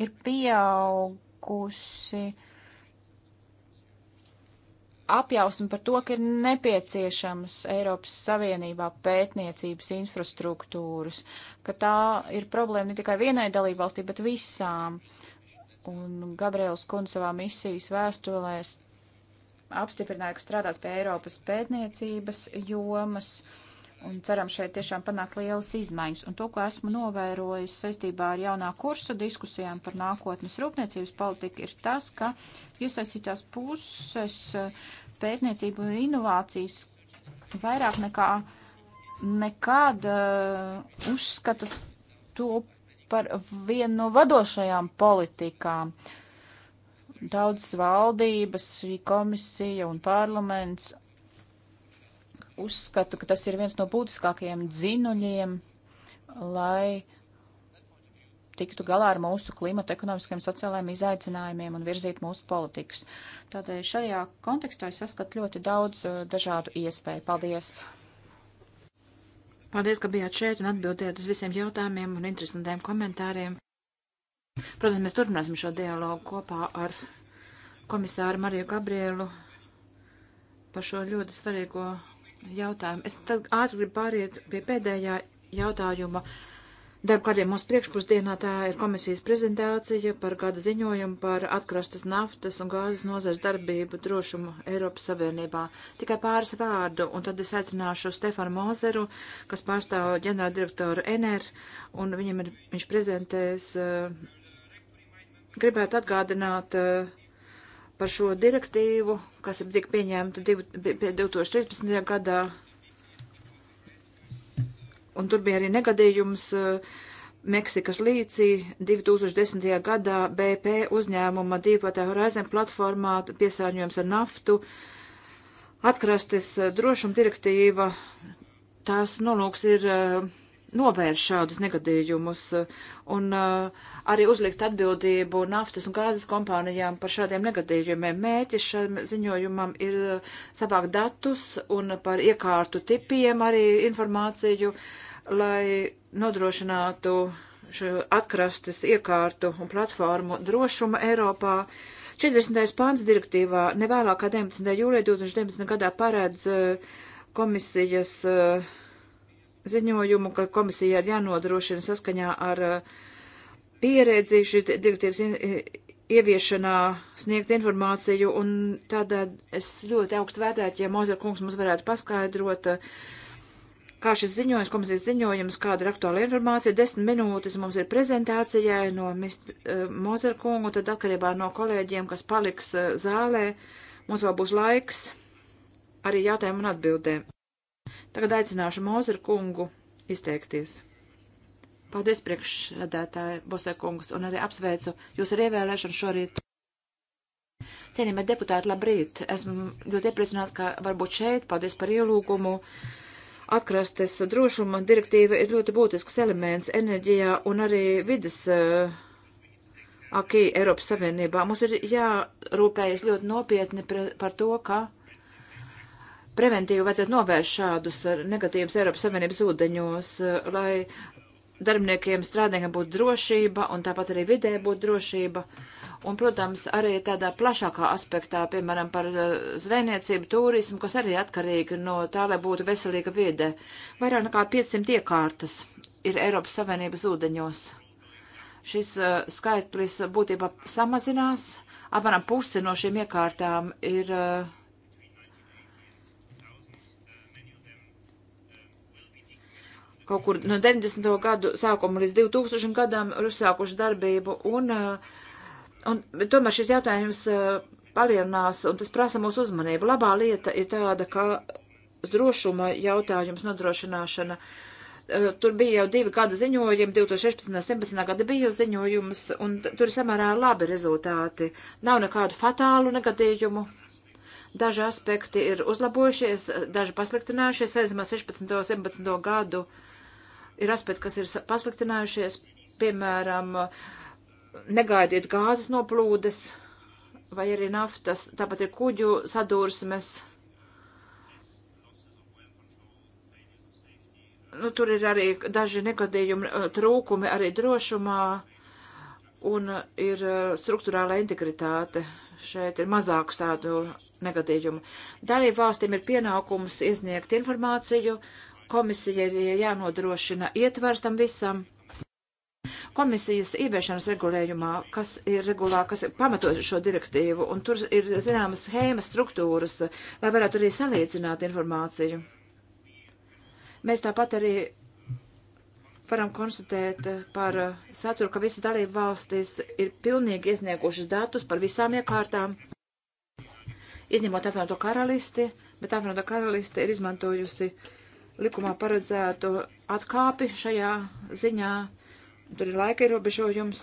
ir pieaugusi uh, apjausmi par to, ka ir nepieciešamas Eiropas Savienībā pētniecības infrastruktūras, ka tā ir problēma ne tikai vienai dalībvalstī, bet visām. Un Gabriels Kun savā misijas vēstulēs apstiprināja, ka strādās pie Eiropas pētniecības jomas. Uh, un ceram šeit tiešām panākt lielas izmaiņas. Un to, ko esmu novērojis saistībā ar jaunā kursa diskusijām par nākotnes rūpniecības politiku, ir tas, ka iesaistītās puses eh, pētniecību un inovācijas vairāk nekā nekad uh, uzskata to par vienu no vadošajām politikām. Daudzas valdības, šī komisija un parlaments uzskatu, ka tas ir viens no būtiskākajiem dzinuļiem, lai tiktu galā ar mūsu klimata, ekonomiskiem, sociālajiem izaicinājumiem un virzīt mūsu politikas. Tādēļ šajā kontekstā es saskatu ļoti daudz eh, dažādu iespēju. Paldies! Paldies, ka bijāt šeit un atbildējāt uz visiem jautājumiem un interesantiem komentāriem. Protams, mēs turpināsim šo dialogu kopā ar komisāru Mariju Gabrielu par šo ļoti svarīgo jautājumu. Es tad ātri gribu pāriet pie pēdējā jautājuma. Darba kādiem mums priekšpusdienā tā ir komisijas prezentācija par gada ziņojumu par atkrastas naftas un gāzes nozars darbību drošumu Eiropas Savienībā. Tikai pāris vārdu, un tad es aicināšu Stefanu Mozeru, kas pārstāv ģenerāldirektoru NR, un viņam ir, viņš prezentēs, eh, gribētu atgādināt uh, par šo direktīvu, kas ir tik pieņemta 2013. gadā. Un tur bija arī negadījums eh, Meksikas līcī 2010. gadā BP uzņēmuma Deepwater Horizon platformā piesārņojums ar naftu. Atkrastes eh, drošuma direktīva, tās nolūks ir uh, novērš šādus negadījumus un uh, arī uzlikt atbildību naftas un gāzes kompānijām par šādiem negadījumiem. Mēķis šim ziņojumam ir uh, savākt datus un par iekārtu tipiem arī informāciju, lai nodrošinātu šo atkrastes iekārtu un platformu drošumu Eiropā. 40. pāns direktīvā nevēlākā 19. jūlijā 2019. gadā paredz uh, komisijas uh, ziņojumu, ka komisija ir jānodrošina saskaņā ar uh, pieredzi šīs direktīvas ieviešanā sniegt informāciju, un tādēļ es ļoti augstu vērtētu, ja Mozer kungs mums varētu paskaidrot, uh, kā šis ziņojums, komisijas ziņojums, kāda ir aktuāla informācija. Desmit minūtes mums ir prezentācijai no uh, Mozer kungu, tad atkarībā no kolēģiem, kas paliks zālē, mums vēl būs laiks arī jautājumu un atbildēm. Tagad aicināšu Mozeru kungu izteikties. Paldies priekšsēdētāji Bosē kungs un arī apsveicu jūs ar ievēlēšanu šorīt. Cienījamie deputāti, labrīt! Esmu ļoti iepriecināts, ka varbūt šeit, paldies par ielūgumu atkrastes drošuma direktīva ir ļoti būtisks elements enerģijā un arī vidas uh, eh, akī Eiropas Savienībā. Mums ir jārūpējas ļoti nopietni par to, ka preventīvi vajadzētu novērst šādus eh, negatīvus Eiropas Savienības ūdeņos, eh, lai darbiniekiem, strādniekiem būtu drošība un tāpat arī vidē būtu drošība. Un, protams, arī tādā plašākā aspektā, piemēram, par eh, zvejniecību, turismu, kas arī atkarīgi no tā, lai būtu veselīga vide. Vairāk nekā 500 iekārtas ir Eiropas Savienības ūdeņos. Šis uh, skaitlis būtībā samazinās. Apmēram pusi no šīm iekārtām ir uh, kaut kur no 90. gadu sākuma līdz 2000 gadam ir uzsākuši darbību, un, eh, un tomēr šis jautājums eh, palielinās, un tas prasa mūsu uzmanību. Labā lieta ir tāda, ka drošuma jautājums nodrošināšana. Eh, tur bija jau divi gada ziņojumi, 2016. un 2017. gada bija ziņojums, un tur ir samērā labi rezultāti. Nav nekādu fatālu negadījumu, daži aspekti ir uzlabojušies, daži pasliktinājušies, aizmā 16. un 17. gadu. Uh, ir aspekti, kas ir pasliktinājušies, piemēram, negaidiet gāzes noplūdes vai arī naftas, tāpat ir kuģu sadursmes. Nu, tur ir arī daži negadījumi, eh, trūkumi arī drošumā un eh, ir eh, struktūrāla integritāte. Šeit ir mazāks tādu negadījumu. Dalību valstīm ir pienākums izniegt informāciju, uh, Komisija ir jānodrošina ietvers tam visam. Komisijas ieviešanas regulējumā, kas ir regulā, kas pamato šo direktīvu, un tur ir zināmas schēmas, struktūras, lai varētu arī salīdzināt informāciju. Mēs tāpat arī varam konstatēt par saturu, ka visas dalību valstis ir pilnīgi iesniegušas datus par visām iekārtām, izņemot apvienoto karalisti, bet apvienoto karalisti ir izmantojusi uh, likumā paredzētu atkāpi šajā ziņā. Tur ir laika ierobežojums.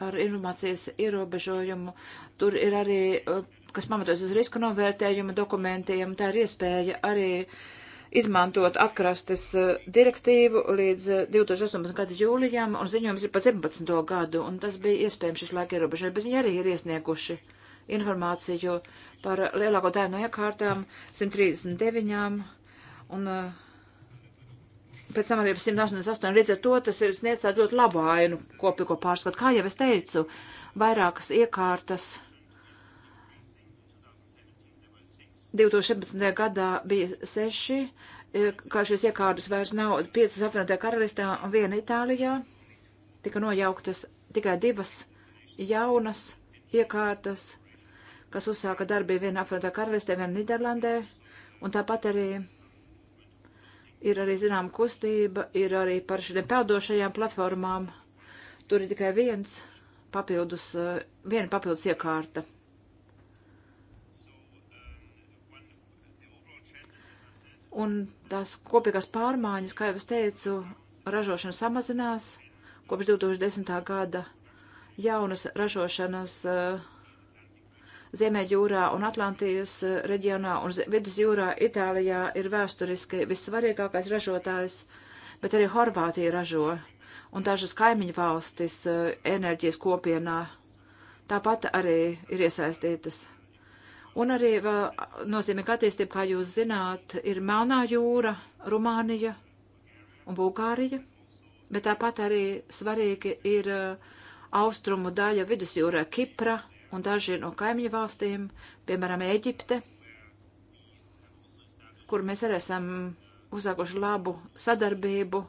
Par informācijas ierobežojumu tur ir arī, uh, kas pamatojas uz riska novērtējumu dokumentiem, tā ir iespēja arī izmantot atkrastes uh, direktīvu līdz 2018. Uh, gada jūlijam, un ziņojums ir pa 17. gadu, un tas bija iespējams šis laika ierobežojums, bet viņi arī ir iesnieguši uh, informāciju par lielāko daļu no iekārtām, 139, un eh, pēc tam arī 188. Līdz ar to tas ir sniedz tādu ļoti labu ainu kopīgo pārskatu. Kā jau es teicu, vairākas iekārtas 2017. gadā bija seši, eh, kā šīs iekārtas vairs nav, piecas apvienotajā karalistā un viena Itālijā. Tika nojauktas tikai divas jaunas iekārtas kas uzsāka darbību vienā apvienotā karalistē, vienā Niderlandē, un tāpat arī ir arī zinām kustība, ir arī par šiem peldošajām platformām. Tur ir tikai viens papildus, eh, viena papildus iekārta. Un tās kopīgās pārmaiņas, kā jau es teicu, ražošana samazinās kopš 2010. gada jaunas ražošanas uh, Ziemeļjūrā un Atlantijas eh, reģionā un Vidusjūrā Itālijā ir vēsturiski vissvarīgākais ražotājs, bet arī Horvātija ražo un dažas kaimiņu valstis eh, enerģijas kopienā tāpat arī ir iesaistītas. Un arī vēl nozīmīga attīstība, kā jūs zināt, ir Melnā jūra, Rumānija un Bulgārija, bet tāpat arī svarīgi ir eh, austrumu daļa vidusjūrā Kipra – un daži ir no kaimiņu valstīm, piemēram, Eģipte, kur mēs arī esam uzsākuši labu sadarbību,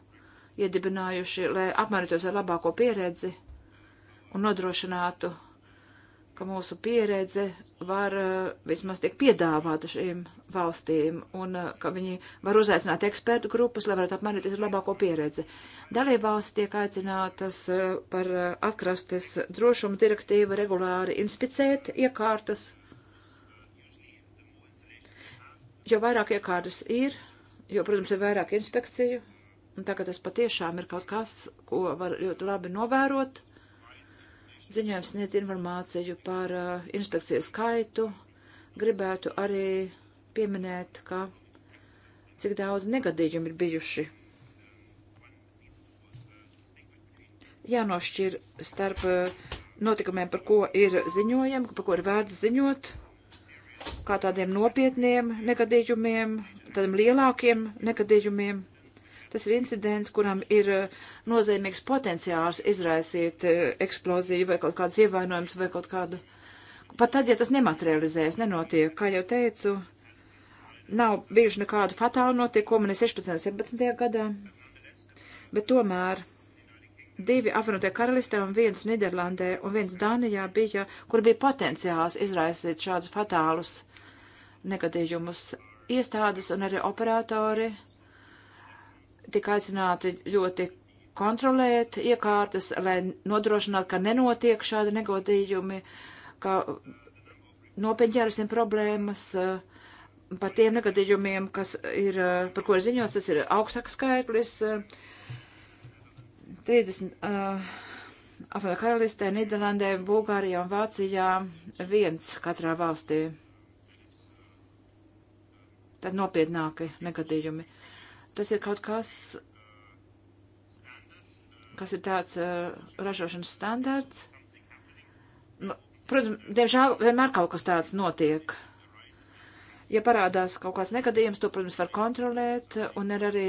iedibinājuši, lai apmainītos ar labāko pieredzi un nodrošinātu, ka mūsu pieredze var, eh, vismaz tiek piedāvāta šīm valstīm, un eh, ka viņi var uzaicināt ekspertu grupas, lai varētu apmainīties ar labāko pieredzi. Dalībvalsts tiek aicinātas eh, par atkrastes drošuma direktīvu regulāri inspicēt iekārtas, jo vairāk iekārtas ir, jo, protams, ir vairāk inspekciju, un tā kā tas patiešām ir kaut kas, ko var ļoti labi novērot, uh, Ziņojums sniedz informāciju par uh, inspekciju skaitu. Gribētu arī pieminēt, ka cik daudz negadījumu ir bijuši. Jānošķir starp uh, notikumiem, par ko ir ziņojam, par ko ir vērts ziņot, kā tādiem nopietniem negadījumiem, tādiem lielākiem negadījumiem Tas ir incidents, kuram ir eh, nozīmīgs potenciāls izraisīt eh, eksploziju vai kaut kādus ievainojumus vai kaut kādu. Pat tad, ja tas nematerializējas, nenotiek, kā jau teicu, nav bijuši nekādu fatālu notikumu ne 16. un 17. gadā, bet tomēr divi apvienotie karalistē un viens Niderlandē un viens Dānijā bija, kur bija potenciāls izraisīt šādus fatālus negadījumus. Iestādes un arī operatori tika aicināti ļoti kontrolēt iekārtas, lai nodrošinātu, ka nenotiek šādi negodījumi, ka nopietņērasim problēmas eh, par tiem negadījumiem, kas ir, eh, par ko ir ziņots, tas ir augstāks skaitlis. 30, uh, Afrikā karalistē, Nīderlandē, Bulgārijā un Vācijā viens katrā valstī. Tad nopietnāki negadījumi. Uh, Tas ir kaut kas, kas ir tāds uh, ražošanas standarts. Nu, protams, diemžēl vienmēr kaut kas tāds notiek. Ja parādās kaut kāds negadījums, to, protams, var kontrolēt, un ir arī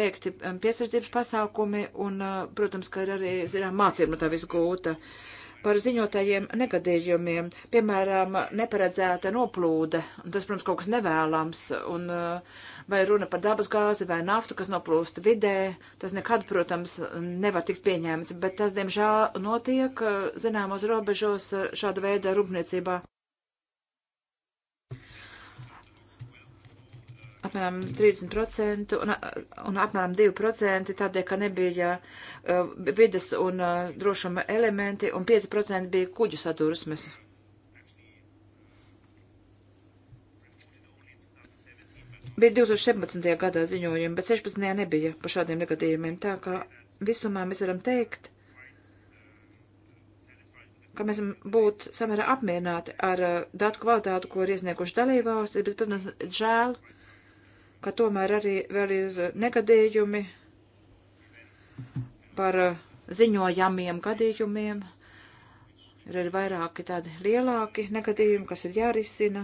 veikti um, piesardzības pasākumi, un, uh, protams, ka ir arī, zinām, mācība no tā visu gūta. Uh, par ziņotajiem negadījumiem, piemēram, neparedzēta noplūde, tas, protams, kaut kas nevēlams, un eh, vai runa par dabas gāzi vai naftu, kas noplūst vidē, tas nekad, protams, nevar tikt pieņemts, bet tas, diemžēl, notiek eh, zināmos robežos eh, šāda veida rūpniecībā. apmēram 30% un, un apmēram 2% tādēļ, ka nebija uh, vides un uh, drošuma elementi un 5% bija kuģu satursmes. Bija 2017. gadā ziņojumi, bet 16. nebija par šādiem negadījumiem. Tā kā visumā mēs varam teikt, ka mēs būtu samērā apmierināti ar uh, datu kvalitātu, ko ir iesnieguši dalībvalstis, bet, protams, žēl, uh, ka tomēr arī vēl ir negadījumi par eh, ziņojamiem gadījumiem. Ir arī vairāki tādi lielāki negadījumi, kas ir jārisina,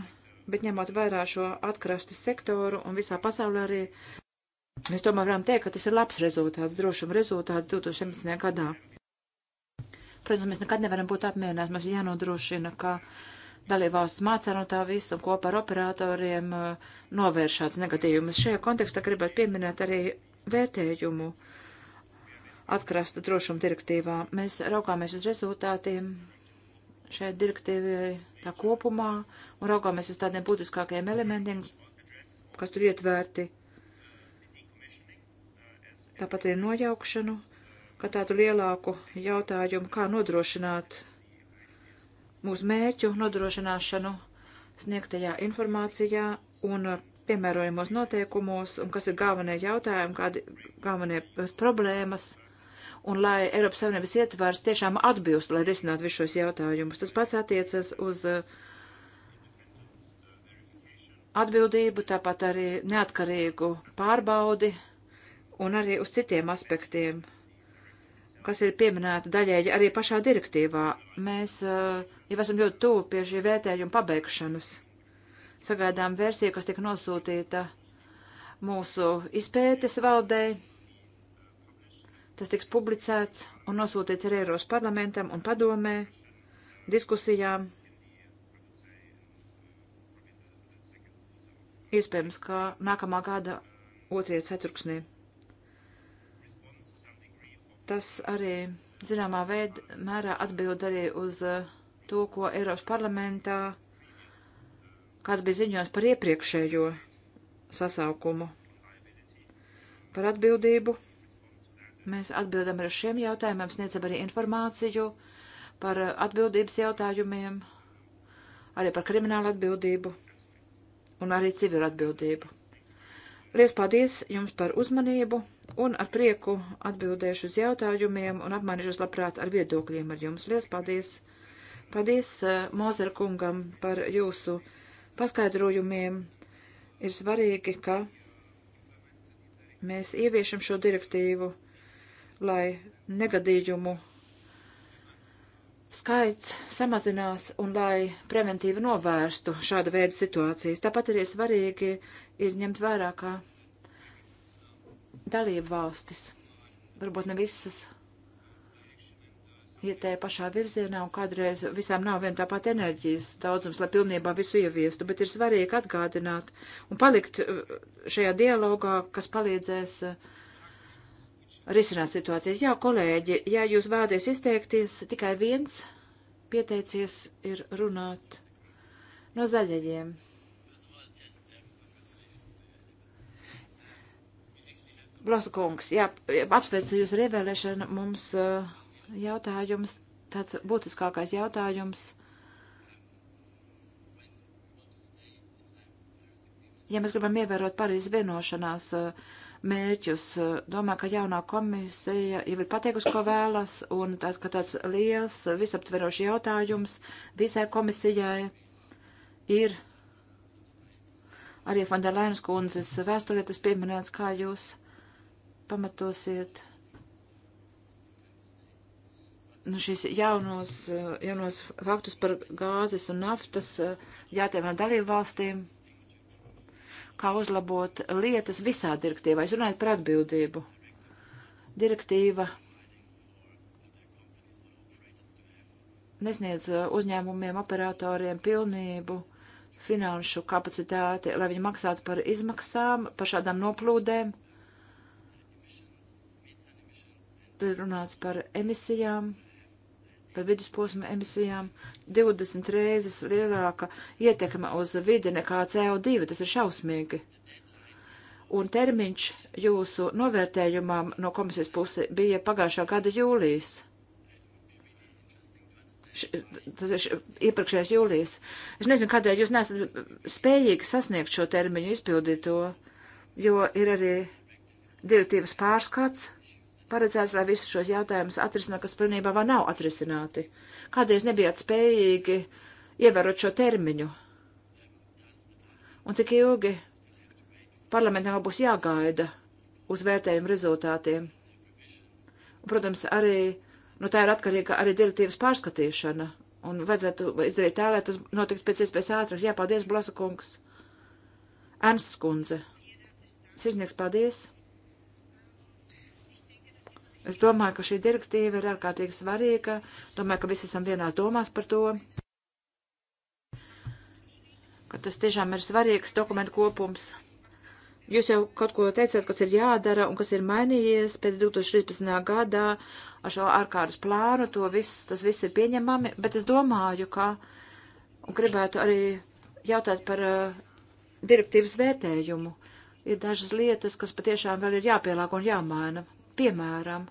bet ņemot vērā šo atkrastes sektoru un visā pasaulē arī, mēs tomēr varam teikt, ka tas ir labs rezultāts, drošuma rezultāts 2017. gadā. Protams, mēs nekad nevaram būt apmierināti, mums jānodrošina, ka. Kā dalībvalsts mācā no tā visu un kopā ar operatoriem uh, novērš šāds negadījumus. Šajā kontekstā gribētu pieminēt arī vērtējumu atkrasta drošuma direktīvā. Mēs raugāmies uz rezultātiem šai direktīvai tā kopumā un raugāmies uz tādiem būtiskākajiem elementiem, kas tur ietvērti. Tāpat ir nojaukšanu, kā tādu lielāku jautājumu, kā nodrošināt mūsu mērķu nodrošināšanu sniegtajā informācijā un piemērojamos noteikumos, un kas ir galvenie jautājumi, kādi galvenie problēmas, un lai Eiropas Savienības ietvars tiešām atbilst, lai risinātu visus šos jautājumus. Tas pats attiecas uz uh, atbildību, tāpat arī neatkarīgu pārbaudi un arī uz citiem aspektiem kas ir pieminēta daļēji arī pašā direktīvā. Mēs eh, jau esam ļoti tuvu pie šī vērtējuma pabeigšanas. Sagaidām versiju, kas tika nosūtīta mūsu izpētes valdei. Tas tiks publicēts un nosūtīts arī Eiros parlamentam un padomē diskusijām. Iespējams, ka nākamā gada otrajā ceturksnī tas arī zināmā veidā mērā atbild arī uz eh, to, ko Eiropas parlamentā kāds bija ziņojis par iepriekšējo sasaukumu. Par atbildību mēs atbildam ar šiem jautājumiem, sniedzam arī informāciju par eh, atbildības jautājumiem, arī par kriminālu atbildību un arī civilu atbildību. Lies paldies jums par uzmanību! un ar prieku atbildēšu uz jautājumiem un apmainīšos labprāt ar viedokļiem ar jums. Lielas paldies! Paldies uh, Mozer kungam par jūsu paskaidrojumiem. Ir svarīgi, ka mēs ieviešam šo direktīvu, lai negadījumu skaits samazinās un lai preventīvi novērstu šāda veida situācijas. Tāpat arī svarīgi ir ņemt vērā, ka dalību valstis, varbūt ne visas, iet tajā pašā virzienā, un kādreiz visām nav vien tāpat enerģijas daudzums, lai pilnībā visu ieviestu, bet ir svarīgi atgādināt un palikt eh, šajā dialogā, kas palīdzēs eh, risināt situācijas. Jā, kolēģi, ja jūs vēlaties izteikties, tikai viens pieteicies ir runāt no zaļajiem. Bloskungs, jā, apsveicu jūs ar ievēlēšanu. Mums uh, jautājums, tāds būtiskākais jautājums. Ja mēs gribam ievērot Parīzes vienošanās uh, mērķus, uh, domāju, ka jaunā komisija jau ir pateikusi, ko vēlas, un tāds, ka tāds liels visaptverošs jautājums visai komisijai ir arī Fandelainas kundzes vēstulē tas pieminēts, kā jūs pamatosiet nu, šīs jaunos, jaunos faktus par gāzes un naftas eh, jātēmē dalību valstīm, kā uzlabot lietas visā direktīvā. Es runāju par atbildību. Direktīva nesniedz eh, uzņēmumiem, operatoriem pilnību finanšu kapacitāti, lai viņi maksātu par izmaksām, par šādām noplūdēm. Tur ir runāts par emisijām, par vidusposma emisijām. 20 reizes lielāka ietekme uz vidi nekā CO2. Tas ir šausmīgi. Un termiņš jūsu novērtējumam no komisijas puses bija pagājušā gada jūlijas tas ir iepriekšējais jūlijas. Es nezinu, kādēļ jūs nesat spējīgi sasniegt šo termiņu, izpildīt to, jo ir arī direktīvas pārskats, paredzēts, lai visus šos jautājumus atrisināt, kas pilnībā vēl nav atrisināti. Kādēļ nebijāt spējīgi ievērot šo termiņu? Un cik ilgi parlamentam būs jāgaida uz vērtējumu rezultātiem? Un, protams, arī nu, tā ir atkarīga arī direktīvas pārskatīšana. Un vajadzētu izdarīt tā, lai tas notiktu pēc iespējas ātrāk. Jā, paldies, Blasa kungs. Ernsts kundze. Sirsnieks, paldies! Es domāju, ka šī direktīva ir ārkārtīgi svarīga. Domāju, ka visi esam vienās domās par to. Ka tas tiešām ir svarīgs dokumentu kopums. Jūs jau kaut ko teicāt, kas ir jādara un kas ir mainījies pēc 2013. gadā ar šo ārkārtas plānu. To viss, tas viss ir pieņemami, bet es domāju, ka un gribētu arī jautāt par uh, direktīvas vērtējumu. Ir dažas lietas, kas patiešām vēl ir jāpielāk un jāmaina. Piemēram,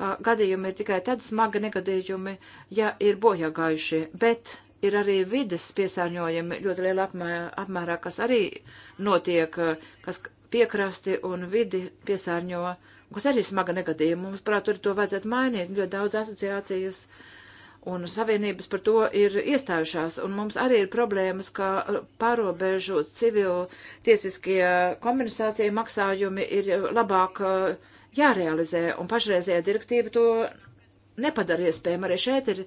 ka gadījumi ir tikai tad smagi negadījumi, ja ir bojāgājušie, bet ir arī vides piesārņojumi ļoti lielā apmērā, kas arī notiek, kas piekrasti un vidi piesārņo, kas arī smaga negadījuma. Mums, prāt, tur to vajadzētu mainīt, ļoti daudz asociācijas un savienības par to ir iestājušās, un mums arī ir problēmas, ka pārobežu civilu tiesiskie kompensācija maksājumi ir labāk uh, jārealizē, un pašreizējā direktīva to nepadara iespējama. Arī šeit ir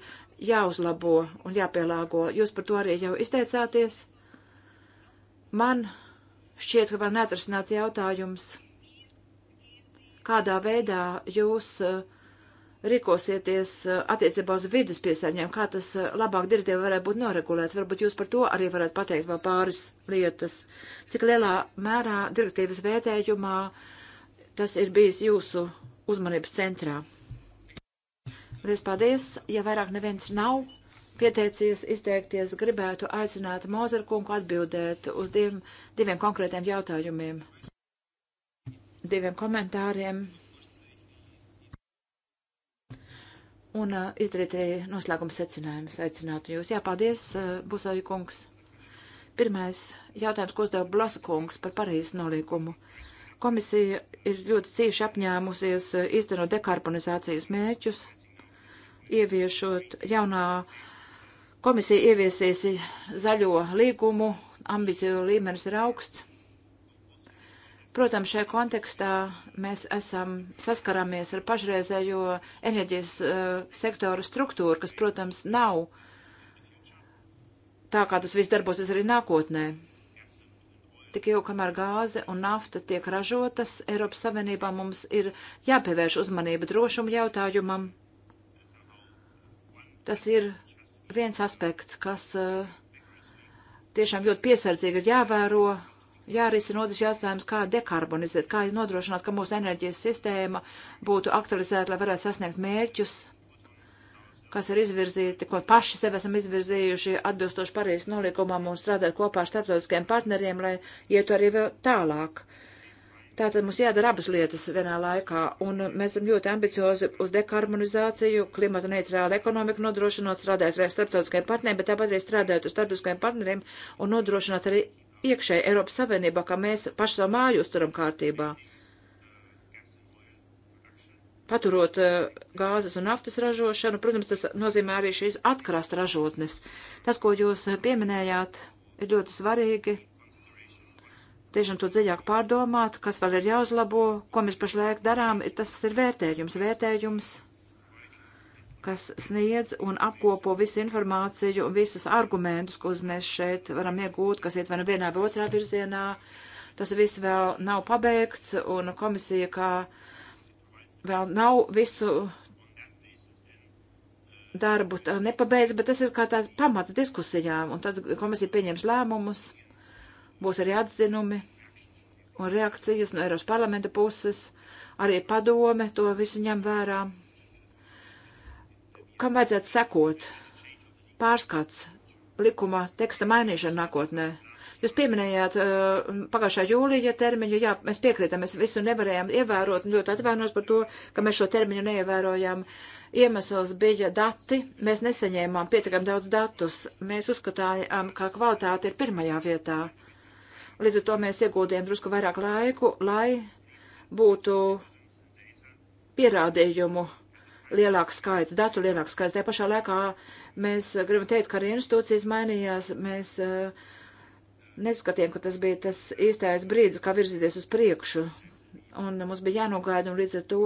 jāuzlabo un jāpielāgo. Jūs par to arī jau izteicāties. Man šķiet, ka vēl neatrasināts jautājums, kādā veidā jūs eh, rīkosieties eh, attiecībā uz vidas piesārņojumu, kā tas eh, labāk direktīva varētu būt noregulēts. Varbūt jūs par to arī varētu pateikt vēl pāris lietas. Cik lielā mērā direktīvas vērtējumā uh, tas ir bijis jūsu uzmanības centrā. Lies paldies, ja vairāk neviens nav pieteicies izteikties, gribētu aicināt Mozerkungu atbildēt uz diviem, diviem konkrētiem jautājumiem, diviem komentāriem un uh, izdarīt arī noslēguma secinājumus. Aicinātu jūs. Jā, paldies, uh, Busoju kungs. Pirmais jautājums, ko uzdeva Blasa kungs par Parīzes nolīkumu. Komisija ir ļoti cieši apņēmusies īstenot eh, dekarbonizācijas mērķus, ieviešot jaunā komisija ieviesies zaļo līgumu, ambiciju līmenis ir augsts. Protams, šajā kontekstā mēs esam saskaramies ar pašreizējo enerģijas uh, sektora struktūru, kas, protams, nav tā, kā tas viss darbosies arī nākotnē. Tik jau kamēr gāze un nafta tiek ražotas, Eiropas Savienībā mums ir jāpievērš uzmanība drošuma jautājumam. Tas ir viens aspekts, kas uh, tiešām ļoti piesardzīgi ir jāvēro, jārisina otrs jautājums, kā dekarbonizēt, kā nodrošināt, ka mūsu enerģijas sistēma būtu aktualizēta, lai varētu sasniegt mērķus, kas ir izvirzīti, ko paši sev esam izvirzījuši atbilstoši Parīzes noliekumam un strādāt kopā ar starptautiskiem partneriem, lai ietu arī vēl tālāk. Tātad mums jādara abas lietas vienā laikā, un mēs esam ļoti ambiciozi uz dekarbonizāciju, klimata neitrālu ekonomiku nodrošinot, strādāt arī ar starptautiskiem partneriem, bet tāpat arī strādāt ar starptautiskiem partneriem un nodrošināt arī iekšēji Eiropas Savienībā, ka mēs paši savu māju uzturam kārtībā paturot eh, gāzes un naftas ražošanu. Protams, tas nozīmē arī šīs atkrasta ražotnes. Tas, ko jūs eh, pieminējāt, ir ļoti svarīgi. Tiešām to dziļāk pārdomāt, kas vēl ir jāuzlabo, ko mēs pašlaik darām, tas ir vērtējums. Vērtējums, kas sniedz un apkopo visu informāciju un visus argumentus, kurus mēs šeit varam iegūt, kas iet vai nu vienā vai otrā virzienā. Tas viss vēl nav pabeigts, un komisija, kā uh, vēl nav visu darbu nepabeidz, bet tas ir kā tāds pamats diskusijām, un tad komisija pieņems lēmumus, būs arī atzinumi un reakcijas no Eiropas parlamenta puses, arī padome to visu ņem vērā. Kam vajadzētu sekot? Pārskats likuma teksta mainīšana nākotnē. Jūs pieminējāt uh, pagājušā jūlija termiņu, jā, mēs piekrītam, mēs visu nevarējām ievērot, un ļoti atvainos par to, ka mēs šo termiņu neievērojām. Iemesls bija dati, mēs neseņēmām pietiekam daudz datus, mēs uzskatājām, ka kvalitāte ir pirmajā vietā. Līdz ar to mēs iegūdījām drusku vairāk laiku, lai būtu pierādījumu lielāks skaits, datu lielāks skaits. Tajā pašā laikā mēs gribam teikt, ka arī institūcijas mainījās, mēs uh, neskatījām, ka tas bija tas īstais brīdis, kā virzīties uz priekšu. Un mums bija jānogaida, un līdz ar to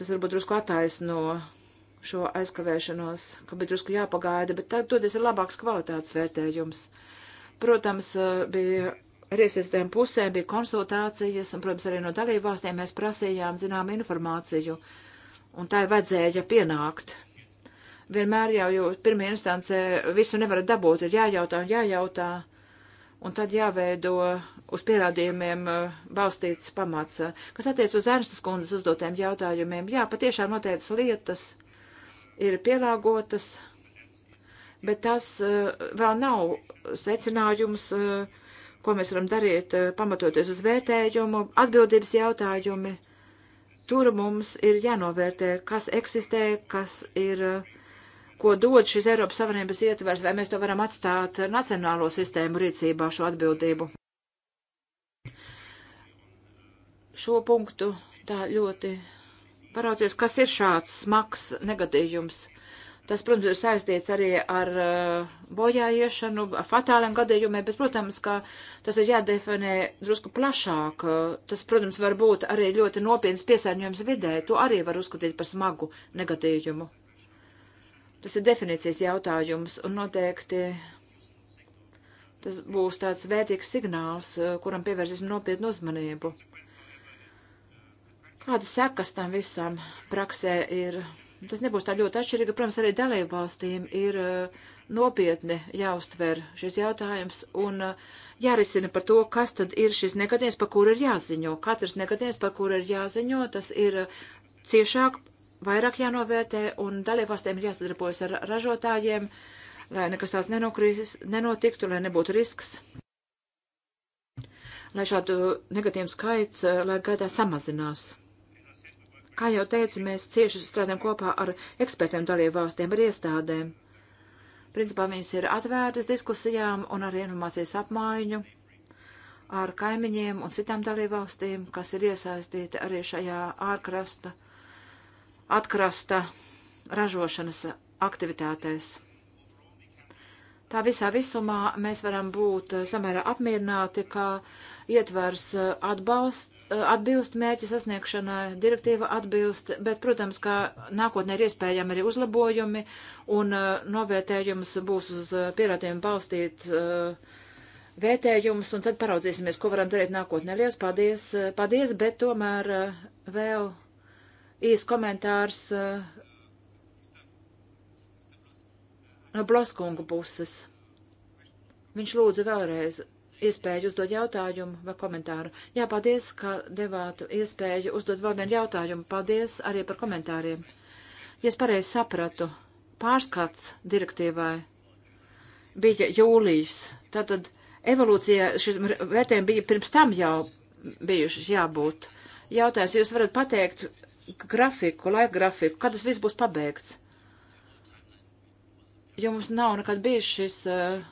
tas varbūt drusku attaisno šo aizkavēšanos, ka bija drusku jāpagaida, bet tad toties ir labāks kvalitātes vērtējums. Protams, eh, bija ar iesaistēm pusēm, bija konsultācijas, un, protams, arī no dalībvalstīm mēs prasījām zinām informāciju, un tā vajadzēja pienākt vienmēr jau, jau pirmie instancē visu nevarat dabūt, ir jājautā un jājautā un tad jāveido uz pierādījumiem uh, balstīts pamats. Kas attiec uz Ernstas kundzes uzdotiem jautājumiem, jā, patiešām noteiktas lietas ir pielāgotas, bet tas uh, vēl nav secinājums, uh, ko mēs varam darīt, pamatoties uz vērtējumu, atbildības jautājumi. Tur mums ir jānovērtē, kas eksistē, kas ir uh, ko dod šis Eiropas Savienības ietvers, vai mēs to varam atstāt nacionālo sistēmu rīcībā šo atbildību. Šo punktu tā ļoti paraudzies, kas ir šāds smags negadījums. Tas, protams, ir saistīts arī ar uh, bojāiešanu, ar fatāliem gadījumiem, bet, protams, ka tas ir jādefinē drusku plašāk. Uh, tas, protams, var būt arī ļoti nopietns piesārņojums vidē. To arī var uzskatīt par smagu negadījumu. Tas ir definīcijas jautājums un noteikti tas būs tāds vērtīgs signāls, eh, kuram pievērsīsim nopietnu uzmanību. Kādas sekas tam visam praksē ir? Tas nebūs tā ļoti atšķirīga. Protams, arī dalību valstīm ir eh, nopietni jāuztver šis jautājums un eh, jārisina par to, kas tad ir šis negadījums, par kuru ir jāziņo. Katrs negadījums, par kuru ir jāziņo, tas ir ciešāk vairāk jānovērtē un dalībvalstīm ir jāsadarbojas ar ražotājiem, lai nekas tāds nenokrīs, nenotiktu, lai nebūtu risks, lai šādu negatīvu skaits eh, laika gaitā samazinās. Kā jau teicu, mēs cieši strādājam kopā ar ekspertiem dalībvalstīm, ar iestādēm. Principā viņas ir atvērtas diskusijām un ar informācijas apmaiņu ar kaimiņiem un citām dalībvalstīm, kas ir iesaistīti arī šajā ārkrasta atkrasta ražošanas aktivitātēs. Tā visā visumā mēs varam būt samērā apmierināti, ka ietvers atbalsts, atbilst mērķa sasniegšanai, direktīva atbilst, bet, protams, ka nākotnē ir iespējami arī uzlabojumi un uh, novērtējums būs uz uh, pierādījumu balstīt uh, vērtējums, un tad paraudzīsimies, ko varam darīt nākotnē. Liels paldies, paldies, bet tomēr vēl Īs komentārs eh, no Bloskunga puses. Viņš lūdza vēlreiz iespēju uzdot jautājumu vai komentāru. Jā, paldies, ka devāt iespēju uzdot vēl vienu jautājumu. Paldies arī par komentāriem. Ja es pareizi sapratu, pārskats direktīvai bija jūlijas. Tātad evolūcijā šim vērtējumam bija pirms tam jau bijušas jābūt. Jautājums, jūs varat pateikt, grafiku, laika grafiku, kad tas viss būs pabeigts. Jo mums nav nekad bijis šis, eh,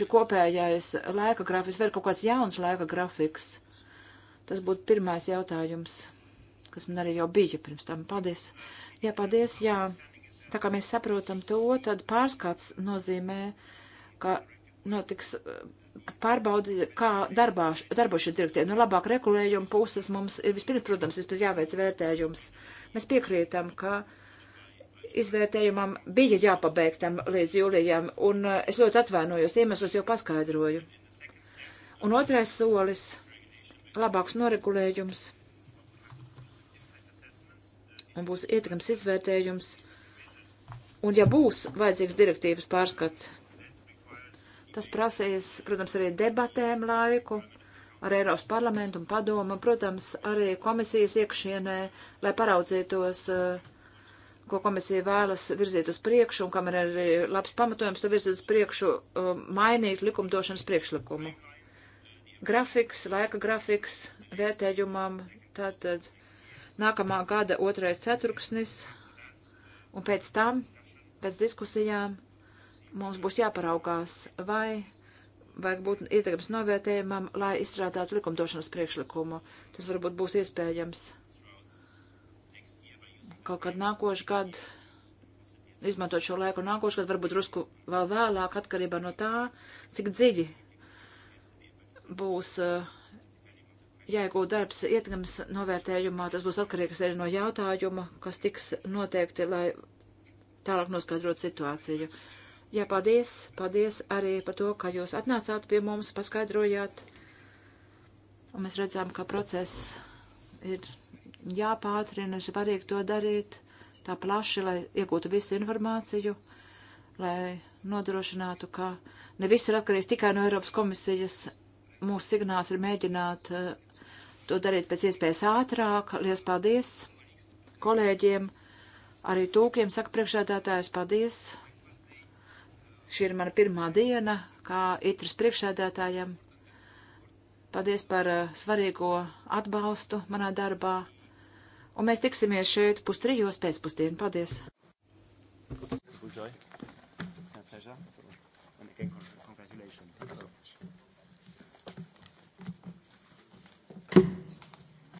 šī kopējais laika grafiks, vai ir kaut kāds jauns laika grafiks. Tas būtu pirmais jautājums, kas man arī jau bija pirms tam. Paldies! Jā, paldies! Jā, tā kā mēs saprotam to, tad pārskats nozīmē, ka notiks pārbaudi, kā darbā, darbo šī direktīva. No nu, labāk regulējuma puses mums ir vispirms, protams, ir jāveic vērtējums. Mēs piekrītam, ka izvērtējumam bija jāpabeigtam līdz jūlijam, un eh, es ļoti atvainojos, iemeslus jau paskaidroju. Un otrais solis - labāks noregulējums, un būs ietekams izvērtējums, un ja būs vajadzīgs direktīvas pārskats Tas prasīs, protams, arī debatēm laiku ar Eiropas parlamentu un padomu, un, protams, arī komisijas iekšienē, lai paraudzītos, eh, ko komisija vēlas virzīt uz priekšu, un kam ir arī labs pamatojums, to virzīt uz priekšu, eh, mainīt likumdošanas priekšlikumu. Grafiks, laika grafiks vērtējumam, tātad nākamā gada otrais ceturksnis, un pēc tam, pēc diskusijām, mums būs jāparaugās, vai vajag būt ietekmes novērtējumam, lai izstrādātu likumdošanas priekšlikumu. Tas varbūt būs iespējams kaut kad nākošu gadu, izmantot šo laiku nākošu gadu, varbūt drusku vēl vēlāk, atkarībā no tā, cik dziļi būs eh, jāiegūt darbs ietekmes novērtējumā. Tas būs atkarīgs arī no jautājuma, kas tiks noteikti, lai tālāk noskaidrot situāciju. Uh, Jā, paldies, paldies arī par to, ka jūs atnācāt pie mums, paskaidrojāt. Un mēs redzam, ka process ir jāpātrina, svarīgi to darīt tā plaši, lai iegūtu visu informāciju, lai nodrošinātu, ka ne viss ir atkarīgs tikai no Eiropas komisijas. Mūsu signāls ir mēģināt eh, to darīt pēc iespējas ātrāk. Lielas paldies kolēģiem, arī tūkiem, saka priekšēdātājs, paldies! Šī ir mana pirmā diena kā itras priekšsēdētājam. Paldies par uh, svarīgo atbalstu manā darbā. Un mēs tiksimies šeit pustrijos pēcpusdienu. Paldies! Enjoy. My pleasure. And again,